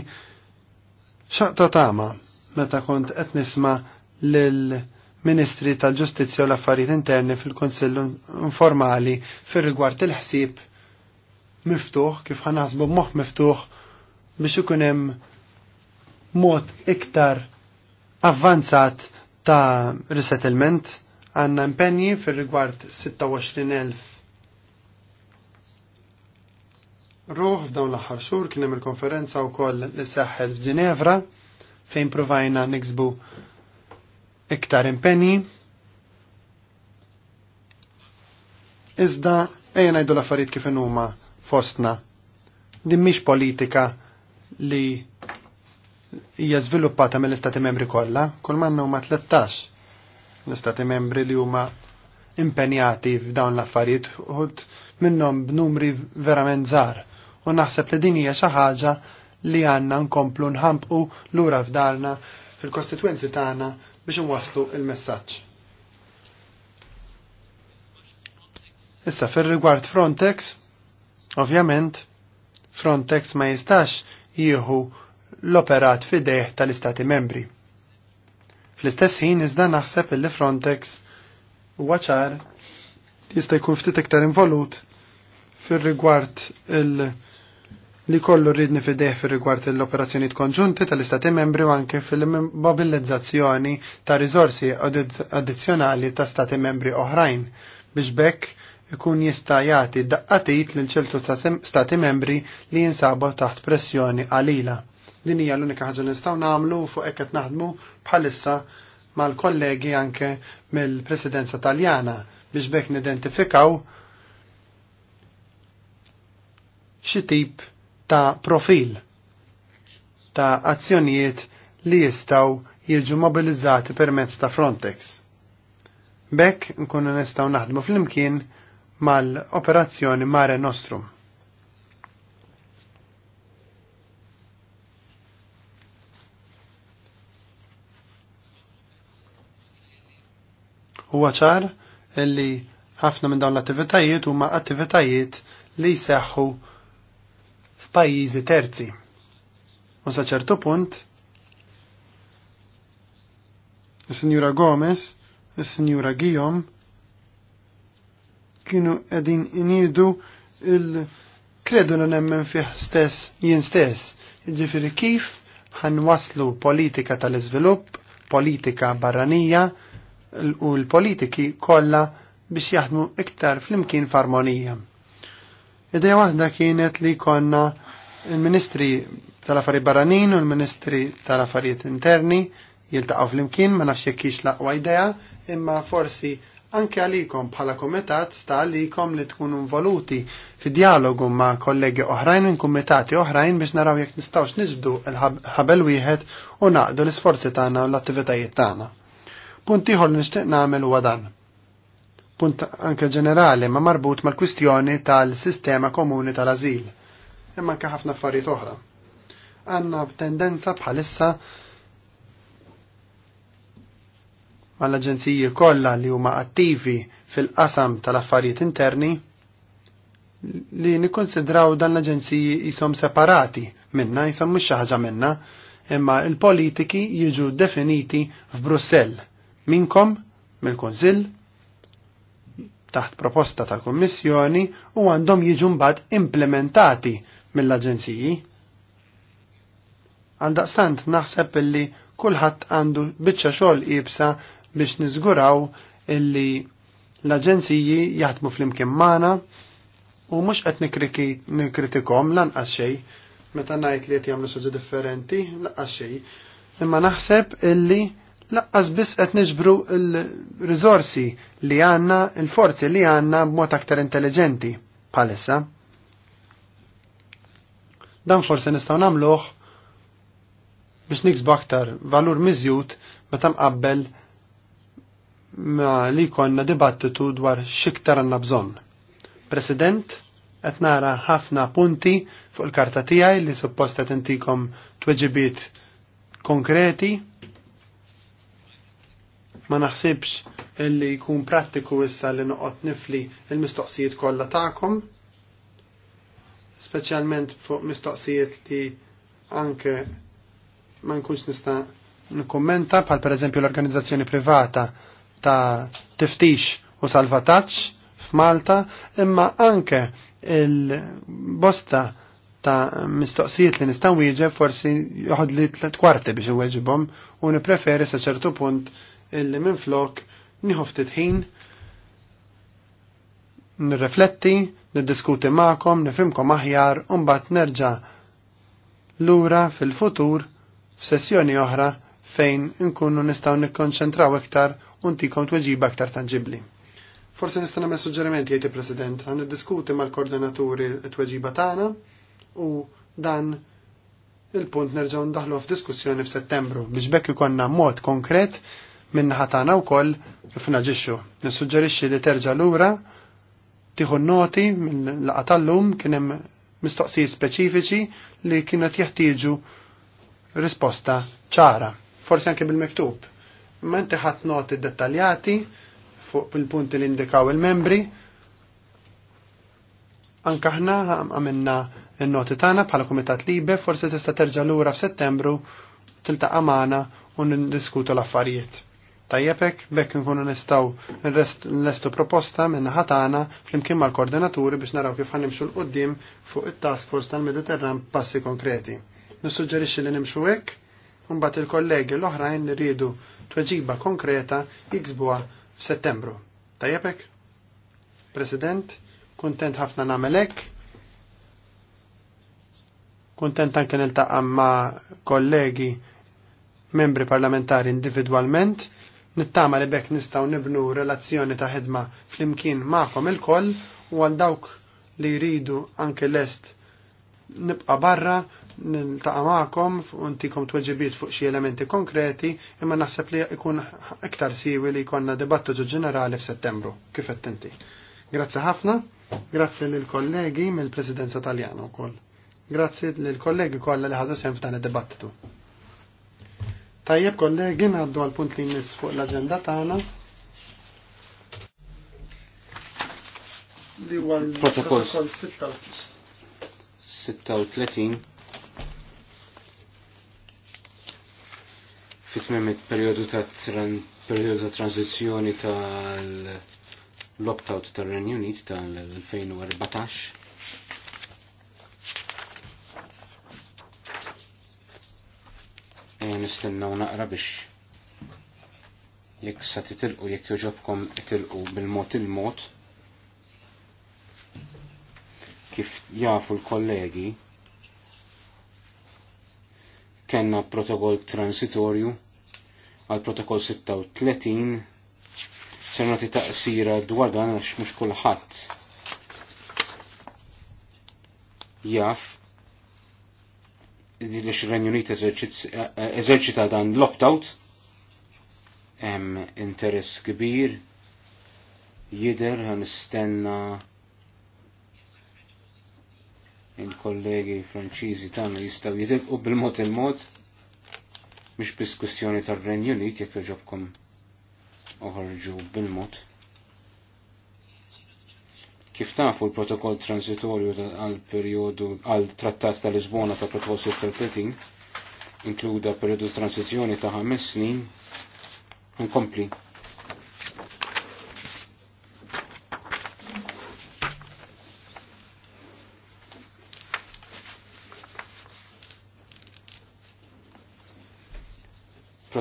xaqta tama meta kont qed nisma' lil Ministri tal-Ġustizzja u l-Affarijiet Interni fil-Konsill Informali fir-rigward il-ħsieb miftuħ, kif ħanaħsbu moħ miftuħ biex ikun hemm mod iktar avvanzat ta' resettlement għanna impenji fir rigward 26.000 ruħ f'dawn l-aħħar xhur kien hemm il-konferenza wkoll li seħħet f'Ġinevra fejn provajna niksbu iktar impenji. Iżda ejja ngħidu l-affarijiet kif huma fostna. Din mhix politika li hija żviluppata mill-Istati Membri kollha, kull man huma 13 l-Istati Membri li huma impenjati f'dawn l-affarijiet uħud minnhom b'numri verament żgħar. U naħseb li din hija xi ħaġa li għandna nkomplu nħampqu lura f'darna fil-kostitwenzi tagħna biex nwaslu il-messaġġ. Issa fir rigward Frontex, Ovvjament, Frontex ma jistax jieħu l-operat fideħ tal-istati membri. Fl-istess ħin iżda naħseb li Frontex huwa ċar jista' jkun ftit iktar involut fir-rigward il- li kollu ridni fideħ fir rigward l-operazzjonijiet konġunti tal-istati membri u anke fil-mobilizzazzjoni ta' rizorsi addizzjonali ta' stati membri oħrajn biex bekk ikun jista' jagħti daqqatit lil ċertu stati membri li jinsabu taħt pressjoni għalila. Din hija l-unika ħaġa nistgħu nagħmlu fuq hekk qed naħdmu bħalissa mal-kollegi anke mill-Presidenza Taljana biex bekk nidentifikaw xi tip ta' profil ta' azzjonijiet li jistgħu jiġu mobilizzati permezz ta' Frontex. Bekk nkunu nistgħu naħdmu fl-imkien mal-operazzjoni Mare Nostrum. Huwa ċar li ħafna minn dawn l-attivitajiet huma attivitajiet li jseħħu f'pajjiżi terzi. U sa ċertu punt is-Sinjura Gomez, is-Sinjura Guillaume kienu qegħdin iniedu il-kredu li nemmen fih stess jien stess. Jiġifieri kif waslu politika tal-iżvilupp, politika barranija u l-politiki kollha biex jaħdmu iktar flimkien f'armonija. Ideja waħda kienet li konna il-Ministri tal-Affarijiet Barranin u l-Ministri tal-Affarijiet Interni jiltaqgħu flimkien ma nafx jekk hix laqwa idea, imma forsi anke għalikom bħala kumitat sta għalikom li tkunu involuti fi dialogu ma' kollegi oħrajn minn kumitati oħrajn biex naraw jekk nistgħux niġbdu il ħabel wieħed u naqdu l-isforzi tagħna u l-attivitajiet tagħna. Punt ieħor nixtieq nagħmel huwa dan. Punt anke ġenerali ma' marbut mal-kwistjoni tal-sistema komuni tal-ażil. Imma anke ħafna affarijiet oħra. Għandna tendenza bħalissa mal-aġenziji kollha li huma attivi fil-qasam tal-affarijiet interni li nikkonsidraw dan l-aġenziji jisom separati minna, jisom mhux xi ħaġa minna, imma l-politiki jiġu definiti f'Brussell. Minkom, mill-Kunsill, taħt proposta tal-Kommissjoni u għandhom jiġu mbagħad implementati mill-aġenziji. Għaldaqstant naħseb illi kulħadd għandu biċċa xogħol iebsa biex niżguraw illi l-aġenziji jaħdmu fl-imkien magħna u mhux qed nikritikom lanqas xejn meta ngħid li qed jagħmlu xi differenti lanqas xejn, imma naħseb illi laqqas biss qed niġbru l-riżorsi li għandna, il-forzi li għandna b'mod aktar intelligenti bħalissa. Dan forsi nistgħu nagħmluh biex niksbu aktar valur miżjud meta mqabbel ma li konna dibattitu dwar xiktar għanna bżon. President, qed nara ħafna punti fuq il-karta tiegħi li suppost qed intikom tweġibiet konkreti. Ma naħsibx illi jkun prattiku issa li noqgħod nifli il-mistoqsijiet kollha tagħkom, speċjalment fuq mistoqsijiet li anke ma nkunx nista' nkommenta bħal pereżempju l-organizzazzjoni privata ta' tiftix u salvataġġ f'Malta, imma anke il-bosta ta' mistoqsijiet li nistaw wieġeb forsi joħod li tlet kwarti biex iweġibhom u nippreferi sa ċertu punt illi minn flok nieħu ftit ħin Nirrifletti, niddiskuti magħkom, nifimkom aħjar u mbagħad nerġa' lura fil-futur f'sessjoni oħra fejn nkunu nistgħu nikkonċentraw iktar kont tweġiba aktar tangibli. Forse nista' nagħmel suġġerimenti jgħid president għan diskuti mal-koordinaturi t-tweġiba tagħna u dan il-punt nerġgħu ndaħlu f'diskussjoni f'Settembru biex bekk ikonna mod konkret minn ħatana wkoll kif naġixxu. Nissuġġerixxi li terġa' lura tieħu noti minn laqgħa tal-lum kien hemm speċifiċi li kienet jeħtieġu risposta ċara, forsi anke bil-miktub imma inti ħadd noti dettaljati fuq il-punti li indikaw il-membri. Anka ħna għamilna il-noti tagħna bħala komitat Libe, forsi tista' terġa' lura f'Settembru tiltaqa' magħna u diskutu l-affarijiet. Tajjeb bekk nkunu nistgħu nlestu proposta minna ħatana flimkien mal-koordinaturi biex naraw kif ħanimxu l-qudiem fuq it-task force tal-Mediterran passi konkreti. Nissuġġerixxi li nimxu hekk, mbagħad il-kollegi l-oħrajn li rridu tweġiba konkreta jiksbuha f'Settembru. Tajjebek? President, kuntent ħafna namelek. Kuntent anke niltaqa' ma' kollegi membri parlamentari individualment. Nittama li bekk nistaw nibnu relazzjoni ta' ħedma fl-imkien ma'kom il-koll u għal dawk li jridu anke lest nibqa' barra niltaqa' magħkom u ntikom tweġibiet fuq xi elementi konkreti, imma naħseb li jkun iktar siwi li jkollna dibattitu ġenerali f'Settembru, kif qed tinti. Grazzi ħafna, grazzi lill kollegi mill-Presidenza Taljana wkoll. Grazzi lill kollegi kollha li ħadu sem f'dan id-dibattitu. Tajjeb kollegi ngħaddu għal punt li nis fuq l-aġenda tagħna. Li protokoll 6 36 fit-tmim periodu ta' periodu ta' tranzizjoni tal l-opt-out tal-Renew Unit tal-2014 e nistennaw naqra biex jekk sa titilqu jekk joġobkom itilqu bil-mod il-mod Kif jafu l-kollegi, kenna protokoll transitorju għal protokoll 36 sernati taqsira dwar dan għax mux kullħat jaf li l-Xirren Unit eżerċita dan l-opt-out hemm interess kbir jider għan istenna il-kollegi franċiżi tagħna jistgħu jitilqu bil-mod il-mod mhux biss kwistjoni tar-Renju Unit jekk joġobkom oħorġu bil-mod. Kif tafu l-protokoll transitorju għal periodu għal trattat ta' Lisbona ta' proposta 30 inkluda periodu transizjoni ta' ħames snin inkompli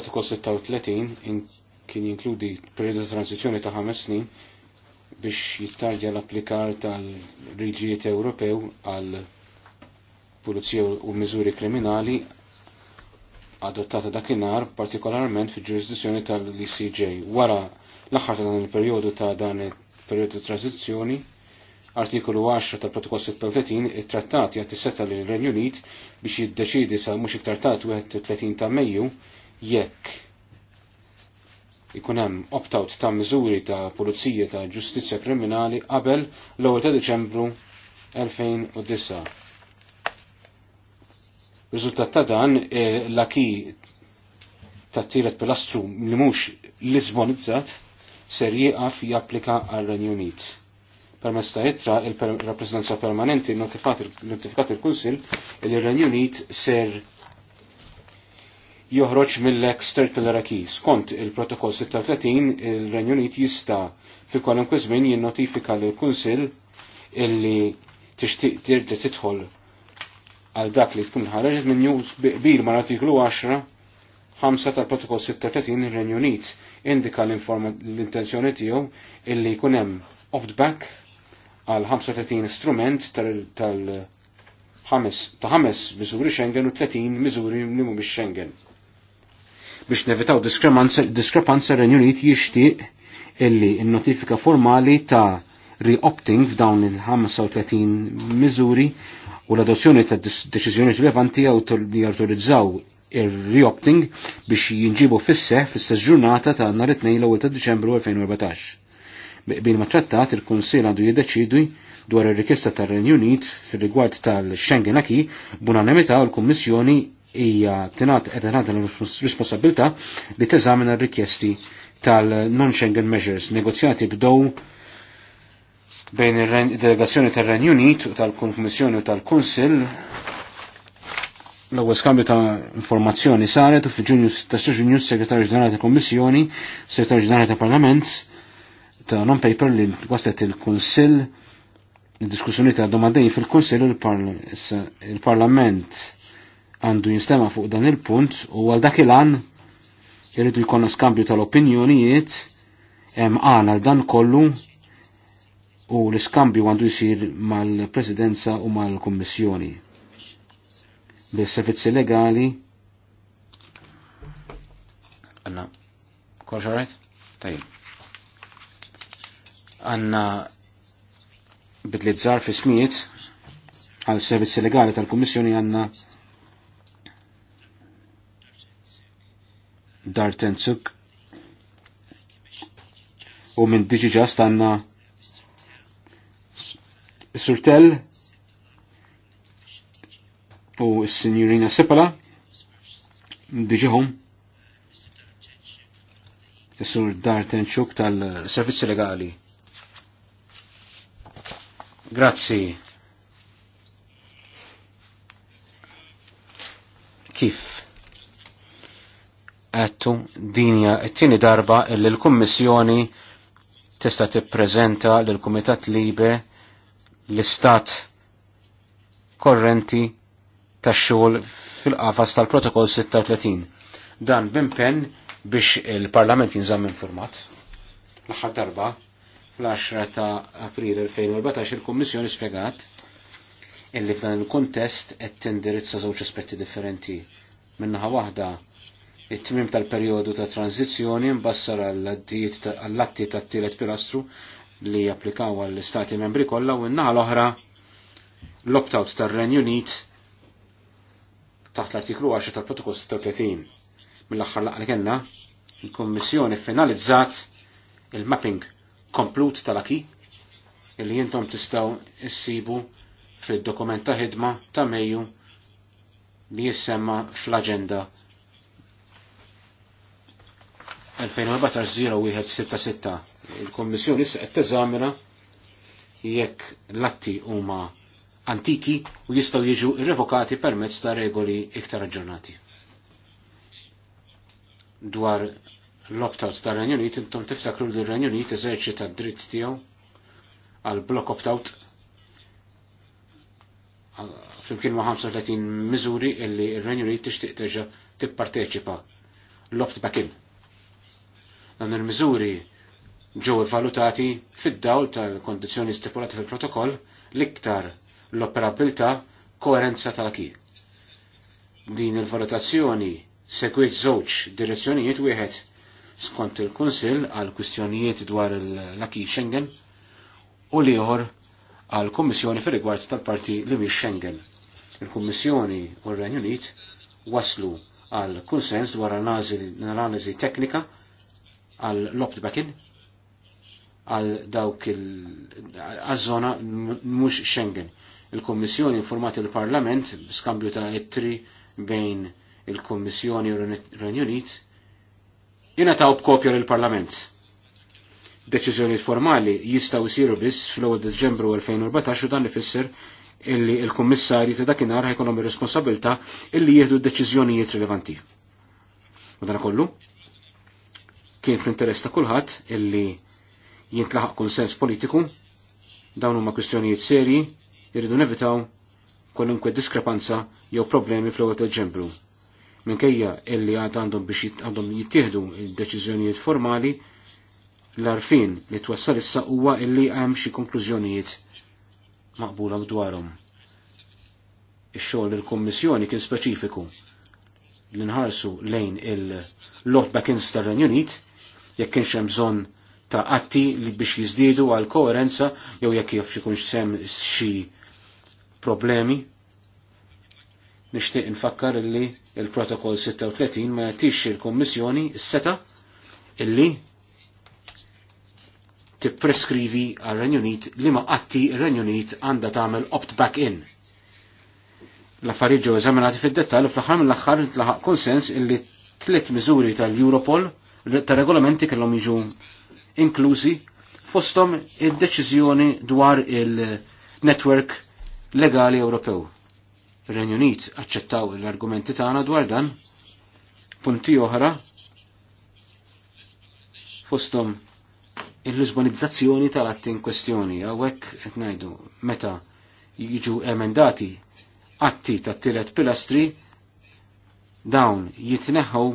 protokoll 36 in kien jinkludi periodu ta' transizjoni ta' ħames snin biex jittarja l-applikar tal-riġijiet Ewropew għal pulizija u miżuri kriminali adottata dakinhar partikolarment fi ġurisdizzjoni tal-ECJ. Wara l-aħħar ta' dan il-perjodu ta' dan il-perjodu ta' tranzizzjoni, artikolu 10 tal-protokoll 36, it-trattat jagħti seta' lil renju Unit biex jiddeċidi sa' mhux iktar tard 31 ta' Mejju jekk ikun hemm opt-out ta' miżuri ta' pulizija ta' ġustizzja kriminali qabel l-ewwel ta' Diċembru 2009. Riżultat ta' dan e, l-aki ta' tielet pilastru li mhux lisbonizzat ser jieqaf japplika għal renju Unit. Permezz ta' ittra il-rappresentanza permanenti notifikat il-Kunsil il-Renju Unit ser joħroġ mill-ex circular key. Skont il-protokoll 36 il-Renju Unit jista fi kwalunkwe żmien jinnotifika lil kunsill illi tixtieq tirda tidħol għal dak li tkun ħarġet minn news qbil ma' artiklu 10 5 tal-protokoll 36 il-Renju Unit indika l-intenzjoni tiegħu illi jkun hemm opt-back għal 35 strument tal- ħames ta' ħames miżuri Schengen u 30 miżuri li mhumiex Schengen biex nevitaw diskrepanza Renjunit jixtieq illi n-notifika formali ta' reopting f'dawn il-35 miżuri u l-adozzjoni ta' deċiżjoni rilevanti li autorizzaw re reopting biex jinġibu fisse fl-istess ġurnata ta' nhar it-2 l-1 ta' Diċembru 2014. Bil ma trattat il-Kunsill għandu jiddeċidwi dwar ir-rikesta tar-Renju Unit fir-rigward tal-Schengen Aki b'unanimità l-Kummissjoni hija tingħat qed l-responsabilità li teżamina r-rikjesti tal-non-Schengen measures negozjati bdow bejn il-delegazzjoni tal-Renju Unit u tal kommissjoni u tal-Kunsill l-ewwel skambju ta' informazzjoni saret u fil ġunju ta' ġunju segretarju ġenerali ta' Kommissjoni, segretarju ġenerali ta' Parlament ta' non-paper li waslet il-Kunsill id-diskussjoni ta' domandejn fil-Kunsill u il parlament għandu jinstema fuq dan il-punt u għal dak il-għan irridu jkollna skambju tal-opinjonijiet hemm għana għal dan kollu u l-iskambju għandu jisir mal-presidenza u mal-kommissjoni. Bis-servizzi legali. Għanna, kol Tajib. Għanna bidli żgħar fi smiet għal servizzi legali tal-kommissjoni għanna tenzuk u minn ġast għanna Surtel u s-Signorina Sepala diġiħum Sur tenzuk tal-Servizzi Legali. Grazzi. Kif? għattu dinja t-tini darba illi l-Kummissjoni tista' tippreżenta l kumitat Libe l-istat korrenti tax-xogħol fil-qafas tal-Protokoll 36. Dan bimpen biex il-Parlament jinżamm informat. L-aħħar darba fl-10 ta' April 2014 il-Kummissjoni spjegat illi f'dan il-kuntest qed tindirizza żewġ aspetti differenti. Minnaħa waħda it-tmim tal-perjodu ta' tranzizjoni mbassar għall-atti ta' t-tielet pilastru li japplikaw għall-istati membri kollha u n-naħa l-oħra l-opt-out tar-Renju Unit taħt l-artiklu 10 tal-protokoll 36. Mill-aħħar laqgħa kellna il-Kummissjoni finalizzat il-mapping komplut tal-aki li jintom tistaw issibu fil-dokument ta' ħidma ta' Mejju li jissemma fl-agenda 2014-0166. Il-Kommissjoni issa qed teżamina jekk l-atti huma antiki u jistgħu jiġu irrevokati permezz ta' regoli iktar aġġornati. Dwar l-opt-out ta' Renju Unit intom tiftakru li Renju Unit eżerċita d-dritt tiegħu għal block opt-out flimkien ma' 35 miżuri illi r-Renju Unit tixtieq terġa' tipparteċipa l-opt back in Dan il-miżuri ġew valutati fid-dawl tal kondizjoni stipulati fil-protokoll l-iktar l-operabilità koerenza tal-ki. Din il-valutazzjoni segwit żewġ direzzjonijiet wieħed skont il-Kunsill għal kwistjonijiet dwar l-Aki Schengen u liħor għal Kommissjoni fir rigward tal-parti li mhix Schengen. Il-Kummissjoni u r-Renju Unit waslu għal konsens dwar l analiżi teknika għal lopt bakin għal dawk il-żona mhux Schengen. Il-Kommissjoni informat il-Parlament b'skambju ta' ittri bejn il-Kommissjoni u Unit jina ta' kopja l-Parlament. Deċizjoni formali jistaw siru biss fl-1 Deċembru 2014 u dan ifisser illi il kommissari ta' dakinhar ħajkonom ir responsabilta illi jieħdu d-deċiżjonijiet rilevanti. U dan kollu, kien fl-interess ta' kulħadd illi jintlaħaq konsens politiku, dawn huma kwistjonijiet serji irridu nevitaw kwalunkwe diskrepanza jew problemi fl-ewwel tal ġembru. Minkejja illi għad għandhom biex għandhom jittieħdu deċiżjonijiet formali l-arfin li twassal issa huwa illi hemm xi konklużjonijiet maqbula dwarhom. Ix-xogħol il-Kummissjoni kien speċifiku li nħarsu lejn il lord kien tar-Renju Unit jekk kienx hemm bżonn ta' atti li biex jiżdiedu għal koerenza jew jekk jaf xi sem xi problemi. Nixtieq infakkar illi il-protokoll 36 ma jagħtix il-Kummissjoni s-seta illi tippreskrivi għal Unit li ma qatti Unit għandha tagħmel opt-back in. L-affarijiet ġew eżaminati fid-dettall u fl-aħħar mill-aħħar intlaħaq konsens illi tliet miżuri tal-Europol ta' regolamenti kellhom jiġu inklużi fostom id-deċiżjoni dwar il-network legali Ewropew. Renju Unit aċċettaw l-argumenti tagħna dwar dan. Punti oħra fostom il-lisbonizzazzjoni tal-atti in kwestjoni, hawnhekk qed ngħidu meta jiġu emendati atti tat-tielet pilastri dawn jitneħħu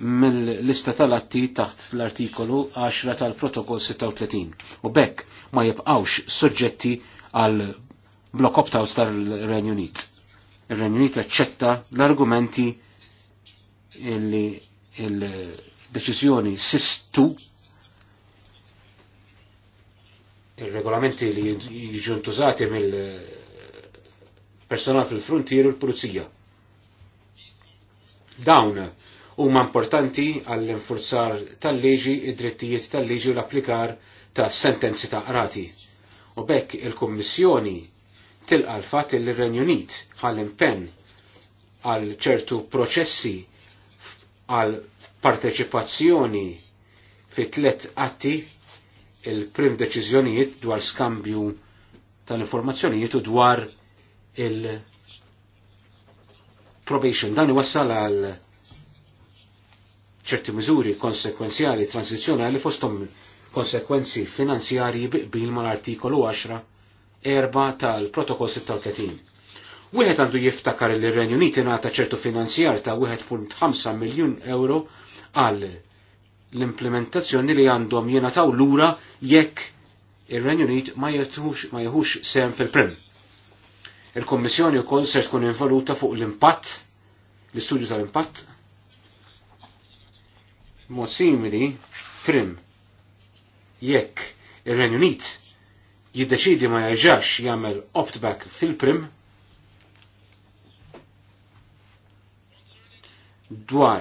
mill-lista tal-atti taħt l-artikolu 10 tal-protokoll 36 u bekk ma jibqawx soġġetti għal blok opt-out tal-Renju Unit. ir renju Unit aċċetta l-argumenti illi il-deċizjoni sistu il-regolamenti li jiġu ntużati mill-personal fil-frontier u l-pulizija. Dawn huma importanti għall-infurzar tal-liġi, id-drittijiet tal-liġi u l-applikar ta' sentenzi ta' qrati. U bekk il-Kummissjoni tilqa l-fatt il renju Unit għall impenn għal ċertu proċessi għal parteċipazzjoni fi tlet atti il-prim deċiżjonijiet dwar skambju tal-informazzjonijiet u dwar il-probation. Dan wassal għal ċerti miżuri konsekwenzjali transizjonali fostom konsekwenzi finanzjarji biqbil mal-artikolu 10 erba tal-protokoll 36. Wieħed għandu jiftakar li r-Renju Uniti ngħata ċertu finanzjar ta' 1.5 miljun euro għal l-implementazzjoni li għandhom taw lura jekk ir-Renju Unit ma jeħux sem fil-prem. Il-Kommissjoni wkoll se tkun involuta fuq l-impatt, l-istudju tal-impatt mod simili prim jekk ir-Renju Unit jiddeċidi ma jerġax jagħmel opt-back fil-prim dwar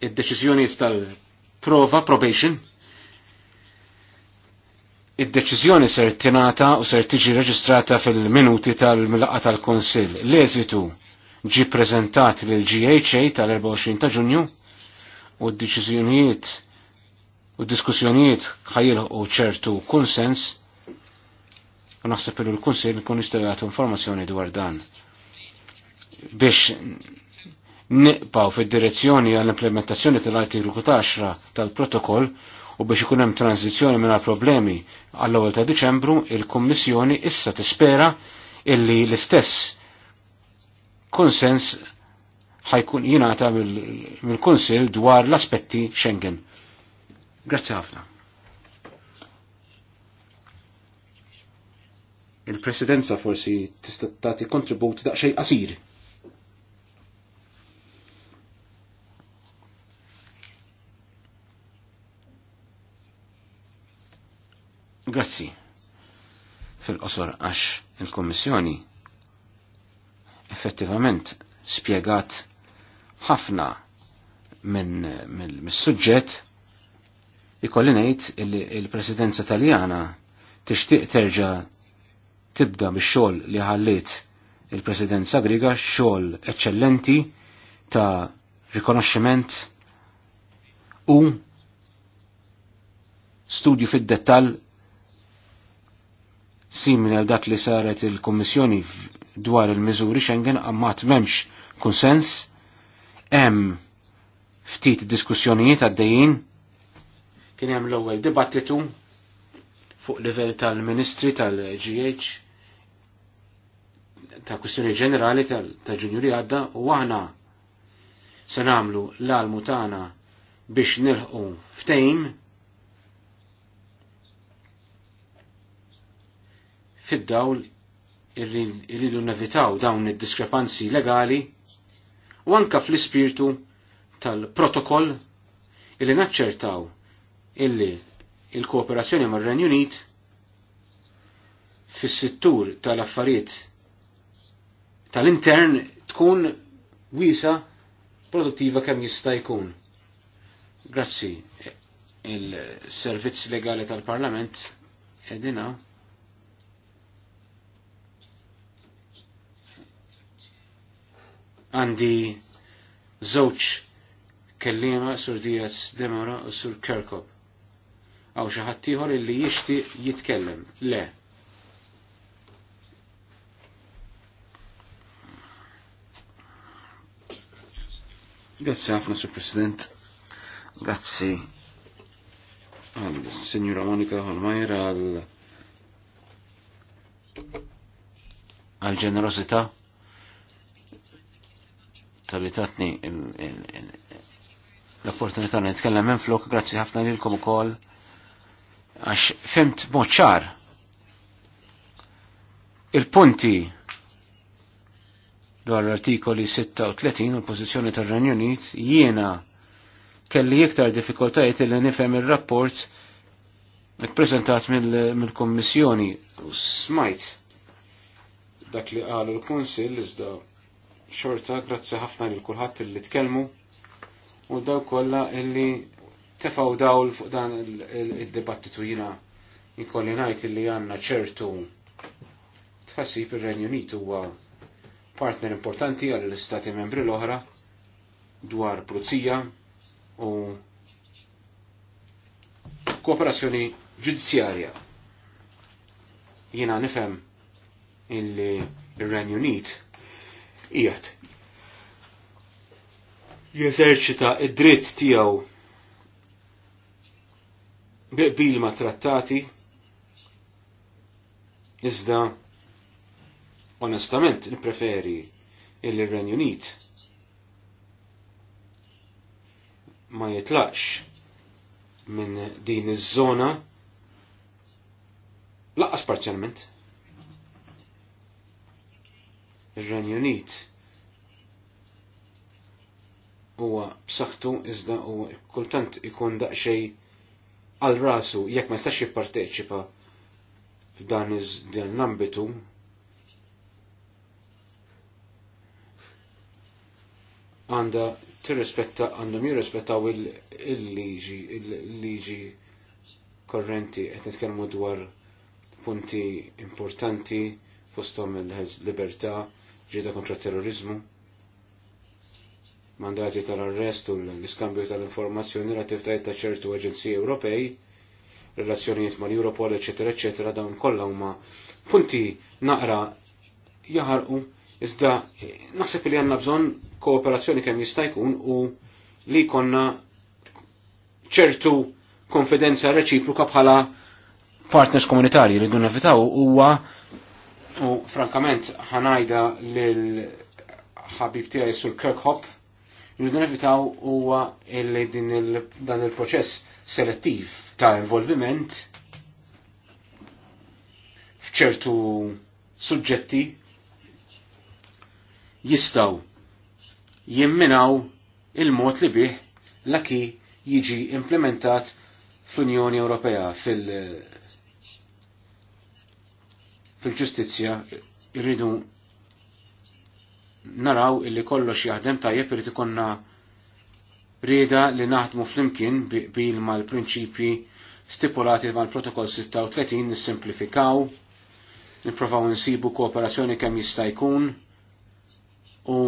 id-deċiżjonijiet tal-prova probation id-deċiżjoni ser tingħata u ser tiġi reġistrata fil-minuti tal-milaqa tal-Konsill. L-eżitu ġi preżentat lil GHA tal-24 ta' Ġunju u d deċizjonijiet u d-diskussjonijiet ħajilħu ċertu konsens. u naħseb il l-kunsil kun jistgħu jagħtu informazzjoni dwar dan biex niqpaw fid-direzzjoni għall-implementazzjoni tal-artiklu 10 tal-protokoll u biex ikun hemm tranzizzjoni mingħajr problemi għall-ewwel ta' Diċembru, il-Kummissjoni issa tispera illi l-istess konsens ħajkun jingħata mill-Kunsill dwar l-aspetti Schengen. Grazzi ħafna. Il-presidenza forsi tista' tagħti kontribut daqsxejn qasir. Grazzi. Fil-qosor għax il-Kommissjoni effettivament spiegat ħafna minn mis-suġġett ikolli ngħid il-Presidenza Taljana tixtieq terġa' tibda bix-xogħol li ħallit il-Presidenza Griga xogħol eċċellenti ta' rikonoxximent u studju fid-dettall simili għal dak li saret il-Kommissjoni dwar il-miżuri Schengen għammat memx konsens Hemm ftit diskussjonijiet għaddejjin. Kien hemm l-ewwel dibattitu fuq livell tal-Ministri tal-GH ta' kwistjoni ġenerali ta' ġunjuri għadda u aħna se nagħmlu l-almu tagħna biex nilħqu ftejn fid-dawl irridu nevitaw dawn id-diskrepanzi legali u anka fl-ispirtu tal-protokoll illi naċċertaw illi il-kooperazzjoni mar renju Unit fis-sittur tal-affarijiet tal-intern tkun wisa produttiva kemm jista' jkun. Grazzi il-servizz legali tal-Parlament edina għandi żewġ kellima sur Diaz Demora u sur Kerkob. Għaw xaħat illi jishti jitkellem. Le. Grazie afna, Sur President. Grazzi għal Signora Monika Holmajer għal għal ġenerosità tabitatni l-opportunità li nitkellem minn flok, grazzi ħafna lilkom ukoll għax fimt moċċar ċar il-punti dwar l-artikoli 36 u l-pożizzjoni tar-Renju Unit jiena kelli iktar diffikultajiet li nifhem ir-rapport ippreżentat mill-Kommissjoni u smajt dak li qalu l-Kunsill iżda xorta grazzi ħafna lil kulħadd li tkellmu u daw kollha illi tefaw dawl fuq dan id-dibattitu jina jkolli ngħid illi għandna ċertu tħassib ir-Renju Unit huwa partner importanti għall istati membri l-oħra dwar pruzzija u kooperazzjoni ġudizzjarja. Jiena nifhem illi ir-Renju Unit qiegħed jeżerċita id-dritt tiegħu biqbil ma' trattati iżda onestament nippreferi il-Renju Unit ma jitlaqx minn din iż-żona laqqas parzjalment. Ir-Renju Unit huwa b'saħħtu iżda u kultant ikun daqsxejn għal rasu jekk ma jistax jipparteċipa f'dan iż-dan l-ambitu għanda tirrispetta għandhom jirrispettaw il-liġi il-liġi korrenti qed nitkellmu dwar punti importanti fosthom il-libertà, ġida kontra terrorizmu, mandati tal-arrest u l-iskambju tal-informazzjoni l-attivitajiet ta' ċertu aġenziji Ewropej, relazzjonijiet mal Europol, eccetera, eccetera, dawn kollha huma punti naqra jaħarqu, iżda naħseb li għandna bżonn kooperazzjoni kemm jista' jkun u li konna ċertu konfidenza reċipruka bħala partners komunitarji li dun nevitaw huwa U frankament ħanajda lil ħabib tiegħi sur Kirkhop irridu nevitaw huwa illi din il dan il-proċess selettiv ta' involviment f'ċertu suġġetti jistaw jimminaw il-mod li bih l-aki jiġi implementat fl-Unjoni Ewropea fil- fil-ġustizzja irridu naraw illi kollox jaħdem tajjeb irid ikonna rieda li naħdmu flimkien bil mal-prinċipji stipulati mal-protokoll 36 nissimplifikaw, nipprovaw nsibu kooperazzjoni kemm jista' jkun u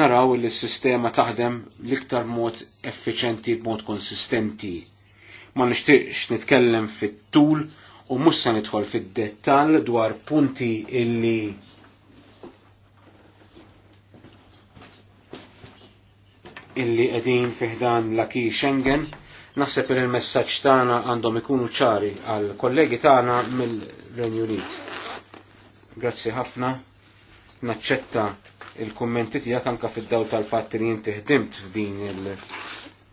naraw li s-sistema taħdem l-iktar mod effiċenti b'mod konsistenti. Ma nixtieqx nitkellem fit-tul u mhux se nidħol fid-dettall dwar punti illi illi edin fiħdan l-aki Schengen. Naħseb li il messaġġ tagħna għandhom ikunu ċari għal kollegi tagħna mill-Renju Unit. Grazzi ħafna. Naċċetta il-kummenti tiegħek anke fid-dawl tal-fatt li jinti ħdimt f'din il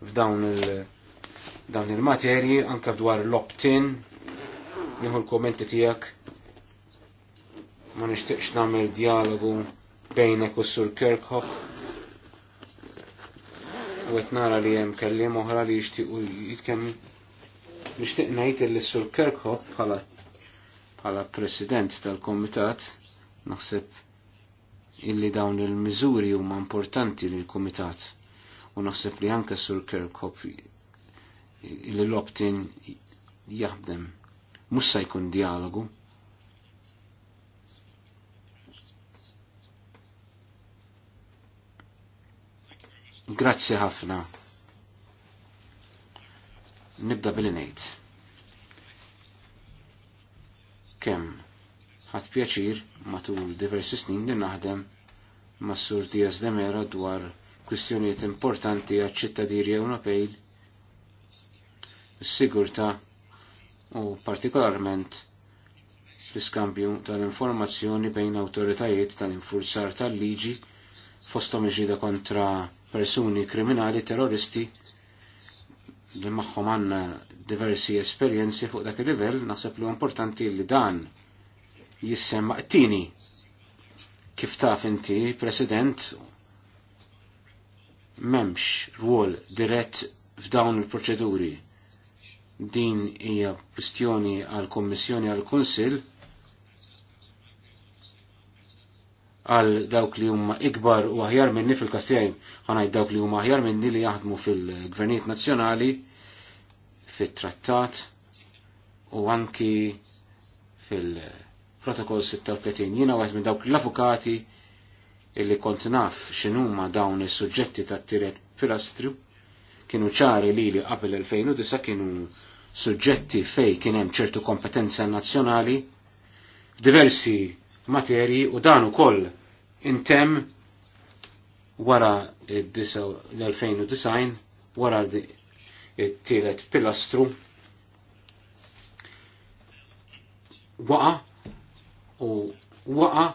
f'dawn il dawn il-materji anke dwar l-opt-in nieħu l-kommenti tiegħek ma nixtieqx nagħmel dialogu bejnek u Sur Kirkhoff u nara li hemm kellim oħra li jixtiequ jitkemmi. Nixtieq ngħid li Sur Kirkhoff bħala bħala president tal-komitat naħseb illi dawn il-miżuri huma importanti lil komitat u naħseb li anke Sur Kirkhoff il optin jaħdem mhux se jkun dialogu. Grazzi ħafna. Nibda bil ngħid. Kemm ħadd pjaċir matul diversi snin li naħdem mas Sur Diaz Demera dwar kwistjonijiet importanti għaċ ċittadini Ewropej, is-sigurtà u partikolarment l-iskambju tal-informazzjoni bejn awtoritajiet tal-infurzar tal-liġi fost omiġida kontra persuni kriminali terroristi li magħhom għandna diversi esperjenzi fuq dak il-livell naħseb li importanti li dan jissemma qtini kif taf inti, President, memx rwol dirett f'dawn il-proċeduri din hija kwistjoni għal kommissjoni għal kunsil għal dawk li huma ikbar u aħjar minni fil-kastijajn, ħanajt dawk li huma aħjar minni li jaħdmu fil-gvernijiet nazzjonali, fit-trattat u anki fil-protokoll 36 jina għajt minn dawk l-avukati illi kont naf x'inhuma dawn is-suġġetti tat-tiret pilastru kienu ċari li li qabel 2009 kienu suġġetti fej kien hemm ċertu kompetenza nazzjonali f'diversi materji u dan ukoll intemm wara l-2009 wara it-tielet pilastru waqa u waqa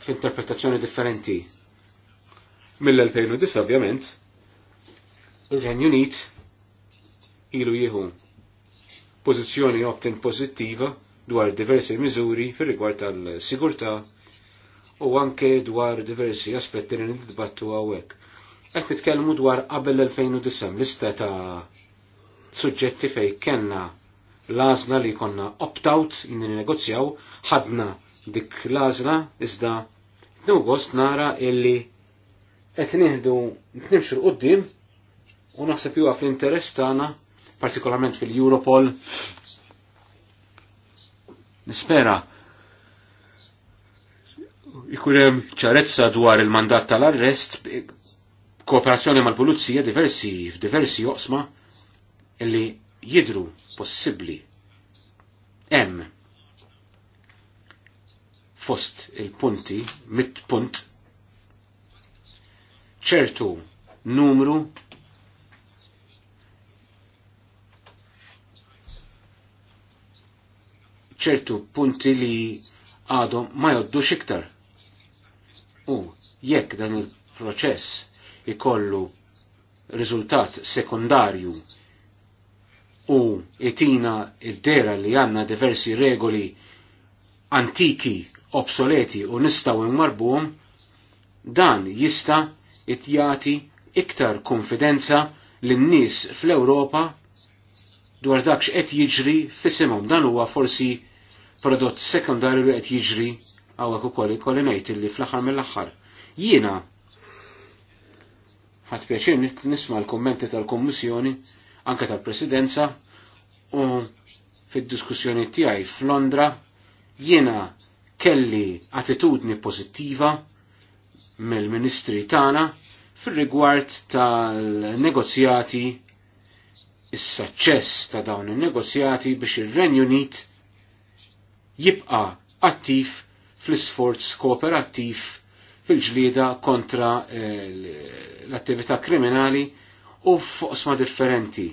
f'interpretazzjoni differenti Mill-2009 ovvjament, il-Renju Unit ilu jieħu pożizzjoni optin pozittiva pożittiva dwar diversi miżuri fir rigward tal-sigurtà u anke dwar diversi aspetti li nitbattu hawnhekk. Qed nitkellmu dwar qabel l-2009 lista ta' suġġetti fej kellna l li konna opt-out negozjaw ħadna dik lazna, iżda nu gost nara illi qed nieħdu nimxu l qudiem u naħseb juha fl-interess tagħna, partikolarment fil-Europol. Nispera ikun hemm ċarezza dwar il-mandat tal-arrest kooperazzjoni mal-pulizija diversi f'diversi joqsma illi jidru possibbli hemm fost il-punti mit-punt ċertu numru ċertu punti li għadhom ma joddux iktar. U jekk dan il-proċess ikollu riżultat sekundarju u itina id-dera li għanna diversi regoli antiki, obsoleti u nistaw imwarbuhom, dan jista' jati iktar konfidenza lin-nies fl-Ewropa dwar dak x'qed jiġri fisimhom dan huwa forsi prodott sekundarju li qed jiġri għawek ukoll ikolli ngħid li fl-aħħar mill-aħħar. Jiena ħadd pjaċir nisma' l-kummenti tal-Kommissjoni anke tal-Presidenza u fid-diskussjoni tiegħi f'Londra jiena kelli attitudni pożittiva mill-Ministri tagħna fil-rigward tal-negozjati il saċċess ta' dawn in-negozjati biex ir-Renju Unit jibqa' attiv fl-isforz kooperattiv fil-ġlieda kontra eh, l-attività kriminali u f'osma differenti.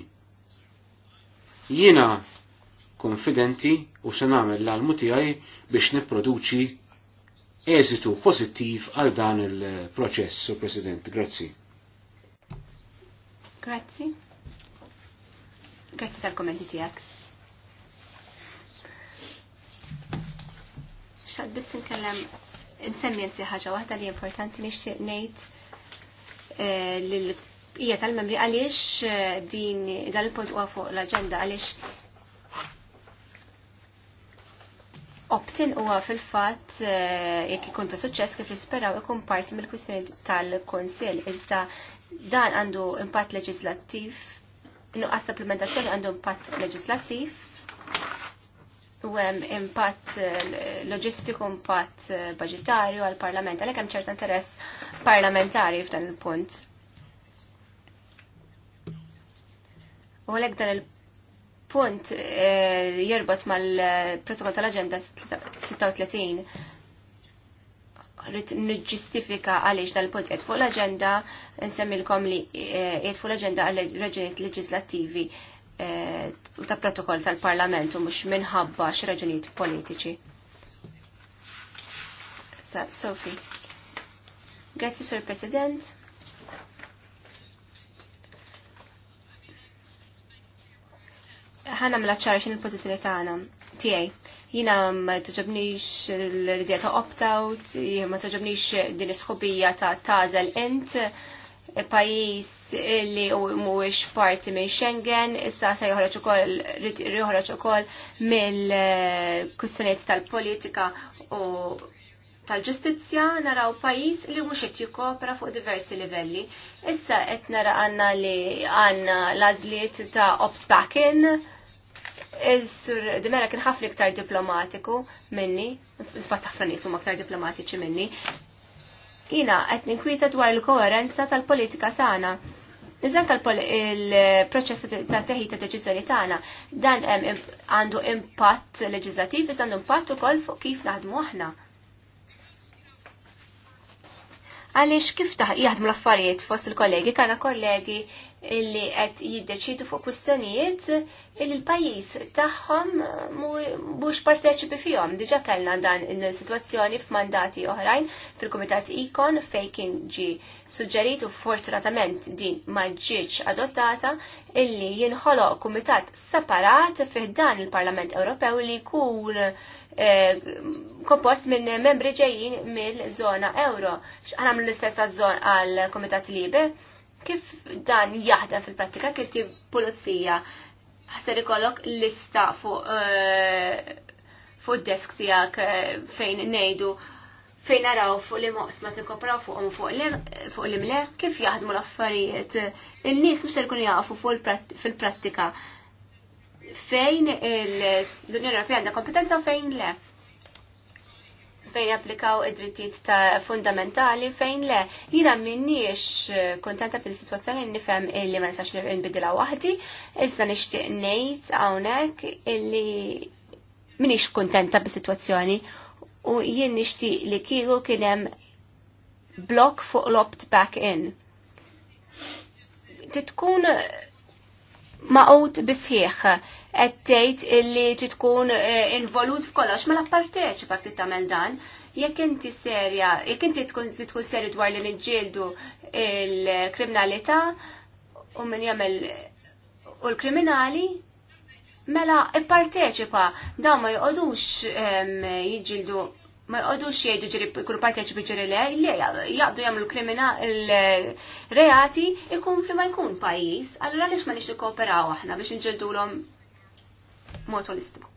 Jiena konfidenti u se nagħmel l-almu tiegħi biex nipproduċi eżitu pozittiv għal dan il-proċess, Sur President. Grazzi. Grazzi. Grazzi tal-kommenti tijak. Xad biss nkellem nsemmi nsi ħaġa waħda li importanti nixtieq ngħid eh, lil hija tal-membri għaliex eh, din dan il-punt huwa fuq l agenda għaliex Optin huwa fil-fatt eh, jekk ikun ta' suċċess kif nisperaw ikun parti mill-kwistjoni tal-Kunsill iżda dan għandu impatt leġislattiv, nuqqas supplementazzjoni għandu impatt leġislattiv, u hemm impatt eh, loġistiku, impatt eh, budgetarju għall parlament għalhekk hemm ċert interess parlamentari f'dan il-punt. U għalhekk dan il punt eh, jirbot mal-protokoll tal-agenda 36 rrit nġistifika għaliex dal-punt qed fuq l-agenda nsemmilkom li qed fuq l-agenda għal raġunijiet leġislattivi u ta' protokoll tal-Parlament u mhux minħabba xi raġunijiet politiċi. Sofi. Grazie, Sur President. ħana mela ċara xin il-pozizjoni tagħna tiegħi. Jina ma toġobnix l-idea ta' opt-out, ma toġobnix din isħobija ta' tażel int pajis li mhuwiex parti minn Schengen, issa se joħroġ ukoll joħroġ ukoll mill-kussjonijiet tal-politika u tal-ġustizzja naraw pajis li mhux qed jikkopra fuq diversi livelli. Issa qed nara għandna li għandna l-għażliet ta' opt-back in Il-sur Dimera kien ħafna iktar diplomatiku minni, fatt ħafna nies huma aktar diplomatiċi minni. Jina qed ninkwieta dwar il-koerenza tal-politika tagħna. kal il-proċess ta' teħi ta' deċiżjoni tagħna dan hemm għandu impatt leġislattiv iżda għandu impatt ukoll fuq kif naħdmu aħna. Għaliex kif taħ jaħdmu l-affarijiet fost il-kollegi, kana kollegi illi qed jiddeċidu fuq kwistjonijiet illi l-pajjiż tagħhom mhux parteċipi fihom. Diġà kellna dan il-sitwazzjoni f'mandati oħrajn fil-Kumitat Ikon fejn ġi suġġeritu fortunatament din ma ġietx adottata illi jinħoloq kumitat separat fih dan il-Parlament Ewropew li jkun eh, kompost minn membri ġejjin mill-żona euro. X'għamlu l-istess għal-Komitat Libe? Kif dan jaħdem fil-prattika kif ti pulizija ħasser ikollok lista fuq eh, fuq desk tiegħek eh, fejn ngħidu fejn naraw fuq li moqs ma tikkopraw fuqhom fuq li mle kif jaħdmu l-affarijiet. Il-nies mhux jkun jaqfu fil-prattika fejn l-Unjoni Europea għandha kompetenza fejn le fejn applikaw id-drittijiet ta' fundamentali fejn le. Jina minniex kontenta fil-situazzjoni nifhem illi ma nistax nbidilha waħdi, issa nixtieq ngħid hawnhekk illi minniex kontenta bis-sitwazzjoni u jien nixtieq li kieku kien hemm blok fuq l-opt back in. Titkun maqut bisħieħ qed tgħid illi titkun tkun eh, involut f'kollox mela pparteċipa fakt tagħmel dan. Jekk inti serja, jekk inti tkun serju dwar li niġġieldu il-kriminalità u min jagħmel u l-kriminali, mela ipparteċipa da ma jqogħdux ehm, jiġġieldu ma jqodux jgħidu ġiri kull parteċipi ġiri le, le jgħabdu jgħamlu krimina l-reati ikun fli ma jkun pajjiż, allura għaliex ma nix kooperaw aħna biex nġildu l-om mod holistiku.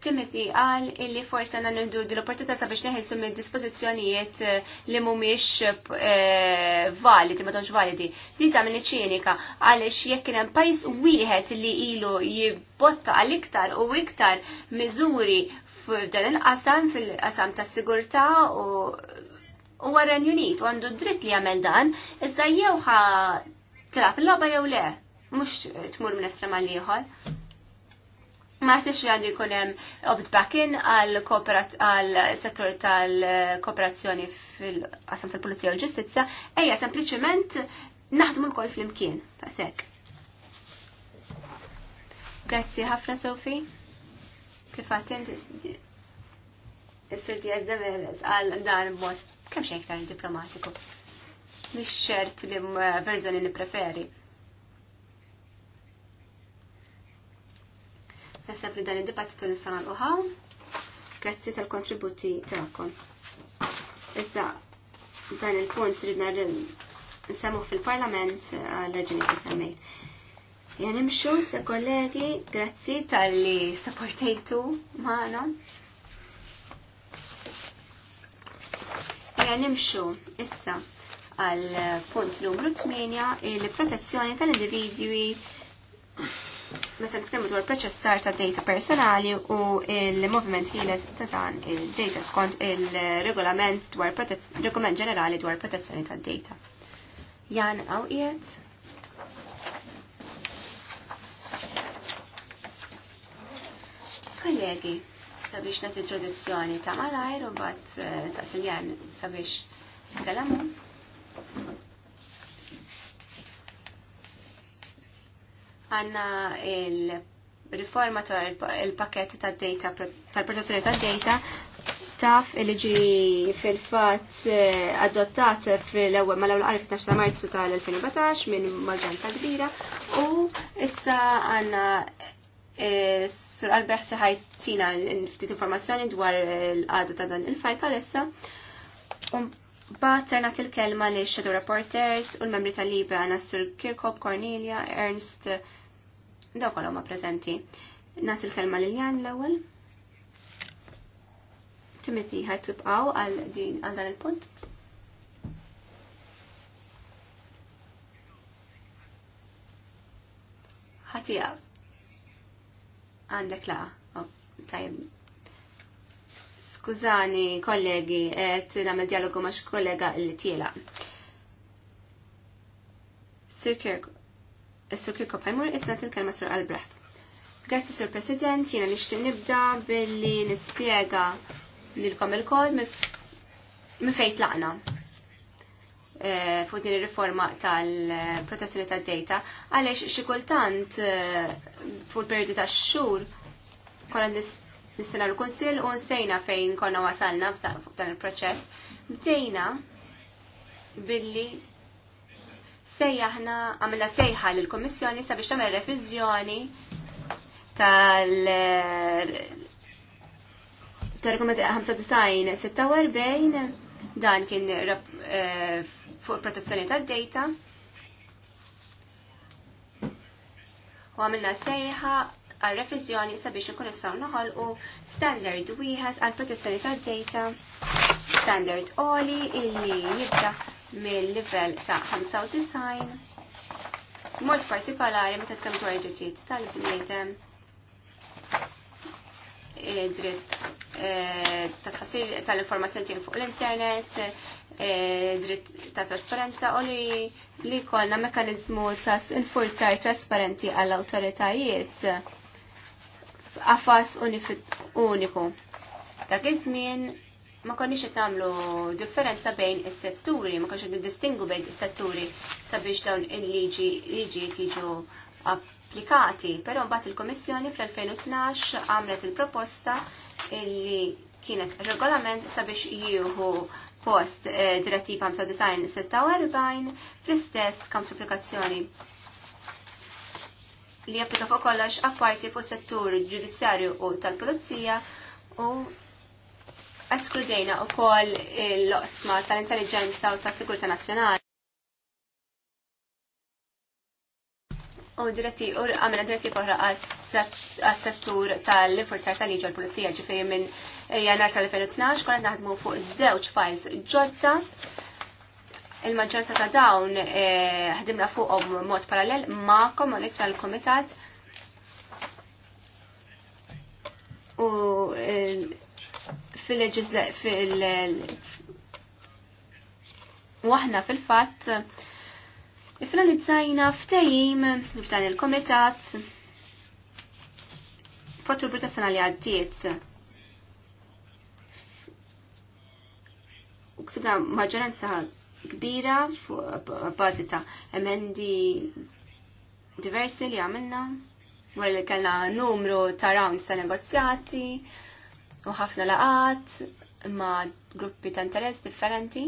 Timothy għal illi forse għanna nirdu l opportunità sabiex neħilsu minn dispozizjonijiet eh, li mumiex eh, validi, ma tonx validi. Di ta' minn ċinika għalix jekk kien pajis wieħed li ilu jibbotta għal-iktar u iktar miżuri f'dan il-qasam fil-qasam ta' sigurtà u u għarren unit u għandu dritt li għamel dan, iżda jew tilab il-logħba jew le, mhux tmur minn estrema għal ieħor. Ma siex għandu jkun hemm opt back in għal settur tal-kooperazzjoni fil-qasam tal-Pulizija u l-Ġustizzja, ejja sempliċement naħdmu l-kol fl-imkien ta' sekk. Grazzi ħafna Sofi. Kif għatint is sirti għazda għal dan mod kemm xejn iktar diplomatiku mis ċert li eh, verżjoni li preferi. Nasab li dan id-dibattitu nista' nagħlqu Grazzi tal-kontributi tal-kon. Issa dan il-punt ridna nsemmu fil-Parlament eh, għal reġini li semmejt. imxu se kollegi, grazzi tal-li supportejtu maħna. imxu, issa, għal punt numru 8 il-protezzjoni tal-individwi meta nitkellmu dwar proċessar ta' data personali u il-movement ħieles ta' dan il-data skont il-regolament dwar regolament ġenerali dwar protezzjoni tad data. Jan Awqiet. Kollegi, sabiex nagħti introduzzjoni ta' malajr u mbagħad eh, saqsil sabiex tkellamu. Għanna il-riforma il-pakket tal data tal-protezzjoni tal data taf li ġi fil-fat eh, adottat fil-ewwel mal-ewwel qari 12 ta' Marzu tal-2014 minn maġġanta kbira u issa għandna eh, Sur Albert ħajtina ftit informazzjoni dwar l għadda ta' dan il-fajl palessa. Um, Bat ternat il-kelma li Shadow Reporters u l-membri tal-Libe Anassur Kirkop, Cornelia, Ernst, daw kolom ma prezenti. Nat il-kelma li Jan l-ewel. Timothy ħaj għal din għal dan il-punt. ħatija Għandek la. Tajib, Skużani, kollegi, qed nagħmel dialogu ma' kollega li tiela. Sir Kirk, eh, Sir Kirk il-kelma Sir Albrecht. Grazzi Sir President, jiena nixtieq nibda billi nispjega lilkom il-kol mifejn tlaqna eh, fuq din ir-riforma tal-protezzjoni tad-data għaliex xi kultant eh, fuq il-perjodu tax-xhur konna nistana l konsil u nsejna fejn konna wasalna fuq dan il-proċess. Bdejna billi sejjaħna għamilna sejħa l-Komissjoni sabiex tagħmel reviżjoni tal tal rekomendazzjoni 95-46 dan kien eh, fuq protezzjoni tad-data u għamilna sejħa għal revizjoni sabiex ikun issaw naħolqu standard wieħed għal protezzjoni tad-data, standard oli illi jibda mill-livell ta' 95, mod partikolari meta tkun dwar id-drittijiet tal-bniedem, dritt eh, ta' tħassir tal-informazzjoni fuq l-internet, eh, dritt ta' trasparenza u li li kolna mekanizmu ta' infurzar trasparenti għall-autoritajiet f'qafas uniku. Dak iż-żmien ma konniex qed nagħmlu differenza bejn is-setturi, ma konniex qed distingu bejn is-setturi sabiex dawn il-liġi liġi jiġu applikati. Però mbagħad il-Kommissjoni fl-2012 għamlet il-proposta illi kienet regolament sabiex jieħu post eh, direttiva 95-46 fl-istess kam applikazzjoni li japplika fuq kollox apparti fuq settur ġudizzarju u tal-pulizija u eskludejna u koll l-osma tal-intelligenza u tal-sigurta nazjonali. U diretti, u għamena diretti koħra għas-settur tal-forzar tal-liġi għal-pulizija ġifiri minn jannar tal-2012, kollet naħdmu fuq zewċ files ġodda il maġġorza ta' dawn eh, ħdimna fuqhom mod parallel ma'kom għalhekk tal-kumitat u eh, fil waħna fil-fatt iffinalizzajna ftehim f'dan il-kumitat f'Ottubru ta' sena li għaddiet u ksibna maġġoranza kbira bazita emendi diversi li għamilna, wara li kellna numru ta' rounds ta' negozjati u ħafna laqat ma' gruppi ta' interess differenti.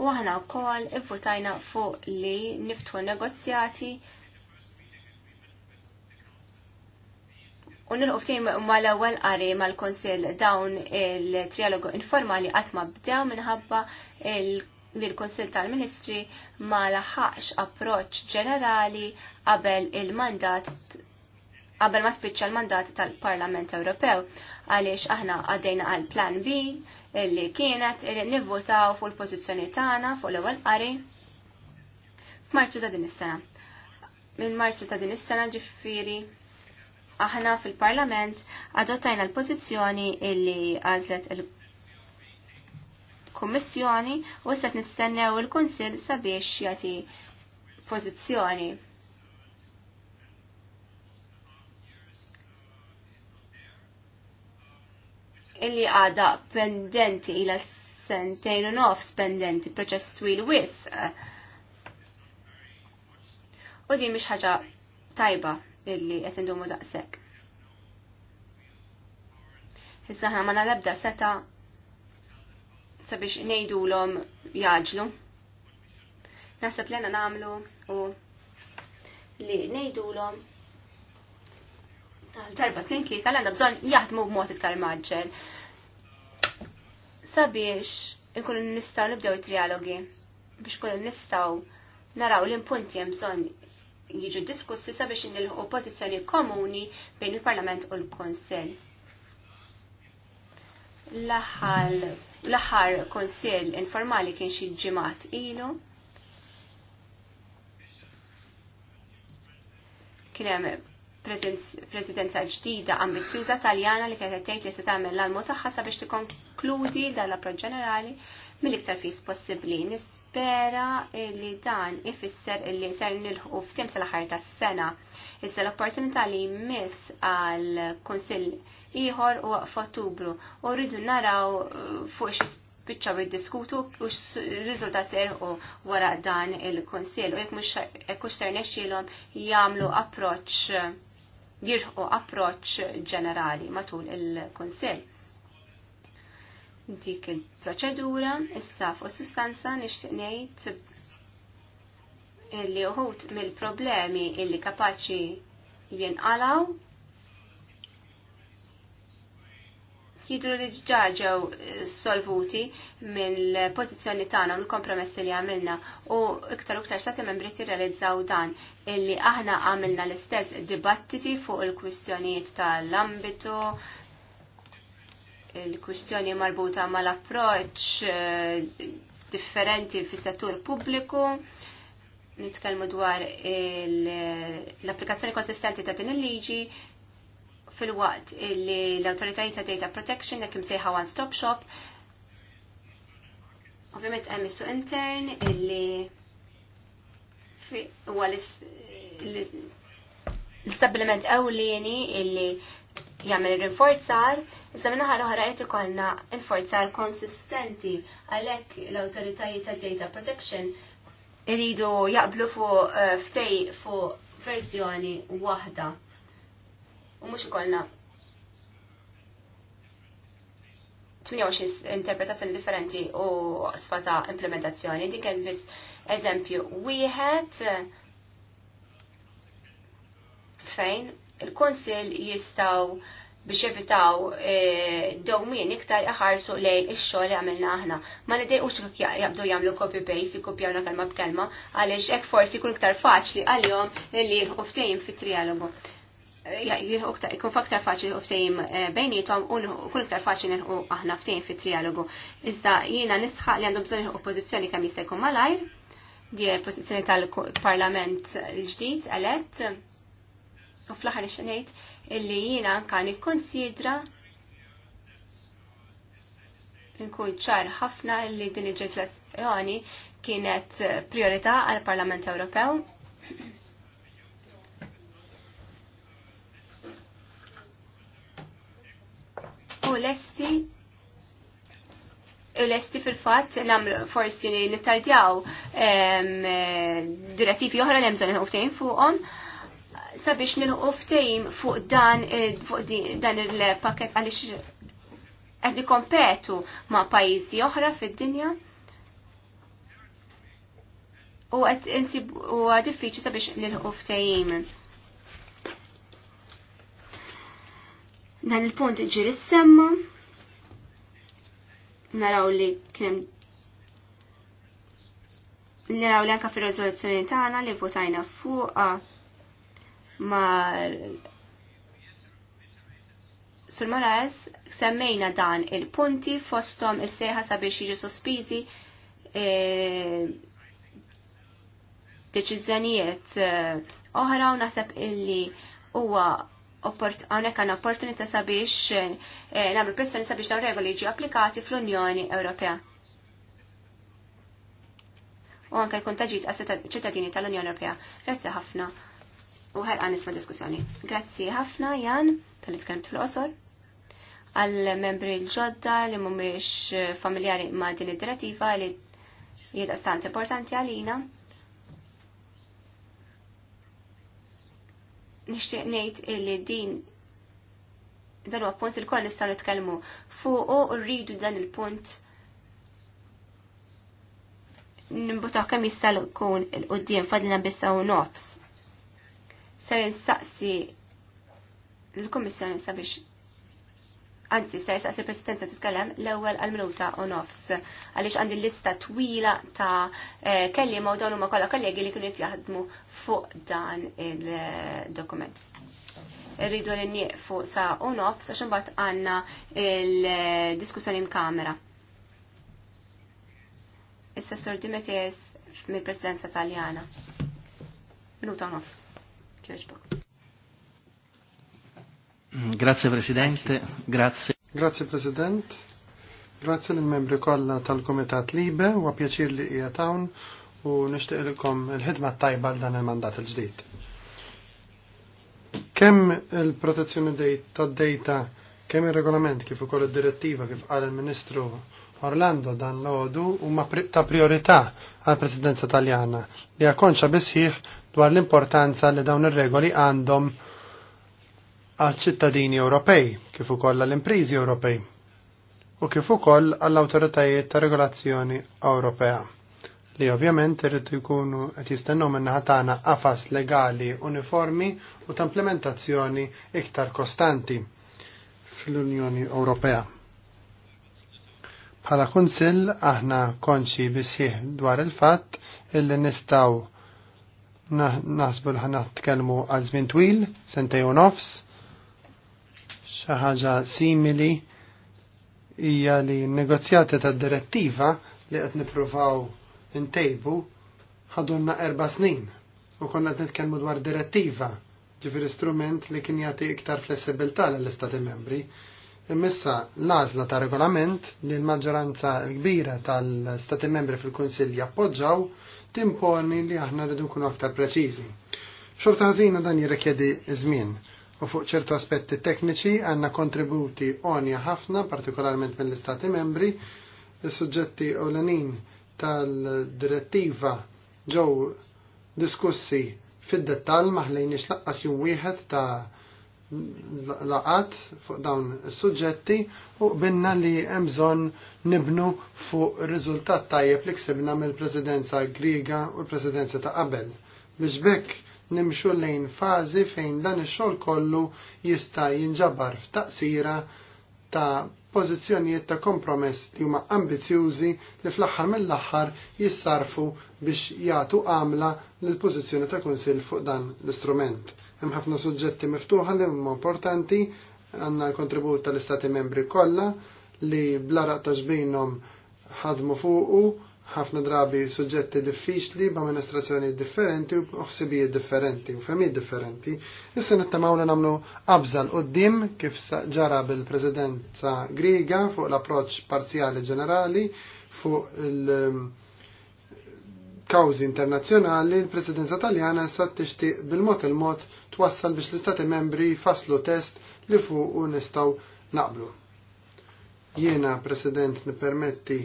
U aħna wkoll ivvutajna fuq li niftħu negozjati U nil-qoftim mal-ewwel qari mal-Konsil dawn il-trialogu informali qatt ma bdew minħabba il-Konsil tal-Ministri ma laħax approċ ġenerali qabel il-mandat qabel ma spiċċa l-mandat tal-Parlament Ewropew għaliex aħna għaddejna għal plan B li kienet li nivvotaw fuq il-pożizzjoni tagħna fuq l-ewwel qari f'Marzu ta' din is-sena. Minn Marzu ta' din is-sena ġifieri aħna fil-Parlament adottajna l-pożizzjoni illi għażlet il-Kummissjoni u set nistennew il-Kunsill sabiex jagħti pożizzjoni. illi għada pendenti ila sentejn u nofs pendenti proċess twil wis. U di mish ħaġa tajba illi qed indumu daqshekk. Issa aħna ma nalebda seta sabiex ngħidulhom jaġlu. Naħseb li nagħmlu u li ngħidulhom tal-darba tnejn tlieta għandha bżonn jaħdmu b'mod iktar maġġel. Sabiex inkunu nistgħu nibdew it-trialogi biex kunu nistgħu naraw l-impunti hemm bżonn jiġu diskussi sabiex nilħu pożizzjoni komuni bejn il-Parlament u l-Konsell. L-aħħar konsell informali kien xi ġimgħat ilu. Kien hemm prezidenza ġdida ambizjuża Taljana li kienet tgħid li se tagħmel l-almu tagħha sabiex tikkonkludi dan l-approċċ ġenerali mill-iktar fis possibbli. Nispera li dan ifisser li ser nilħu f'tim sal-aħħar tas-sena. Issa l-opportunità li jmiss għal kunsill ieħor u f'Ottubru u rridu naraw uh, fuq xi spiċċa bid-diskutu u x-riżultat serħu wara dan il-kunsill u jekk mhux ser nexxielhom jagħmlu approċċ jirħu approċċ ġenerali matul il-kunsill dik il-proċedura, issa fuq sustanza nixtieq ngħid illi uħut mill-problemi illi kapaċi jinqalaw jidru li ġaġew solvuti mill-pozizjoni tagħna u l-kompromessi li għamilna u iktar u iktar stati membri tirrealizzaw dan illi aħna għamilna l-istess dibattiti fuq il-kwistjonijiet tal-ambitu, il-kwistjoni marbuta mal-approċ differenti fis settur pubbliku, nitkellmu dwar l-applikazzjoni konsistenti ta' din il-liġi fil-waqt li l-autoritajiet ta' data protection jekk imsejħa one stop shop. Ovvjament hemm issu intern illi huwa l-istabbiliment ewlieni illi jagħmel rinforzar, iżda minnaħa l-oħra qed ikollna rinforzar konsistenti għalhekk l-awtoritajiet tad-data protection iridu jaqblu fuq eh, ftej fuq verżjoni waħda. U mhux ikollna 28 interpretazzjoni differenti u sfata implementazzjoni. Dik kien biss eżempju wieħed eh, fejn il-Konsil jistaw biex evitaw e, dawmin iktar iħarsu lejn ix xol li għamilna aħna. Ma nidejqux kif jabdu jagħmlu copy paste ikkopjawna kalma b'kelma għaliex hekk forsi jkun iktar faċli għalihom li jilħu fi fit-trialogu. E, jkun faktar faċli u e, bejnietom u kun iktar faċli nilħu aħna ftehim fi trialogu Iżda jiena nisħaq li għandhom bżonn oppożizzjoni kemm jista' jkun malajr, di l-pożizzjoni tal-Parlament l-ġdid għalet, U fl ħar ngħid illi jiena anka konsidra nkun ċar ħafna li din il-ġeżlazzjoni kienet priorità għal Parlament Ewropew. U lesti u lesti fil-fat namlu forsi nittardjaw ehm, direttivi oħra li hemm bżonn fuqhom. fuqom sabiex nilħu ftejim fuq dan, fuq dan il-paket għalix għed kompetu ma' pajizi oħra fid-dinja. U għed insib u diffiċi sabiex nilħu ftejim. Dan il-punt ġir semma naraw li kienem naraw li anka fil-rezoluzzjoni tagħna li votajna fuqa ma Sur Moraes semmejna dan il-punti fostom il-seħa sabiex jiġu sospiżi e, deċiżjonijiet e, oħra u naħseb illi huwa għonek għan opportunita sabiex namru e, namlu pressjoni sabiex dawn regoli ġi applikati fl-Unjoni Ewropea. U anka jkun taġit għas ċittadini tal-Unjoni Ewropea. Grazzi ħafna u ħerqan nisma' diskussjoni. Grazzi ħafna Jan tal-li fil-qosor għal membri l-ġodda li mhumiex eh, familjari ma' din id-direttiva li jieda stant importanti għalina. Nixtieq ngħid li din dan huwa punt il-koll nistgħu nitkellmu fuqu u rridu dan il-punt nimbutaw kemm jista' jkun il-qudiem fadlina bissa u nofs ser insaqsi l-Kommissjoni sabiex Anzi, ser saqsi l presidenza titkellem l-ewwel għal-minuta u nofs għaliex għandi lista twila ta' eh, kelliem u dawn huma kollha kollegi li kienu jaħdmu fuq dan il-dokument. Irridu li nieqfu sa' u nofs għax imbagħad għandna il-diskussjoni in-kamera. Issa Sur Dimeties mill-Presidenza Taljana. Minuta u nofs. Grazie Presidente, grazie. Grazie President, grazie l-membri kollha tal-Komitat Libe u għapjaċir li hija tawn u nixtieqilkom il-ħidma tajba dan il-mandat il-ġdid. Kemm il-protezzjoni tad-data, kemm ir regolament kif ukoll id-direttiva kif qal il-Ministru Orlando dan l-ħodu huma ta' priorità għal presidenza taljana li għakonċa bisħiħ dwar l-importanza li dawn ir-regoli għandhom għal ċittadini Ewropej kif ukoll għall imprizi Ewropej u kif ukoll għall awtoritajiet ta' regolazzjoni Ewropea li ovvjament irridu jkunu qed jistennu minnha ħatana qafas legali uniformi u ta' implementazzjoni iktar kostanti fl-Unjoni Ewropea. Pala kunsill aħna konċi bisħiħ dwar il-fatt illi nistaw naħsbu l ħana tkellmu għal żmien twil, sentej u nofs, xaħġa ħaġa simili hija li negozjati tad direttiva li qed nippruvaw intejbu ħadunna erba snin u konna qed nitkellmu dwar direttiva ġifir strument li kien jagħti iktar flessibilità l istati membri Immissa l-għażla ta' regolament li l-maġġoranza kbira tal-Stati membri fil-Kunsill jappoġġaw timponi li aħna rridu nkunu aktar preċiżi. Xorta ħażina dan jirrikjedi żmien u fuq ċertu aspetti tekniċi għandna kontributi onja ħafna, partikolarment mill-Istati membri, is-suġġetti ewlenin tal-direttiva ġew diskussi fid-dettall maħlejniex laqqas jum wieħed ta' laqat fuq dawn is-suġġetti u binna li hemm bżonn nibnu fuq riżultat tajjeb li ksibna mill-Presidenza Griega u l-Presidenza ta' qabel biex bekk nimxu lejn fażi fejn dan ix-xogħol kollu jista' jinġabar f'taqsira ta' pożizzjonijiet ta' kompromess li huma ambizjużi li fl-aħħar mill-aħħar jissarfu biex jagħtu għamla lill pożizzjoni ta' Kunsill fuq dan l-istrument Hemm ħafna suġġetti miftuħa li huma importanti għandna l-kontribut tal-Istati membri kollha li blaraq ta' ġbinhom ħadmu fuqu ħafna drabi suġġetti diffiċli b'amministrazzjoni differenti u ħsibijiet differenti u femijiet differenti. Issa nittamaw li nagħmlu qabża l kif ġara bil-Presidenza Griega fuq l-approċċ parzjali ġenerali fuq il- kawzi internazzjonali, l-Presidenza Taljana sa tixtieq bil-mod il-mod twassal biex l-Istati membri jfasslu test li fuq u nistgħu naqblu. Jiena, President, nippermetti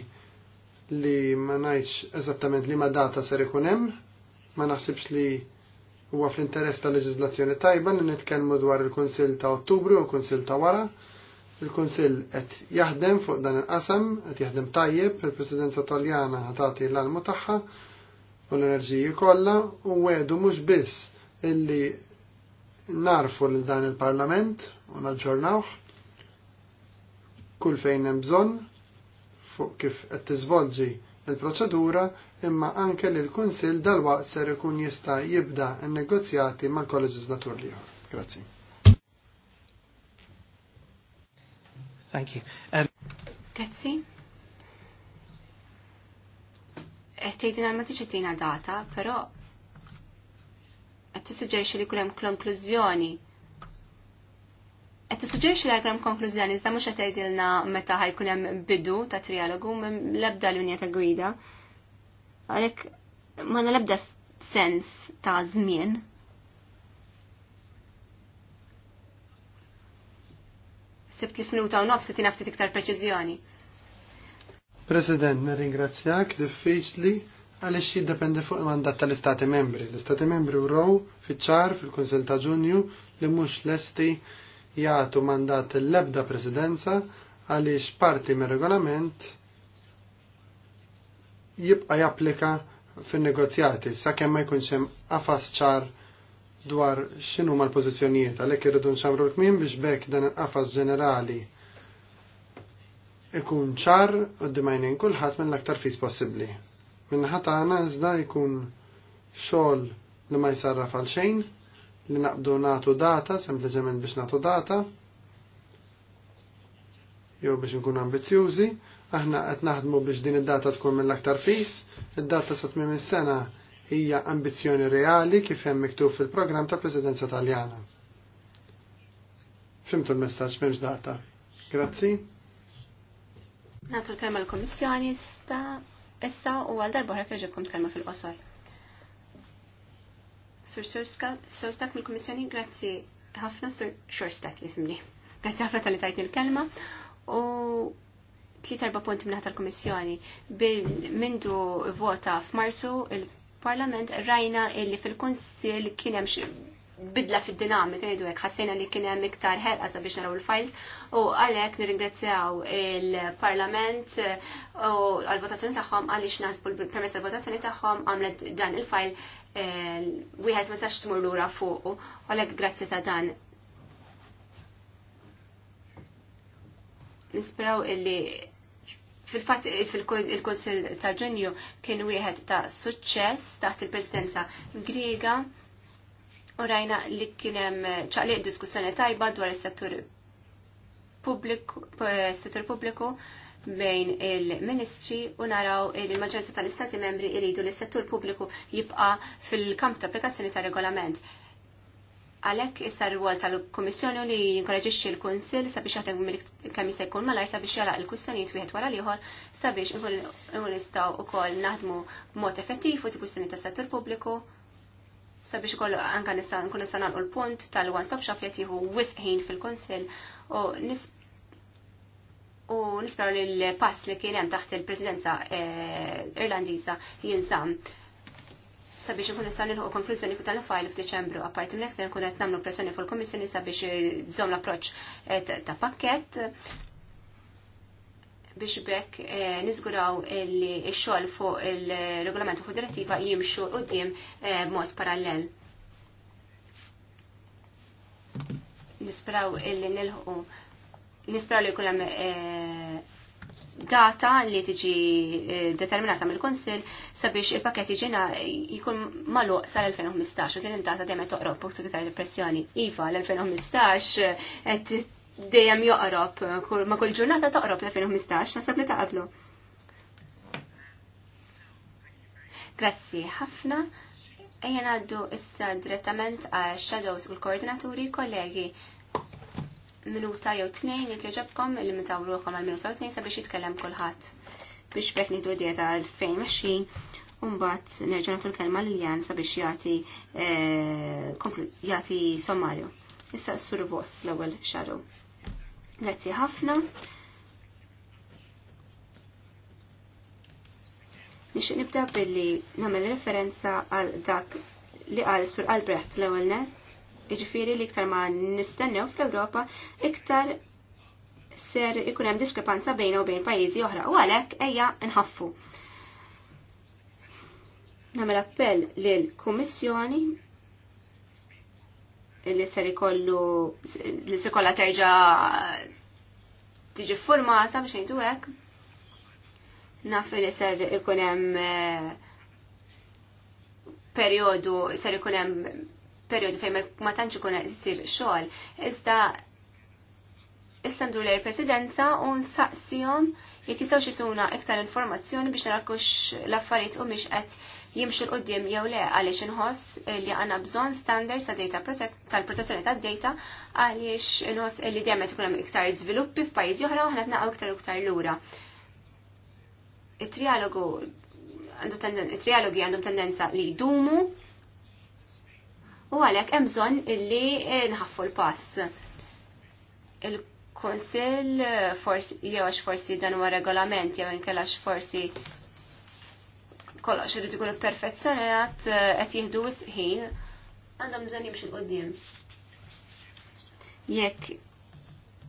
li ma ngħidx eżattament li ma data ser ikun hemm, ma naħsibx li huwa fl-interess ta' leġiżlazzjoni tajba li nitkellmu dwar il-Kunsill ta' Ottubru u Kunsill ta' wara. Il-Kunsill qed jaħdem fuq dan il-qasam, qed jaħdem tajjeb, il-Presidenza Taljana ħatati l-almu tagħha, u l-enerġiji kollha u għedu mhux biss illi narfu l dan il-Parlament u naġġornawh kull fejn hemm bżonn fuq kif qed tiżvolġi il-proċedura imma anke li l-Kunsill dal-waqt ser ikun jista' jibda n-negozjati mal-kolleġislatur liħor. Grazzi. Thank you. Um... Grazzi. qed tgħidilna ma tiġi tina data, però qed tissuġġerixxi li kulem konklużjoni. Qed tissuġġerixxi li hemm konklużjoni iżda mhux qed tgħidilna meta ħajkun hemm bidu ta' trialogu l-ebda linja ta' gwida. Għalhekk ma l sens ta' żmien. Sibt li fnuta u nofsi tina ftit iktar preċiżjoni. President, nirringrazzjak, diffiċli għaliex jiddependi fuq il-mandat tal-Istati membri. L-Istati membri u fiċ-ċar fil konsil ta' Ġunju li mhux lesti jagħtu mandat l-ebda presidenza għaliex parti mir-regolament jibqa' japplika fin-negozjati sakemm ma jkunx hemm qafas ċar dwar x'inhuma l-pożizzjonijiet għalhekk irridu nxamru l-kmien biex bekk dan il-qafas ġenerali ikun ċar u d-dimajnin kullħat minn l-aktar fis possibli. Minn ħata għana iżda jkun xol li ma jisarraf għal xejn, li naqbdu natu data, sempliciment biex natu data, jew biex nkun ambizjużi, aħna qed naħdmu biex din id-data tkun mill-aktar fis, id-data sa tmiem is-sena hija ambizzjoni reali kif hemm miktub fil-programm ta' Presidenza Taljana. Fimtu l-messaġġ m'hemmx data. Grazzi. Natu l-kelma l-Komissjoni issa u għal darba ħarek ġibkom t-kelma fil-qosor. Sur Sorstak mill-Komissjoni, grazzi ħafna Sur Sorstak jismni. Grazzi ħafna tal-li tajtni l-kelma u tliet punt minna tal l-Komissjoni. Mindu vota f'Marzu il-Parlament rajna illi fil-Konsil kienem bidla fid dinamik ngħidu hekk ħassejna li kien hemm iktar ħerqa sabiex naraw il-files u għalhekk nirringrazzjaw il-Parlament eh, u għall-votazzjoni tagħhom għaliex naħsbu permezz tal-votazzjoni tagħhom għamlet dan il-file eh, wieħed ma sax tmur lura fuqu għalhekk grazzi ta' dan. Nisperaw illi fil-fatt il-Kunsil ta' Ġunju kien wieħed ta' suċċess taħt il-Presidenza Griega u rajna li kienem ċaqliq diskussjoni tajba dwar is-settur settur pubbliku bejn il-ministri u naraw il-maġġorità tal-istati membri iridu li s-settur pubbliku jibqa' fil-kamp ta' applikazzjoni ta' regolament. Għalhekk issa r-rwol tal-Kummissjoni li jinkoraġixxi l-Kunsill sabiex jaħdem kemm jista' jkun malar sabiex jalaq il-kustjonijiet wieħed wara l-ieħor sabiex nkunu nistgħu wkoll naħdmu b'mod effettiv fuq il-kustjoni tas-settur pubbliku sabiex kol anka nista' nkun nista' nagħlqu l-punt tal-one stop shop qed jieħu wisħin fil-Kunsill u nis u nisperaw li l-pass li kien hemm taħt il-Presidenza eh, Irlandiża jinżamm sabiex nkun nista' nilħu konklużjoni fuq tal-fajl f'Diċembru. Apparti minn nkun qed nagħmlu pressjoni fuq il-Kummissjoni sabiex żomm l-approċċ eh, ta' pakkett biex bekk eh, nizguraw il-xol fuq il-regolamentu fuq direttiva jimxu u dim eh, mod parallel. Nisperaw illi nilħu nisperaw li kullem eh, data li tiġi determinata mill-Konsil sabiex il-pakket ġena jkun maluq sal-2015 u kien data dejjem toqrob fuq il depressjoni. Iva l-2015 dejjem joqrob, ma kull ġurnata toqrob l-2015, nasab li taqablu. Grazzi ħafna. Ejja naddu issa direttament għal shadows u l-koordinaturi kollegi minuta jew tnejn jekk jġobkom li mitawruhom għal minuta jew tnejn sabiex jitkellem kulħadd biex bekk nidu dieta għal fejn mexxin mbagħad nerġa' nagħtu l-kelma lil Jan sabiex jagħti eh, jagħti sommarju. Issa s-sur vos l-ewwel shadow. Grazzi ħafna. Nixtieq nibda billi nagħmel referenza għal dak li qal sur Albrecht l-ewwel Iġifiri Jiġifieri li iktar ma nistennew fl-Ewropa iktar ser ikun hemm diskrepanza bejna u bejn pajjiżi oħra u għalhekk ejja nħaffu. Nagħmel appell lill-Kummissjoni li ser ikollu li se kollha terġa' tiġi forma sa biex ngħidu hekk. Naf li ser ikun hemm eh, perjodu ser ikun hemm perjodu fejn ma tantx ikun jsir xogħol. Iżda issa ndur l-presidenza u nsaqsihom jekk jistgħu xisuna iktar informazzjoni biex narakux l-affarijiet u miex qed jimxu l-qoddim jew le għaliex inħoss li għandna bżonn standards ta' data tal-protezzjoni tad data għaliex inħoss li dejjem qed ikun hemm iktar żviluppi f'pajjiżi oħra u aħna tnaqgħu iktar iktar lura. It-trialogu trialogi għandhom tendenza li jdumu u għalhekk hemm bżonn illi nħaffu l-pass. Il-Konsil forsi jew għax forsi dan huwa regolament jew inkella forsi kollox irid ikun perfezzjonat eh, qed jieħdu ħin għandhom bżonn jimxu l-qoddim. Jekk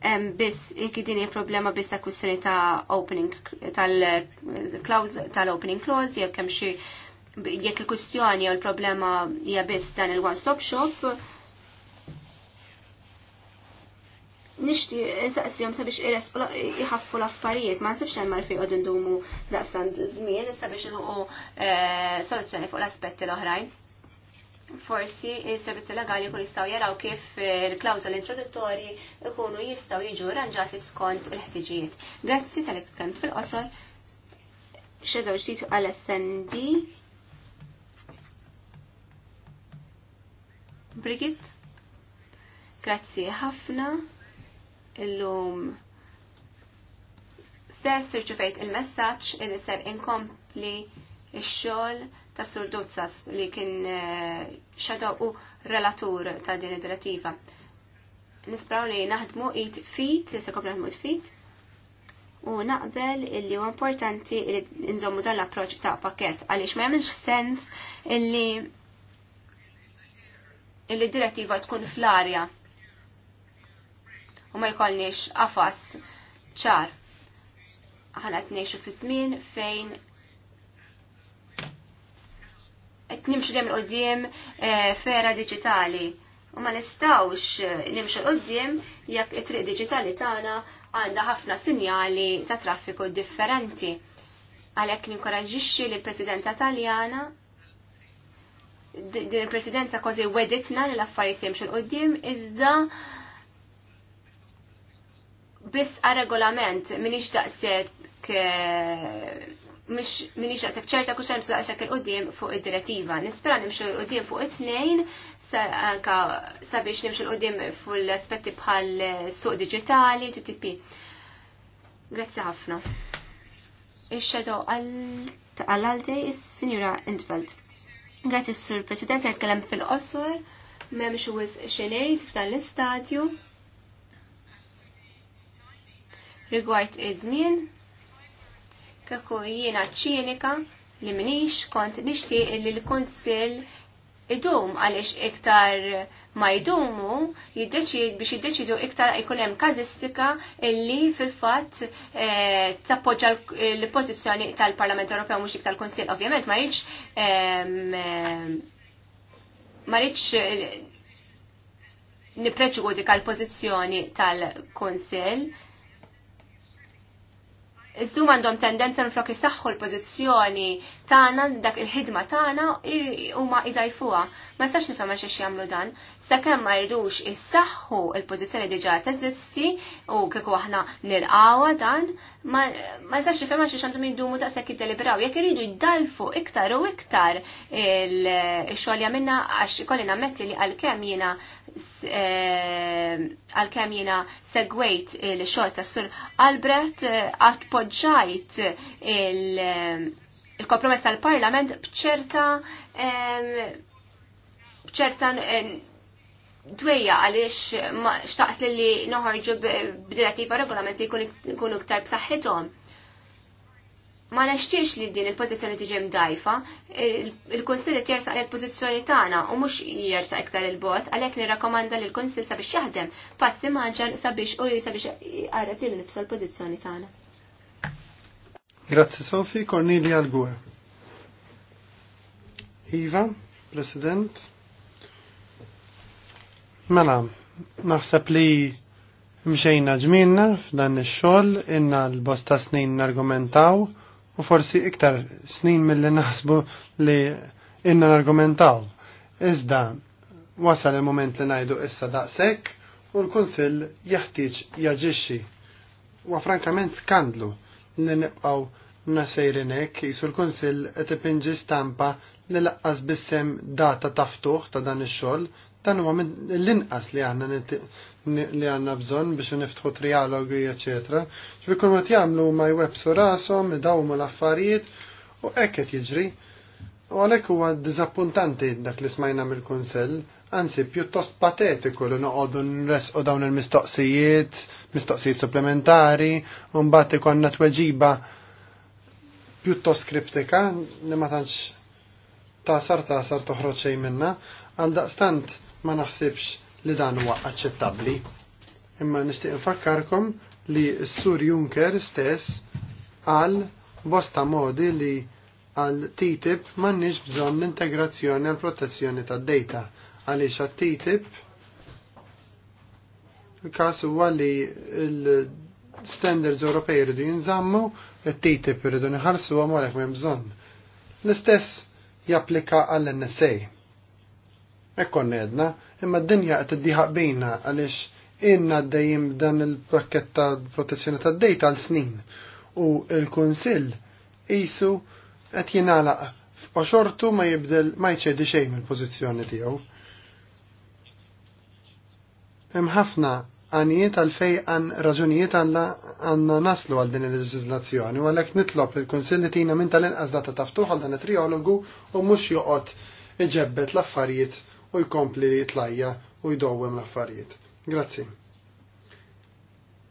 hemm biss jekk din problema biss ta' kwistjoni ta' opening tal-clause tal-opening clause jekk hemm xi jekk il-kwistjoni jew il-problema hija biss dan il-one stop shop nishti saqsijom sabiex u jħaffu l-affarijiet, ma nsibx hemm marfi qogħdu ndumu daqstant żmien sabiex ilħu eh, soluzzjoni fuq l-aspetti l-oħrajn. Forsi il-servizzi legali jkun jistgħu jaraw kif il-klawżol introduttorji jkunu jistgħu jiġu ranġati skont il-ħtiġijiet. Grazzi tal-iktkellem fil-qosor. Xeżgħu ġdid għal-SND. Brigitte, grazzi ħafna illum stess irċifejt il-messaġġ li ser inkompli ix-xogħol ta' surduzzas li kien xadow eh, u relatur ta' din id-direttiva. Nispraw li naħdmu id fit, se kompli naħdmu id fit, u naqbel illi huwa importanti li nżommu dan l-approċ ta' pakket għaliex ma jagħmilx sens illi illi direttiva tkun fl-arja u ma jkollniex qafas ċar. Aħna qed ngħixu fi żmien fejn qed nimxu dejjem l-qudiem eh, fera diġitali u ma nistawx eh, nimxu l qudiem jekk it-triq diġitali tagħna għandha ħafna sinjali ta' traffiku differenti. Għalhekk ninkoraġixxi li l Taljana din il-Presidenza kważi weditna li l-affarijiet jimxu l qudiem iżda bis a regolament minix mish minix daqsek ċerta kux hemm daqsek il-qudiem fuq id-direttiva. Nispera nimxu l-qudiem fuq it-tnejn sabiex nimxu il qudiem fuq l-aspetti bħal suq digitali, TTP. Grazzi ħafna. Ix-xedo għal-għaldej is-Sinjura Intveld. Grazzi s-Sur President, għetkellem fil qosur memx wis xenejt f'dan l-istadju rigward iż-żmien kieku jiena ċinika li minix kont nixtieq li l-Kunsill idum għaliex iktar ma jdumu jiddeċid biex jiddeċidu iktar jkun hemm kazistika illi fil-fatt eh, tappoġġa l-pożizzjoni tal-Parlament Ewropew mhux iktar kunsill ovvjament ma rridx ehm, ma rridx eh, nippreċudika l-pożizzjoni tal-Kunsill Iżdu għandhom tendenza nflok jisaxħu l-pożizzjoni Tana, dak il-ħidma tagħna huma idajfuha. Ma sax nifhem għax jagħmlu dan, sakemm ma jridux issaħħu il-pożizzjoni diġà teżisti u kieku aħna nilqawha dan, ma sax nifhem għax għandhom jindumu daqshekk jiddeliberaw jekk iridu jdajfu iktar u iktar il-xogħol minna, għax ikolli nammetti li għalkemm jiena e, għal-kem jina segwejt il-xol ta' sur Albrecht għatpoġġajt e, il- il-kompromess tal-Parlament bċerta bċerta dwejja għaliex xtaqt li noħorġu b'direttiva regolamenti jkunu iktar b'saħħithom. Ma nextiex li din il-pożizzjoni tiġi mdajfa, il-Kunsill qed jersaq il-pożizzjoni tagħna u mhux jersaq iktar il-bot, għalhekk nirrakkomanda lil kunsill sabiex jaħdem passi maġġar sabiex u sabiex jqarreb li nifsu l-pożizzjoni tagħna. Grazzi Sofi, Cornelia Algue. Iva, President. Mela, naħseb li mxejna ġminna f'dan ix-xogħol inna l-bosta snin nargumentaw u forsi iktar snin mill-li naħsbu li inna nargumentaw. Iżda wasal il-moment li ngħidu issa daqshekk u l-Kunsill jaħtieġ jaġixxi. Wa frankament skandlu nibqaw nasejrinek jisu l-Konsil qed ipinġi stampa li laqqas bissem data taftuħ ta' dan ix-xogħol dan huwa l-inqas li għandna li għanna bżonn biex niftħu trialogi eċetera. X'bikun qed jagħmlu ma jwebsu rashom dawmu l-affarijiet u hekk qed jiġri U għalek huwa dizappuntanti dak li smajna mill-Kunsell, anzi pjuttost patetiku li noqogħdu nresqu dawn il-mistoqsijiet, mistoqsijiet supplementari, u mbagħad ikonna tweġiba pjuttost kriptika li ma tantx tasar sar toħroġ xejn minna, għal daqstant ma naħsibx li dan huwa aċċettabbli. Imma nixtieq infakkarkom li s-Sur Juncker stess għal bosta modi li għal TTIP m'għandniex bżonn l-integrazzjoni għal protezzjoni tad-data għaliex għat TTIP il-każ huwa li l-standards Ewropej jridu jinżammu, it-TTIP irridu nħarsu għam għalek m'hemm bżonn. L-istess japplika għall-NSA. Ekkon edna, imma d-dinja qed iddiħaq bejna għaliex inna d-dajim dan il pakketta ta' protezzjoni tad-data għal snin u l-Kunsill isu qed jingħalaq f'qoxortu ma jibdel ma jċedi xejn il pożizzjoni tiegħu. Hemm ħafna għanijiet fej għan raġunijiet għanna naslu għal din il-leġizlazzjoni, u għalek nitlob il-Konsil li tina minn tal-inqas data taftu għal dan it-triologu u mux joqot iġebbet l-affarijiet u jkompli li jitlajja u jdowem l-affarijiet. Grazzi.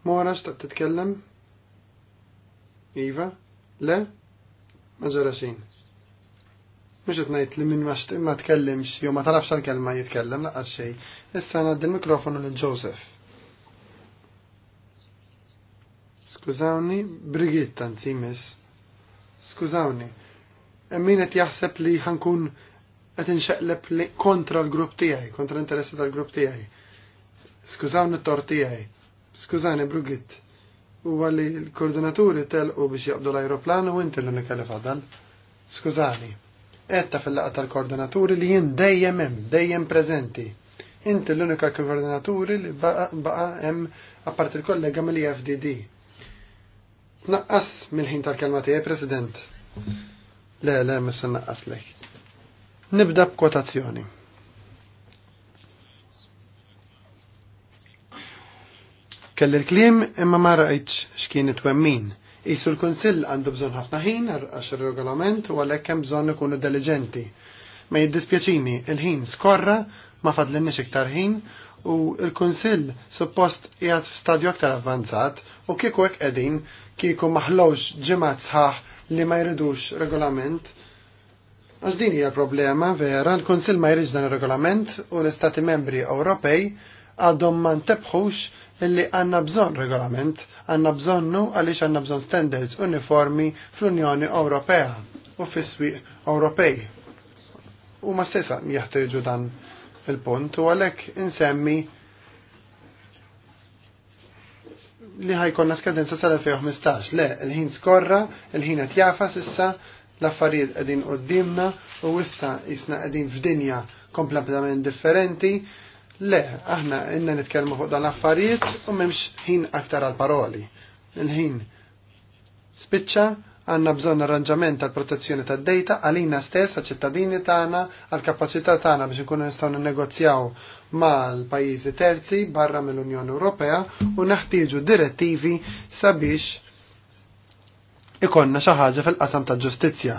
Mora xtaqt titkellem? Iva? Le? ma ġara xejn. Mhux qed ngħid li min ma tkellimx jew ma tarafx għall-kelma jitkellem laqas xejn. Issa ngħaddi l-mikrofonu lil Joseph. Skużawni, Brigitta nsimis. Skużawni. Min qed jaħseb li ħankun qed inxeqleb kontra l-grupp tiegħi, kontra interessi tal-grupp tiegħi. Skużawni t tor tiegħi. Skużawni, Brigitta u għalli l-koordinaturi telqu biex jaqbdu l-aeroplan u inti l-unika li fadan. Skużani, etta fil-laqa tal-koordinaturi li jien dejjem hemm, dejjem preżenti. Inti l-unika koordinaturi li baqa hemm apart il-kollega mill fdd Naqqas mill-ħin tal-kelma tiegħi, President. Le, le, mis naqqas lek. Nibda b'kwotazzjoni. Kelli l-klim imma ma rajtx x'kien it-twemmin. Isu l-Kunsill għandu bżonn ħafna ħin għax ir-regolament u għalhekk hemm bżonn ikunu diligenti. Ma jiddispjaċini, il-ħin skorra ma fadlinni iktar ħin u il-Kunsill suppost f f'stadju aktar avvanzat u kieku hekk qegħdin kieku maħlux ġemat sħaħ li ma jridux regolament Għax din hija problema vera, l-Kunsill ma jridx dan ir-regolament u l-Istati Membri Ewropej għadhom ma ntebħux illi għanna bżon regolament, għanna bżonnu għaliex għanna bżon standards uniformi fl-Unjoni Ewropea u fis-swieq Ewropej. U ma stessa jaħtieġu dan il-punt u għalhekk insemmi li ħajkonna skadenza sal-2015. Le, il-ħin skorra, il-ħin qed jafas issa, l-affarijiet qegħdin qudiemna u issa jisna qegħdin f'dinja kompletament differenti Le, aħna inna nitkellmu fuq dan affarijiet u memx ħin aktar għal paroli. Il-ħin spiċċa għanna bżon arranġament tal protezzjoni tad dejta għalina stess għal ċittadini tagħna għal kapaċità tagħna biex ikunu nistgħu negozjaw mal-pajjiżi terzi barra mill-Unjoni Ewropea u naħtieġu direttivi sabiex ikonna xi ħaġa fil-qasam tal ġustizzja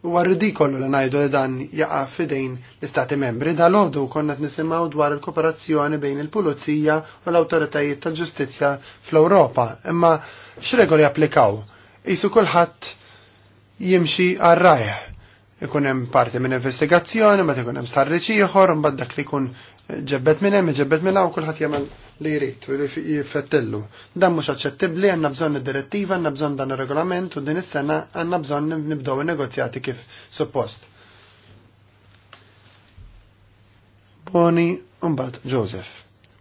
għarridi ridikollu li ngħidu li dan jaqa' f'idejn l-Istati Membri. Dalgħodu konna qed nisimaw dwar il-kooperazzjoni bejn il-Pulizija u l-Awtoritajiet tal-Ġustizzja fl-Ewropa, imma x'regoli applikaw? Isu kulħadd jimxi għar Ikunem Ikun hemm parti minn investigazzjoni, meta ikun hemm starriċ ieħor, dak li jkun ġebbet minn hemm, ġebbet minn hawn kulħadd jagħmel li jrid u jiffettillu. Dan mhux aċċettibbli għandna bżonn id-direttiva, għandna bżonn dan ir-regolament u din is-sena għandna bżonn nibdew in-negozjati kif suppost. Boni umbad Joseph.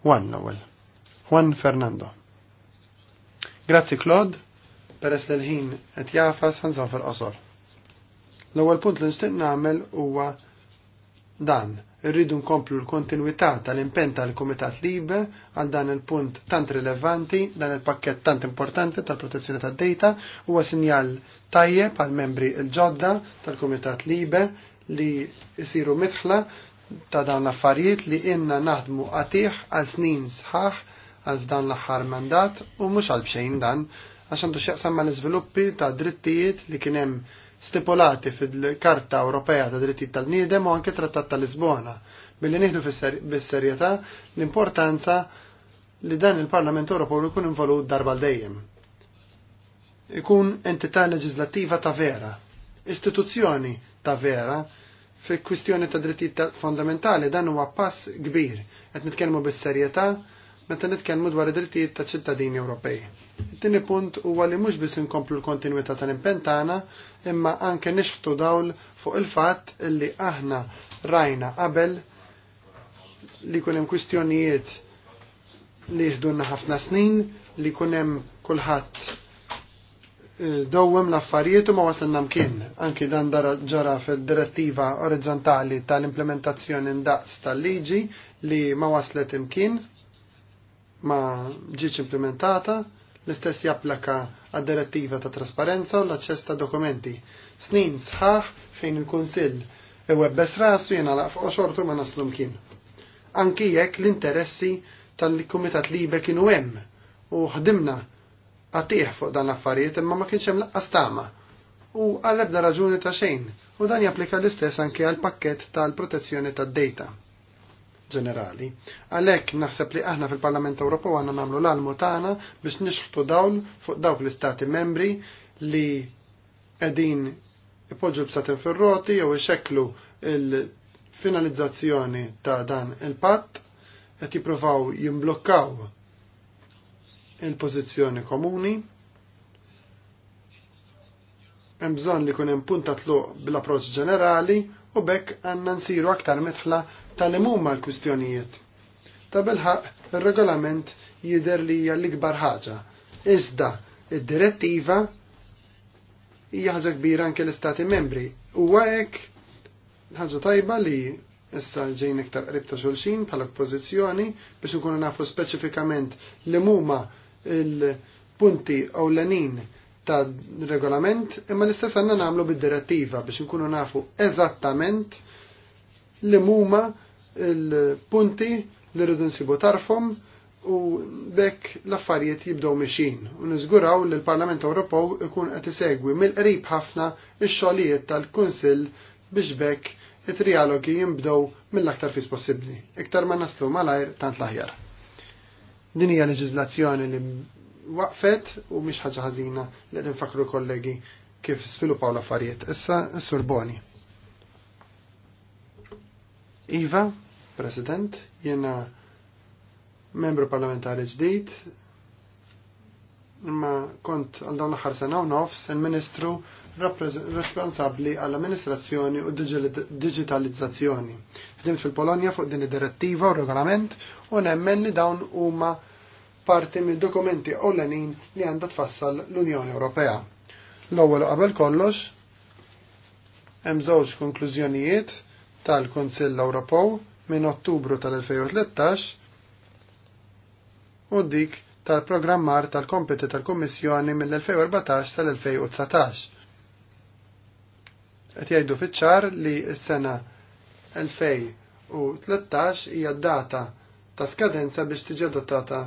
Juan l-ewwel. Juan Fernando. Grazzi Claude, peress li l-ħin qed jafas ħanżon fil-qosor. L-ewwel punt li nixtieq nagħmel huwa dan rridu nkomplu l-kontinuità tal impenn tal-Kumitat Libe għal dan il-punt tant rilevanti, dan il-pakket tant importanti tal-protezzjoni tad-data huwa sinjal tajjeb għal membri l-ġodda tal-Kumitat Libe li jisiru mitħla ta' dawn l-affarijiet li inna naħdmu qatiħ għal snin sħaħ għal dan l-aħħar mandat u mhux għal bxejn dan għax għandu x'jaqsam mal iżviluppi ta' drittijiet li kien hemm stipulati fil-Karta Ewropea ta' dritti tal-Bniedem u anke Trattat ta' Lisbona billi nieħdu bis-serjetà l-importanza li dan il-Parlament Ewropew ikun involut darba dejjem. Ikun entità leġislattiva ta' vera, istituzzjoni ta' vera fil kwistjoni ta' drittijiet fondamentali dan huwa pass kbir qed nitkellmu bis-serjetà meta nitkellmu dwar id-drittijiet ta' ċittadini Ewropej. It-tieni punt huwa li mhux biss inkomplu l-kontinwità tal impentana imma anke nixħtu dawl fuq il-fatt li aħna rajna qabel li kunem kwistjonijiet li jihdunna ħafna snin, li kunem kulħadd eh, dowwem l-affarijiet u ma wasilna mkien. Anki dan ġara fil-direttiva orizzontali tal-implementazzjoni ndaqs tal-liġi li ma waslet imkien ma ġietx implementata, l-istess japplaka għad-direttiva ta' trasparenza u l-aċċess ta' dokumenti. Snin sħaħ fejn il-Kunsill webbes rasu jena u xortu ma naslu kien. Anki jekk l-interessi tal-Kumitat Libe kienu hemm u ħdimna għatih fuq dan l-affarijiet imma ma kienx hemm laqqas u għal-ebda raġuni ta' xejn u dan japplika l-istess anki għal pakket tal-protezzjoni tad-data ġenerali. Għalhekk naħseb li aħna fil-Parlament Ewropew għanna nagħmlu l-almu tagħna biex nixħtu dawl fuq dawk l-istati membri li qegħdin ipoġġu b'satin fir-roti jew ixekklu il-finalizzazzjoni ta' dan il-patt qed jippruvaw jimblokkaw il-pożizzjoni komuni. Hemm bżonn li jkun hemm punta tluq bl-approċċ ġenerali u bekk għandna nsiru aktar metħla tal huma l-kwistjonijiet. Ta' bilħaq, il-regolament jider li hija l-ikbar ħaġa. Iżda, id-direttiva hija ħaġa kbira anke l-Istati membri. U hekk ħaġa tajba li issa ġejn iktar qrib ta' xulxin bħala pożizzjoni biex nkunu nafu speċifikament li huma il-punti ewlenin ta' regolament imma l-istess għandna nagħmlu bid-direttiva biex nkunu nafu eżattament li huma il-punti li rridu nsibu tarfhom u bekk l-affarijiet jibdew mexin u niżguraw li l-Parlament Ewropew ikun qed isegwi mill-qrib ħafna x-xogħlijiet tal-Kunsill biex bekk it-trialogi jimbdew mill-aktar fis possibbli. Iktar ma naslu malajr tant l-aħjar. Din hija leġiżlazzjoni li waqfet u mhix ħaġa ħażina li qed infakru kollegi kif sviluppaw l-affarijiet. Issa s-Surboni. Iva, President, jena membru parlamentari ġdid, imma kont għal dawn l-aħħar sena nofs il-Ministru responsabbli għall-amministrazzjoni u digitalizzazzjoni. Ħdimt fil-Polonja fuq din id-direttiva u regolament u nemmen li dawn huma parti mid dokumenti ewlenin li għandha tfassal l-Unjoni Ewropea. L-ewwel qabel kollox hemm żewġ konklużjonijiet tal-Kunsill Ewropew minn Ottubru tal-2013 u dik tal-programmar tal-kompeti tal-Kummissjoni mill-2014 tal-2019. Qed jgħidu fiċ-ċar li s-sena 2013 hija data ta' skadenza biex tiġi adottata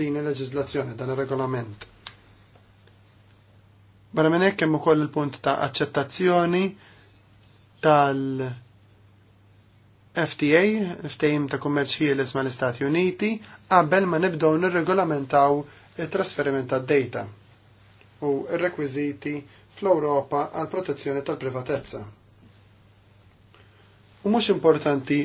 din il-leġiżlazzjoni dan ir-regolament. Barra minn hekk hemm ukoll il-punt ta' aċċettazzjoni tal- FTA, ftejim ta' kummerċ l isma l-Istati Uniti, qabel ma' nibdow nirregolamentaw it-trasferiment ta' data u r-rekwiziti fl-Ewropa għal protezzjoni tal-privatezza. U mhux importanti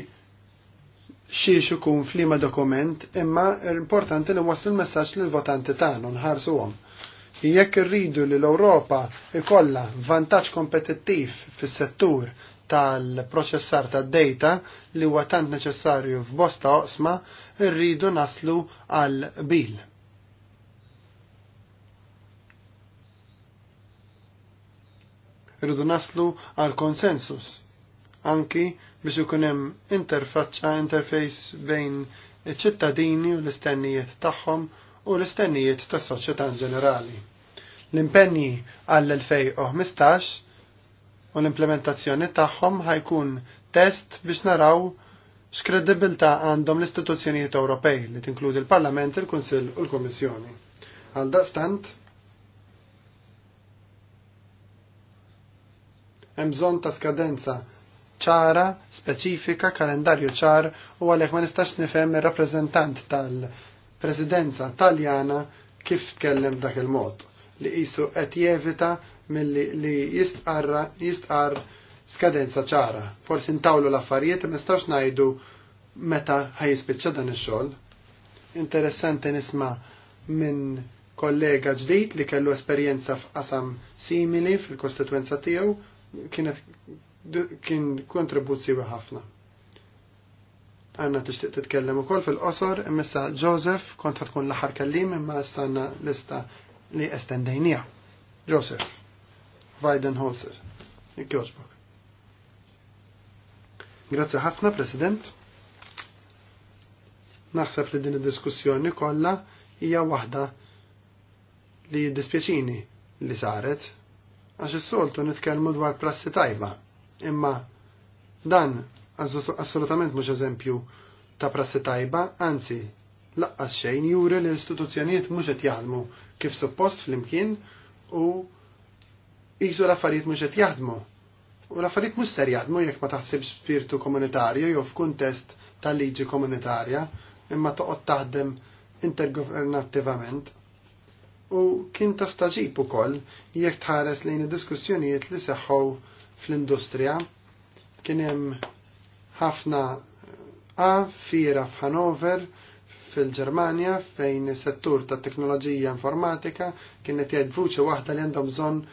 xiex ikun flima dokument, imma importanti li waslu l-messaġġ lill votanti tagħna nħarsuhom. Jekk irridu li l-Ewropa ikollha vantaġġ kompetittiv fis-settur tal-proċessar tad data li huwa tant neċessarju f'bosta oqsma rridu naslu għal bil. Rridu naslu għal konsensus anki biex ikun hemm interfaċċa interface bejn iċ-ċittadini u l-istennijiet tagħhom u l-istennijiet tas-soċjetà ġenerali. L-impenni għall-2015 u l-implementazzjoni tagħhom ħajkun test biex naraw x'kredibilità għandhom l-istituzzjonijiet Ewropej li tinkludi l-Parlament, il-Kunsill u l-Kummissjoni. Għal daqstant, hemm bżonn ta' skadenza ċara, speċifika, kalendarju ċar u għalhekk ma nistax nifhem ir-rappreżentant tal-Presidenza Taljana kif tkellem dak il-mod li qisu qed jevita milli li jistqarra jistqar skadenza ċara. Forsi ntawlu l-affarijiet ma nistax ngħidu meta ħajispiċċa dan ix-xogħol. Interessanti nisma' minn kollega ġdid li kellu esperjenza f'qasam simili fil-kostituenza tiegħu kienet kien kontribuzzi ħafna. Għanna tixtieq titkellem ukoll fil-qosor, imissa Joseph kont tkun l-aħħar kellim imma issa għandna lista li estendejnija. Joseph. Weidenholzer. Ikkjoġbok. Grazie ħafna, President. Naħseb li din id-diskussjoni kollha hija waħda li dispjaċini li saret għax is-soltu nitkellmu dwar prassi tajba, imma dan assolutament mhux eżempju ta' prassi tajba, anzi laqqas xejn juri li l-istituzzjonijiet mhux qed jaħdmu kif suppost flimkien u isu l-affarijiet mhux qed jaħdmu. U l-affarijiet mhux ser jaħdmu jekk ma taħsibx spirtu komunitarju jew f'kuntest tal-liġi komunitarja, imma toqgħod taħdem intergovernattivament. U kien ta' staġib ukoll jekk tħares lejn id-diskussjonijiet li seħħu fl-industrija. Kien hemm ħafna A fira f'Hanover fil-Ġermanja fejn is-settur tat teknoloġija informatika kienet jgħid vuċi waħda li għandhom bżonn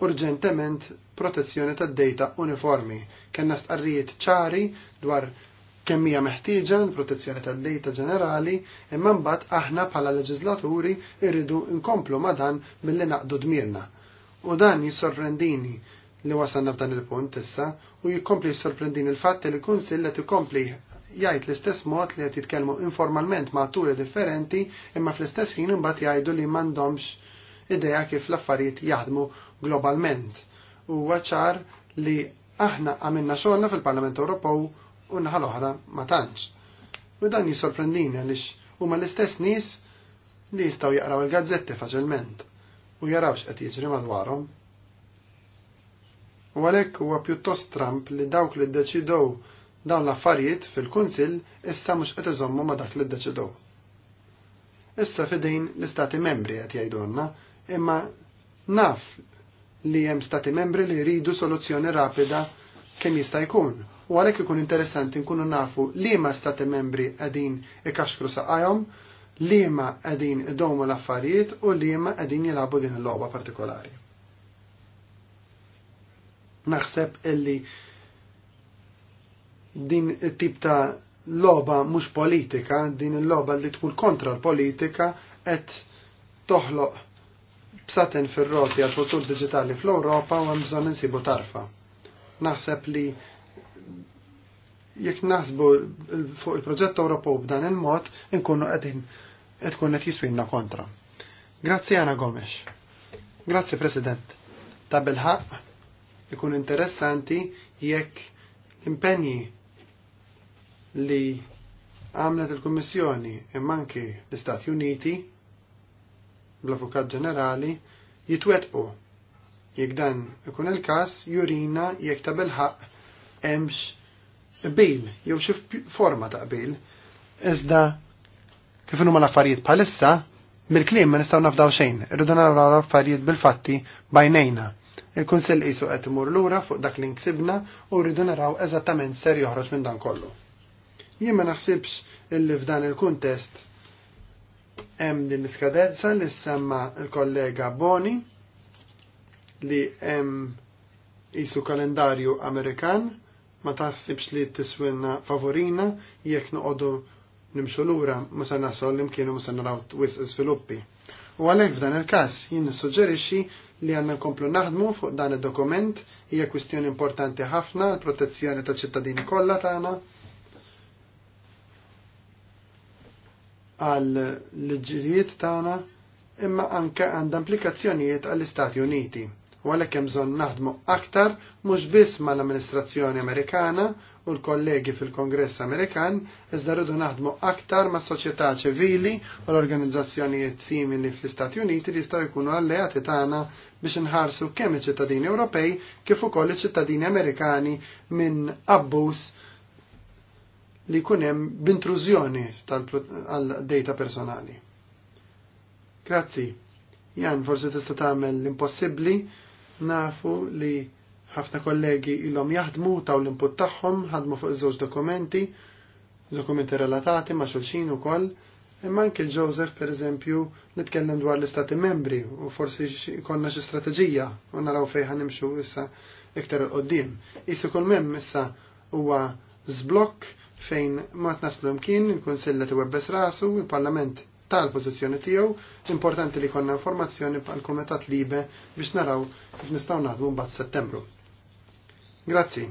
urġentement protezzjoni tad-data uniformi. Kenna stqarrijiet ċari dwar kemm hija meħtieġa l-protezzjoni tad-data ġenerali, imma mbagħad aħna bħala leġislaturi rridu nkomplu ma' dan milli naqdu dmirna. U dan jisorprendini li wasalna f'dan il-punt issa u jikkompli jisorprendini l-fatt li l-Kunsill qed ikompli jgħid l-istess mod li qed jitkellmu informalment ma' turi differenti imma fl-istess ħin imbagħad jgħidu li m'għandhomx idea kif l-affarijiet jaħdmu globalment. U għacċar li aħna għamilna xogħolna fil-Parlament Ewropew u naħa l-oħra ma tantx. U dan jisorprendini għaliex huma l-istess nies li jistgħu jaqraw il-gazzetti faċilment u jarawx qed jiġri madwarhom. U għalhekk huwa pjuttost Trump li dawk li ddeċidew dawn l-affarijiet fil-Kunsill issa mhux qed iżommu ma dak li ddeċidow. Issa fidejn l-Istati Membri qed jgħidulna imma naf li hemm stati membri li jridu soluzzjoni rapida kemm jista' jkun. U għalhekk ikun interessanti nkunu nafu liema stati membri qegħdin ikaxkru saqajhom, liema qegħdin idomu l-affarijiet u liema qegħdin jilagħbu din il-logħba partikolari. Naħseb illi din it-tip ta' loba mhux politika, din il-loba li tkun kontra l-politika qed toħloq b'saten fir-roti għal futur digitali fl-Ewropa u hemm bżonn insibu tarfa. Naħseb li jekk naħsbu fuq il-proġett Ewropew b'dan il-mod nkunu qegħdin qed tkun qed jiswinna kontra. Grazzi Ana Gomes. Grazzi President. Ta' bil-ħaq ikun interessanti jekk impenji li għamlet il-Kummissjoni imma anke l-Istati Uniti bl-Avukat Ġenerali jitwetqu. Jekk dan ikun il-każ jurina jekk ta' bil-ħaq hemmx qbil jew xi forma ta' qbil. Iżda kif huma l-affarijiet bħalissa, mill-kliem ma nistgħu nafdaw xejn, irridu naraw l-affarijiet bil-fatti bajnejna. il kunsell qisu qed imur lura fuq dak li nksibna u rridu naraw eżattament ser joħroġ minn dan kollu. Jien ma naħsibx illi f'dan il-kuntest hemm din iskadenza li semma l-kollega Boni li hemm isu kalendarju Amerikan ma taħsibx li tiswinna favorina jekk noqogħdu nimxu lura ma se nasol li mkienu ma se naraw wisq sviluppi. U għalhekk f'dan il-każ jien nissuġġerixxi li għanna nkomplu naħdmu fuq dan id-dokument hija kwistjoni importanti ħafna l-protezzjoni tal ċittadini kollha tagħna għal l-ġirijiet tagħna imma anke għandha implikazzjonijiet għall-Istati Uniti u għalhekk hemm bżonn naħdmu aktar mhux biss mal-Amministrazzjoni Amerikana u l-kollegi fil-Kongress Amerikan iżda rridu naħdmu aktar ma' soċjetà ċivili u l-organizzazzjonijiet simili fl-Istati Uniti li jistgħu jkunu alleati tagħna biex nħarsu kemm iċ-ċittadini Ewropej kif ukoll iċ-ċittadini Amerikani minn abbuż li kunem b'intrużjoni tal-data personali. Grazzi. Jan, forse tista tagħmel l-impossibbli, nafu li ħafna kollegi ilhom jaħdmu taw l-input tagħhom, ħadmu fuq iż-żewġ dokumenti, dokumenti relatati ma' xulxin ukoll, imma anke Joseph pereżempju nitkellem dwar l-istati membri u forsi konna xi strateġija u naraw fejn ħanimxu issa iktar qoddim. Issa kull memm issa huwa zblokk fejn ma naslu mkien, il-Kunsilla Webbes rasu, il-Parlament tal-pozizjoni tiegħu, importanti li konna informazzjoni għal kumitat libe biex naraw kif nistgħu naħdmu mbagħad Settembru. Grazzi,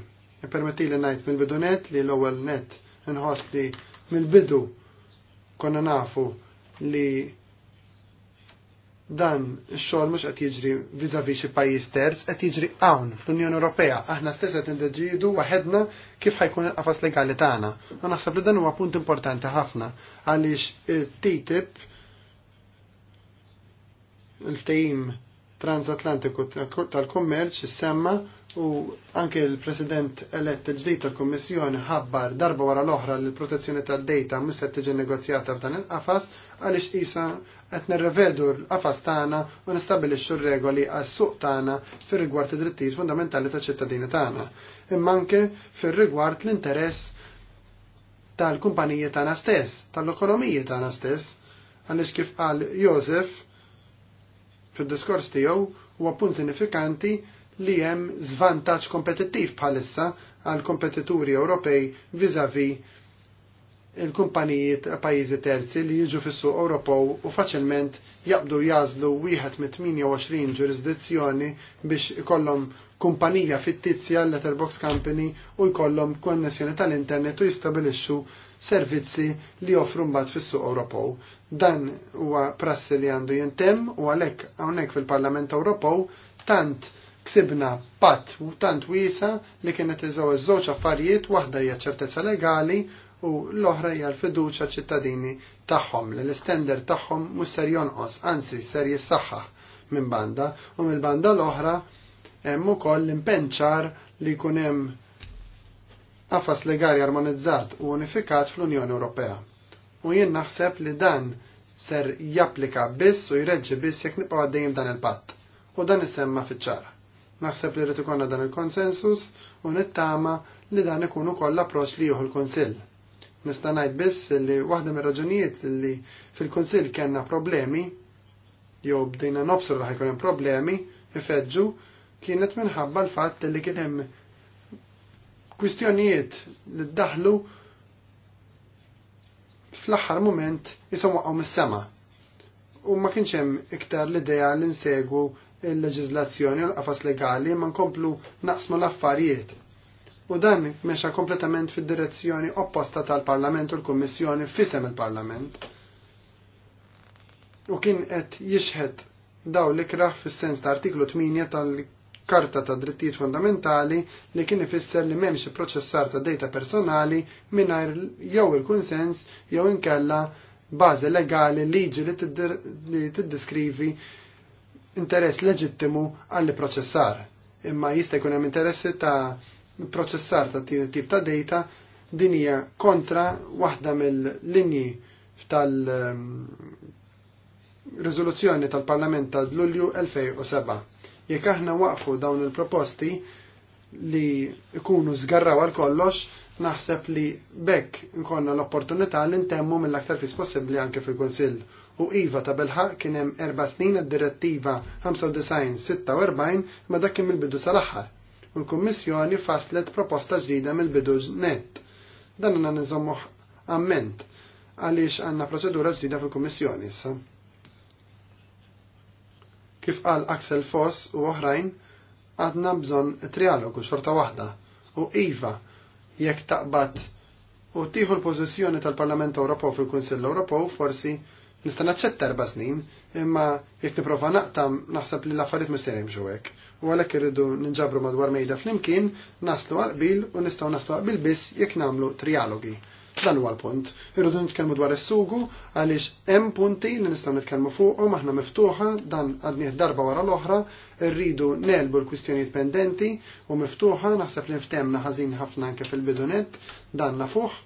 permetti li ngħid mill-bidu net li l-ewwel net inħoss li mill-bidu konna nafu li dan xogħol mhux qed jiġri vizavi xi pajjiż terz qed jiġri hawn fl-Unjoni Ewropea. Aħna stess qed indeġidu waħedna kif ħajkun il-qafas legali tagħna. U naħseb li dan huwa punt importanti ħafna għaliex TTIP il-ftehim transatlantiku tal-kummerċ semma u anke l-President elett il-ġdid tal-Kummissjoni ħabbar darba wara l-oħra li l-protezzjoni tad-dejta mhux tiġi negozjata f'dan il-qafas għaliex qisha qed nirrevedu l-qafas tagħna u nistabilixxu r-regoli għas-suq tagħna fir-rigward id-drittijiet fundamentali taċ-ċittadini tagħna. Imma anke fir-rigward l-interess tal-kumpaniji tagħna stess, tal-ekonomiji tagħna stess, għaliex kif qal Josef fid-diskors tiegħu huwa punt sinifikanti li hemm zvantaġġ kompetittiv bħalissa għal kompetituri Ewropej vizavi il-kumpanijiet pajjiżi terzi li jiġu fis-suq Ewropew u faċilment jaqbdu jażlu wieħed mit 28 ġurisdizzjoni biex ikollhom kumpanija fittizja letterbox company u jkollhom konnessjoni tal-internet u jistabilixxu servizzi li joffru mbagħad fis-suq Ewropew. Dan huwa prassi li għandu jintemm u għalhekk hawnhekk fil-Parlament Ewropew tant ksibna patt u tant wiesa li kienet iżaw iż-żewġ affarijiet waħda hija ċertezza legali u l-oħra hija l fiduċa ċittadini tagħhom li l-istender tagħhom mhux ser jonqos, anzi ser jissaħħa minn banda u mill-banda l-oħra hemm ukoll l-impenċar li jkun hemm qafas legali armonizzat u unifikat fl-Unjoni Ewropea. U jien naħseb li dan ser japplika biss u jreġġi biss jekk nibqgħu għaddejjem dan il-patt. U dan isemma fiċ-ċara. Naħseb li rrid ikollna dan il-konsensus u nittama li dan ikun ukoll approċċ li jieħu l-Kunsill. Nista' ngħid biss li waħda mir-raġunijiet li fil-Kunsill kellna problemi jew bdejna nobsru li ħajkun hemm problemi ifeġġu kienet minħabba l-fatt li kien hemm kwistjonijiet li ddaħlu fl-aħħar moment jisom waqgħu mis-sema. U ma kienx hemm iktar l-idea li nsegwu il-leġizlazzjoni u l-qafas legali ma nkomplu naqsmu l-affarijiet. U dan meċa kompletament fil direzzjoni opposta tal-Parlament u l-Kummissjoni fissem il-Parlament. U kien qed jixħed daw li kraħ fis-sens ta' artiklu 8 tal-Karta ta' Drittijiet Fundamentali li kien ifisser li m'hemmx proċessar ta' data personali mingħajr jew il-kunsens jew inkella bażi legali liġi li tiddiskrivi interess leġittimu għall proċessar imma jista' jkun hemm interessi ta' proċessar ta' tip ta' data din hija kontra waħda mill-linji tal- ehm, riżoluzzjoni tal-Parlament ta' Lulju 2007. Jekk aħna waqfu dawn il-proposti li ikunu zgarraw għal kollox, naħseb li bekk nkonna l-opportunità li ntemmu mill-aktar fis possibbli anke fil-Konsill u iva ta' belħaq kien hemm erba' snin għad-direttiva 95-46 ma dakim kien bidu sal-aħħar u l-Kummissjoni faslet proposta ġdida mill-bidu net. Dan għanna nizommu amment għaliex għanna proċedura ġdida fil-Kummissjoni issa. Kif qal Axel Foss u oħrajn, għadna bżon trialogu xorta waħda u Iva jekk taqbad u tieħu l-pożizzjoni tal-Parlament Ewropew fil-Kunsill Ewropew forsi Nista' naċċetta erba' snin, imma jekk nipprova naqtam naħseb li l-affarijiet mhux se hekk. U għalhekk irridu ninġabru madwar mejda flimkien, naslu qbil u nistgħu naslu qbil biss jekk nagħmlu trialogi. Dan huwa l-punt. Irridu nitkellmu dwar is-sugu għaliex hemm punti li nistgħu nitkellmu fuqhom aħna miftuħa dan għadnieh darba wara l-oħra, rridu nelbu l-kwistjonijiet pendenti u miftuħa naħseb li nftemna ħażin ħafna anke fil-bidunet, dan nafuh,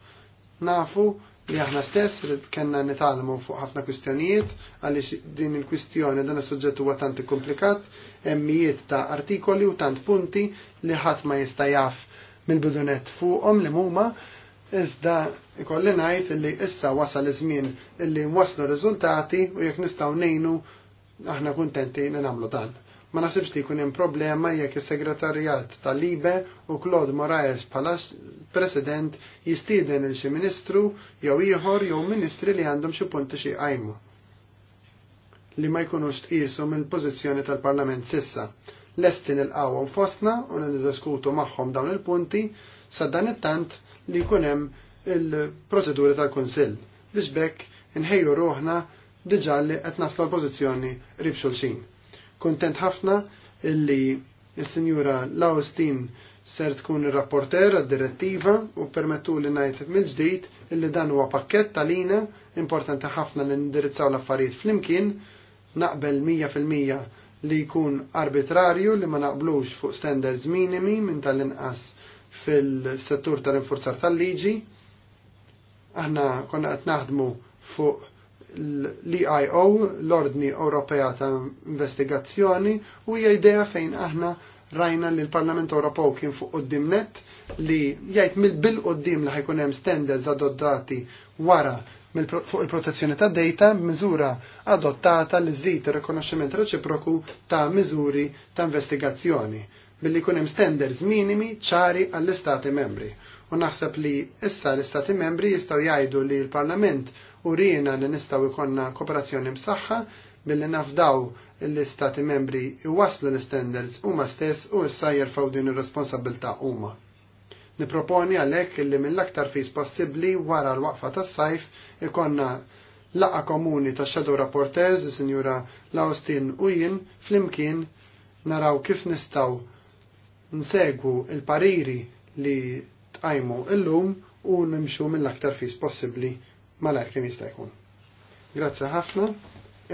nafu li aħna stess kellna nitalmu fuq ħafna kwistjonijiet għaliex din il-kwistjoni dan is-suġġett huwa tant komplikat, emmijiet ta' artikoli u tant punti li ħadd ma jista' jaf mill-bidunet fuqhom li huma iżda ikolli ngħid li issa wasal iż-żmien illi waslu riżultati u jekk nistgħu ngħinu aħna kuntenti li nagħmlu dan. Ma nasibx li jkun hemm problema jekk is-segretarjat tal-Libe u Claude Moraes bħala president jistieden il xi ministru jew ieħor jew ministri li għandhom xi punti xi qajmu li ma jkunux tqisu mill-pożizzjoni tal-Parlament sissa. Lesti nilqawhom fostna u niddiskutu magħhom dawn il-punti sa dan it-tant li jkun hemm il-proċeduri tal-Kunsill biex bekk inħejju ruħna diġà li qed naslu l-pożizzjoni rib xulxin. Kontent ħafna illi il-Sinjura Laustin ser tkun il-rapporter għad-direttiva u permettu li najt mill-ġdijt illi dan huwa pakket tal-ina importanti ħafna li indirizzaw l-affarijiet flimkien naqbel 100% li jkun arbitrarju li ma naqblux fuq standards minimi minn tal-inqas fil-settur tal-infurzar tal-liġi. Aħna konna qed naħdmu fuq l-EIO, l-Ordni Ewropea ta' Investigazzjoni, u hija idea fejn aħna rajna li l-Parlament Ewropew kien fuq qoddim net li jgħid mill-bil qoddim li ħajkun hemm standards adottati wara fuq il-protezzjoni ta' data miżura adottata li żżid ir-rikonoxximent reċiproku ta' miżuri ta' investigazzjoni billi kun hemm standards minimi ċari għall-istati membri. U naħseb li issa l-istati membri jistgħu jgħidu li l-Parlament u rina li nistaw ikonna kooperazzjoni msaħħa billi nafdaw l-istati membri waslu l-standards huma stess u issa jirfaw din ir-responsabilta huma. Niproponi għalhekk li mill-aktar fis possibbli wara l-waqfa tas-sajf ikonna laqa komuni ta' Shadow Rapporters, sinjura Laustin u jien, flimkien naraw kif nistaw nsegwu il-pariri li tqajmu illum u nimxu mill-aktar fis possibbli malar kemm jista' jkun. Grazzi ħafna.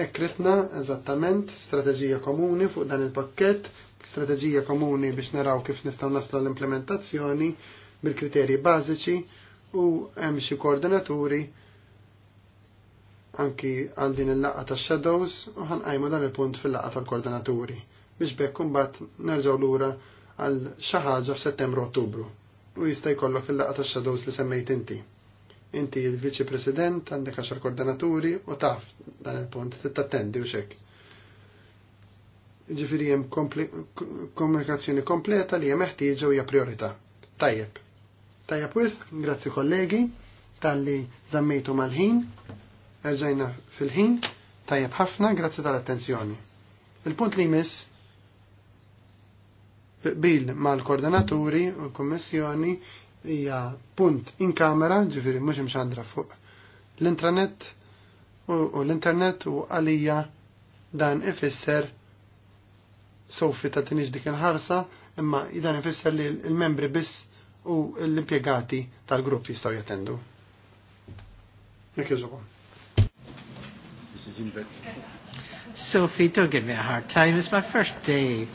Ekritna eżattament strateġija komuni fuq dan il-pakket, strateġija komuni biex naraw kif nistgħu naslu l-implementazzjoni bil-kriterji bażiċi u hemm xi koordinaturi anki għal din il-laqqa ta' shadows u ħanqajmu dan il-punt fil-laqqa tal-koordinaturi biex bekk mbagħad nerġgħu lura għal xi ħaġa f'Settembru Ottubru u jista' jkollok il-laqqa ta' shadows li semmejt inti. Inti il-Viċi President għandek għaxar koordinaturi u taf dan il-punt t-tattendi u xek. Ġifiri jem komunikazzjoni kompleta li jem eħtijġa u hija priorita. Tajjeb. Tajjeb wis, grazzi kollegi tal-li zammejtu mal-ħin, erġajna fil-ħin, tajjeb ħafna, grazzi tal-attenzjoni. Il-punt li jmiss bil mal-koordinaturi u l-kommissjoni hija punt in kamera, ġifieri mhux imxandra fuq l-intranet u l-internet u għalija dan ifisser sofi ta' tinix dik il-ħarsa imma dan ifisser li l-membri biss u l-impjegati tal-grupp jistaw jattendu. Jek jużukom. Sophie, don't give me a hard time. It's my first day.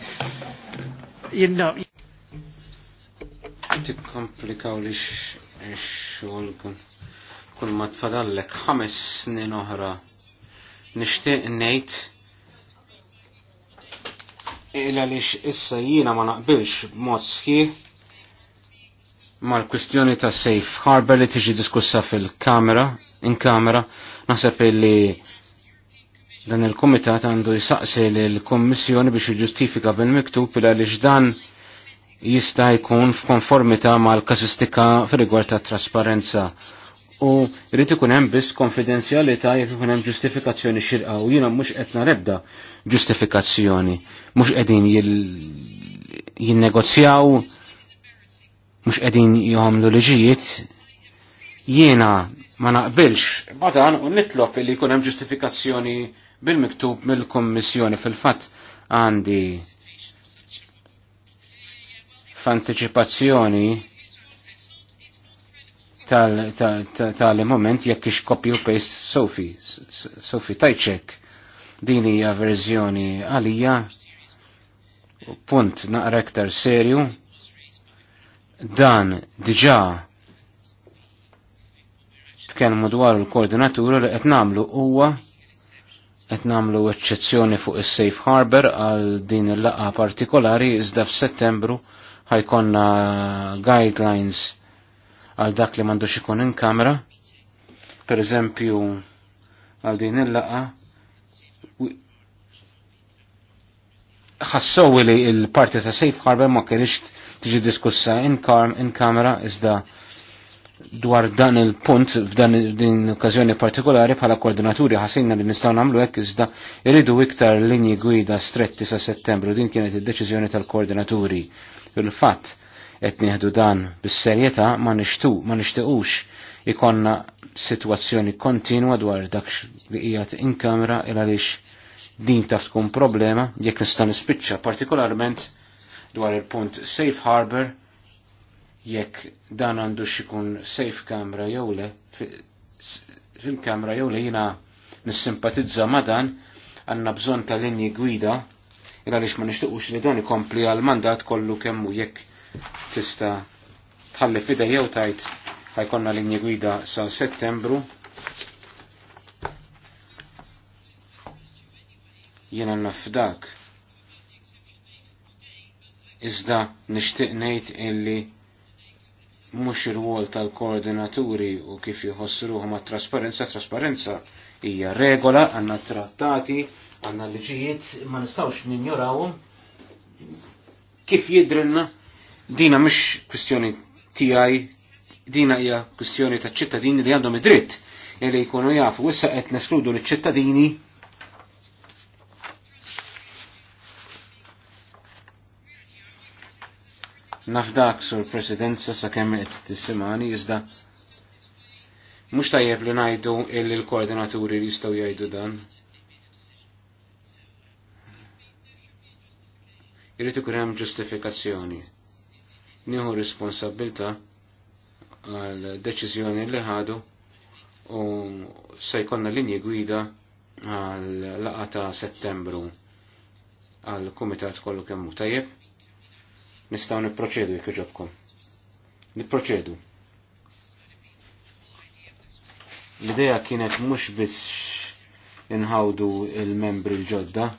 You know tikkomplikaw li xogħol kull ma tfadallek ħames snin oħra nixtieq ngħid ila li issa jina ma naqbilx b'mod sħiħ mal-kwistjoni ta' safe harbor li tiġi diskussa fil-kamera, in kamera, naħseb li dan il-komitat għandu jisaqsi l-kommissjoni biex jiġustifika bil-miktub ila li dan jista' jkun f'konformità mal-kasistika f'rigward ta' trasparenza. U rrit ikun hemm biss konfidenzjalità jekk ikun hemm ġustifikazzjoni xirqa u jiena mhux qed narebda ġustifikazzjoni, mhux qegħdin jinnegozjaw, mhux qegħdin jagħmlu liġijiet, jiena ma naqbilx badan u nitlob li jkun hemm ġustifikazzjoni bil-miktub mill kummissjoni fil-fatt għandi f'anticipazzjoni tal-moment jekk ix copy u paste Sofi, Sofi Tajċek. Din hija verżjoni għalija punt naqra iktar serju dan diġà tkellmu dwar il-koordinatura li qed nagħmlu huwa qed nagħmlu eċċezzjoni fuq is-safe harbor għal din il-laqgħa partikolari iżda f'Settembru settembru ħajkonna guidelines għal dak li mandux ikun in kamera. Per eżempju, għal din il-laqa, ħassow li il-parti ta' Safe Harbor ma kienix tiġi diskussa in kamera iżda dwar dan il-punt f'dan din okkażjoni partikolari bħala koordinaturi ħasinna li nistgħu nagħmlu hekk iżda iridu iktar linji gwida stretti sa' Settembru din kienet id-deċiżjoni tal-koordinaturi fil-fatt qed nieħdu dan bis-serjetà ma nixtu ma nixtiqux ikonna sitwazzjoni kontinwa dwar dak li hija inkamra il għaliex din taf tkun problema jekk nista' nispiċċa partikolarment dwar il-punt safe harbor jekk dan għandu xikun safe kamra jew le fil-kamra jew le jiena nissimpatizza ma dan għandna bżonn ta' linji gwida il għaliex ma nixtiequx li dan ikompli għal mandat kollu kemmu jekk tista tħalli fida jew tajt ħajkonna linji gwida sa settembru jiena nafdak iżda nixtieq ngħid illi mhux ir-wol tal-koordinaturi u kif jħossruhom ma' trasparenza trasparenza hija regola għandna trattati Għanna liġijiet ma nistawx ninjorawhom kif jidrilna dina mhix kwistjoni tiegħi, dina hija kwistjoni ta' ċittadini li għandhom id-dritt li jkunu jafu issa qed neskludu l-ċittadini dak sur President, sa kemm qed tissimani iżda mhux tajjeb li ngħidu il koordinaturi koordinaturi jistgħu jgħidu dan. irrit ikun hemm ġustifikazzjoni. Nieħu responsabilta għal deċiżjoni li ħadu u se jkollna linji gwida għal laqa ta' settembru għal kumitat kollu hu tajjeb. Nistgħu nipproċedu jekk iġobkom. Nipproċedu. L-idea kienet mhux biss inħawdu il-membri l-ġodda,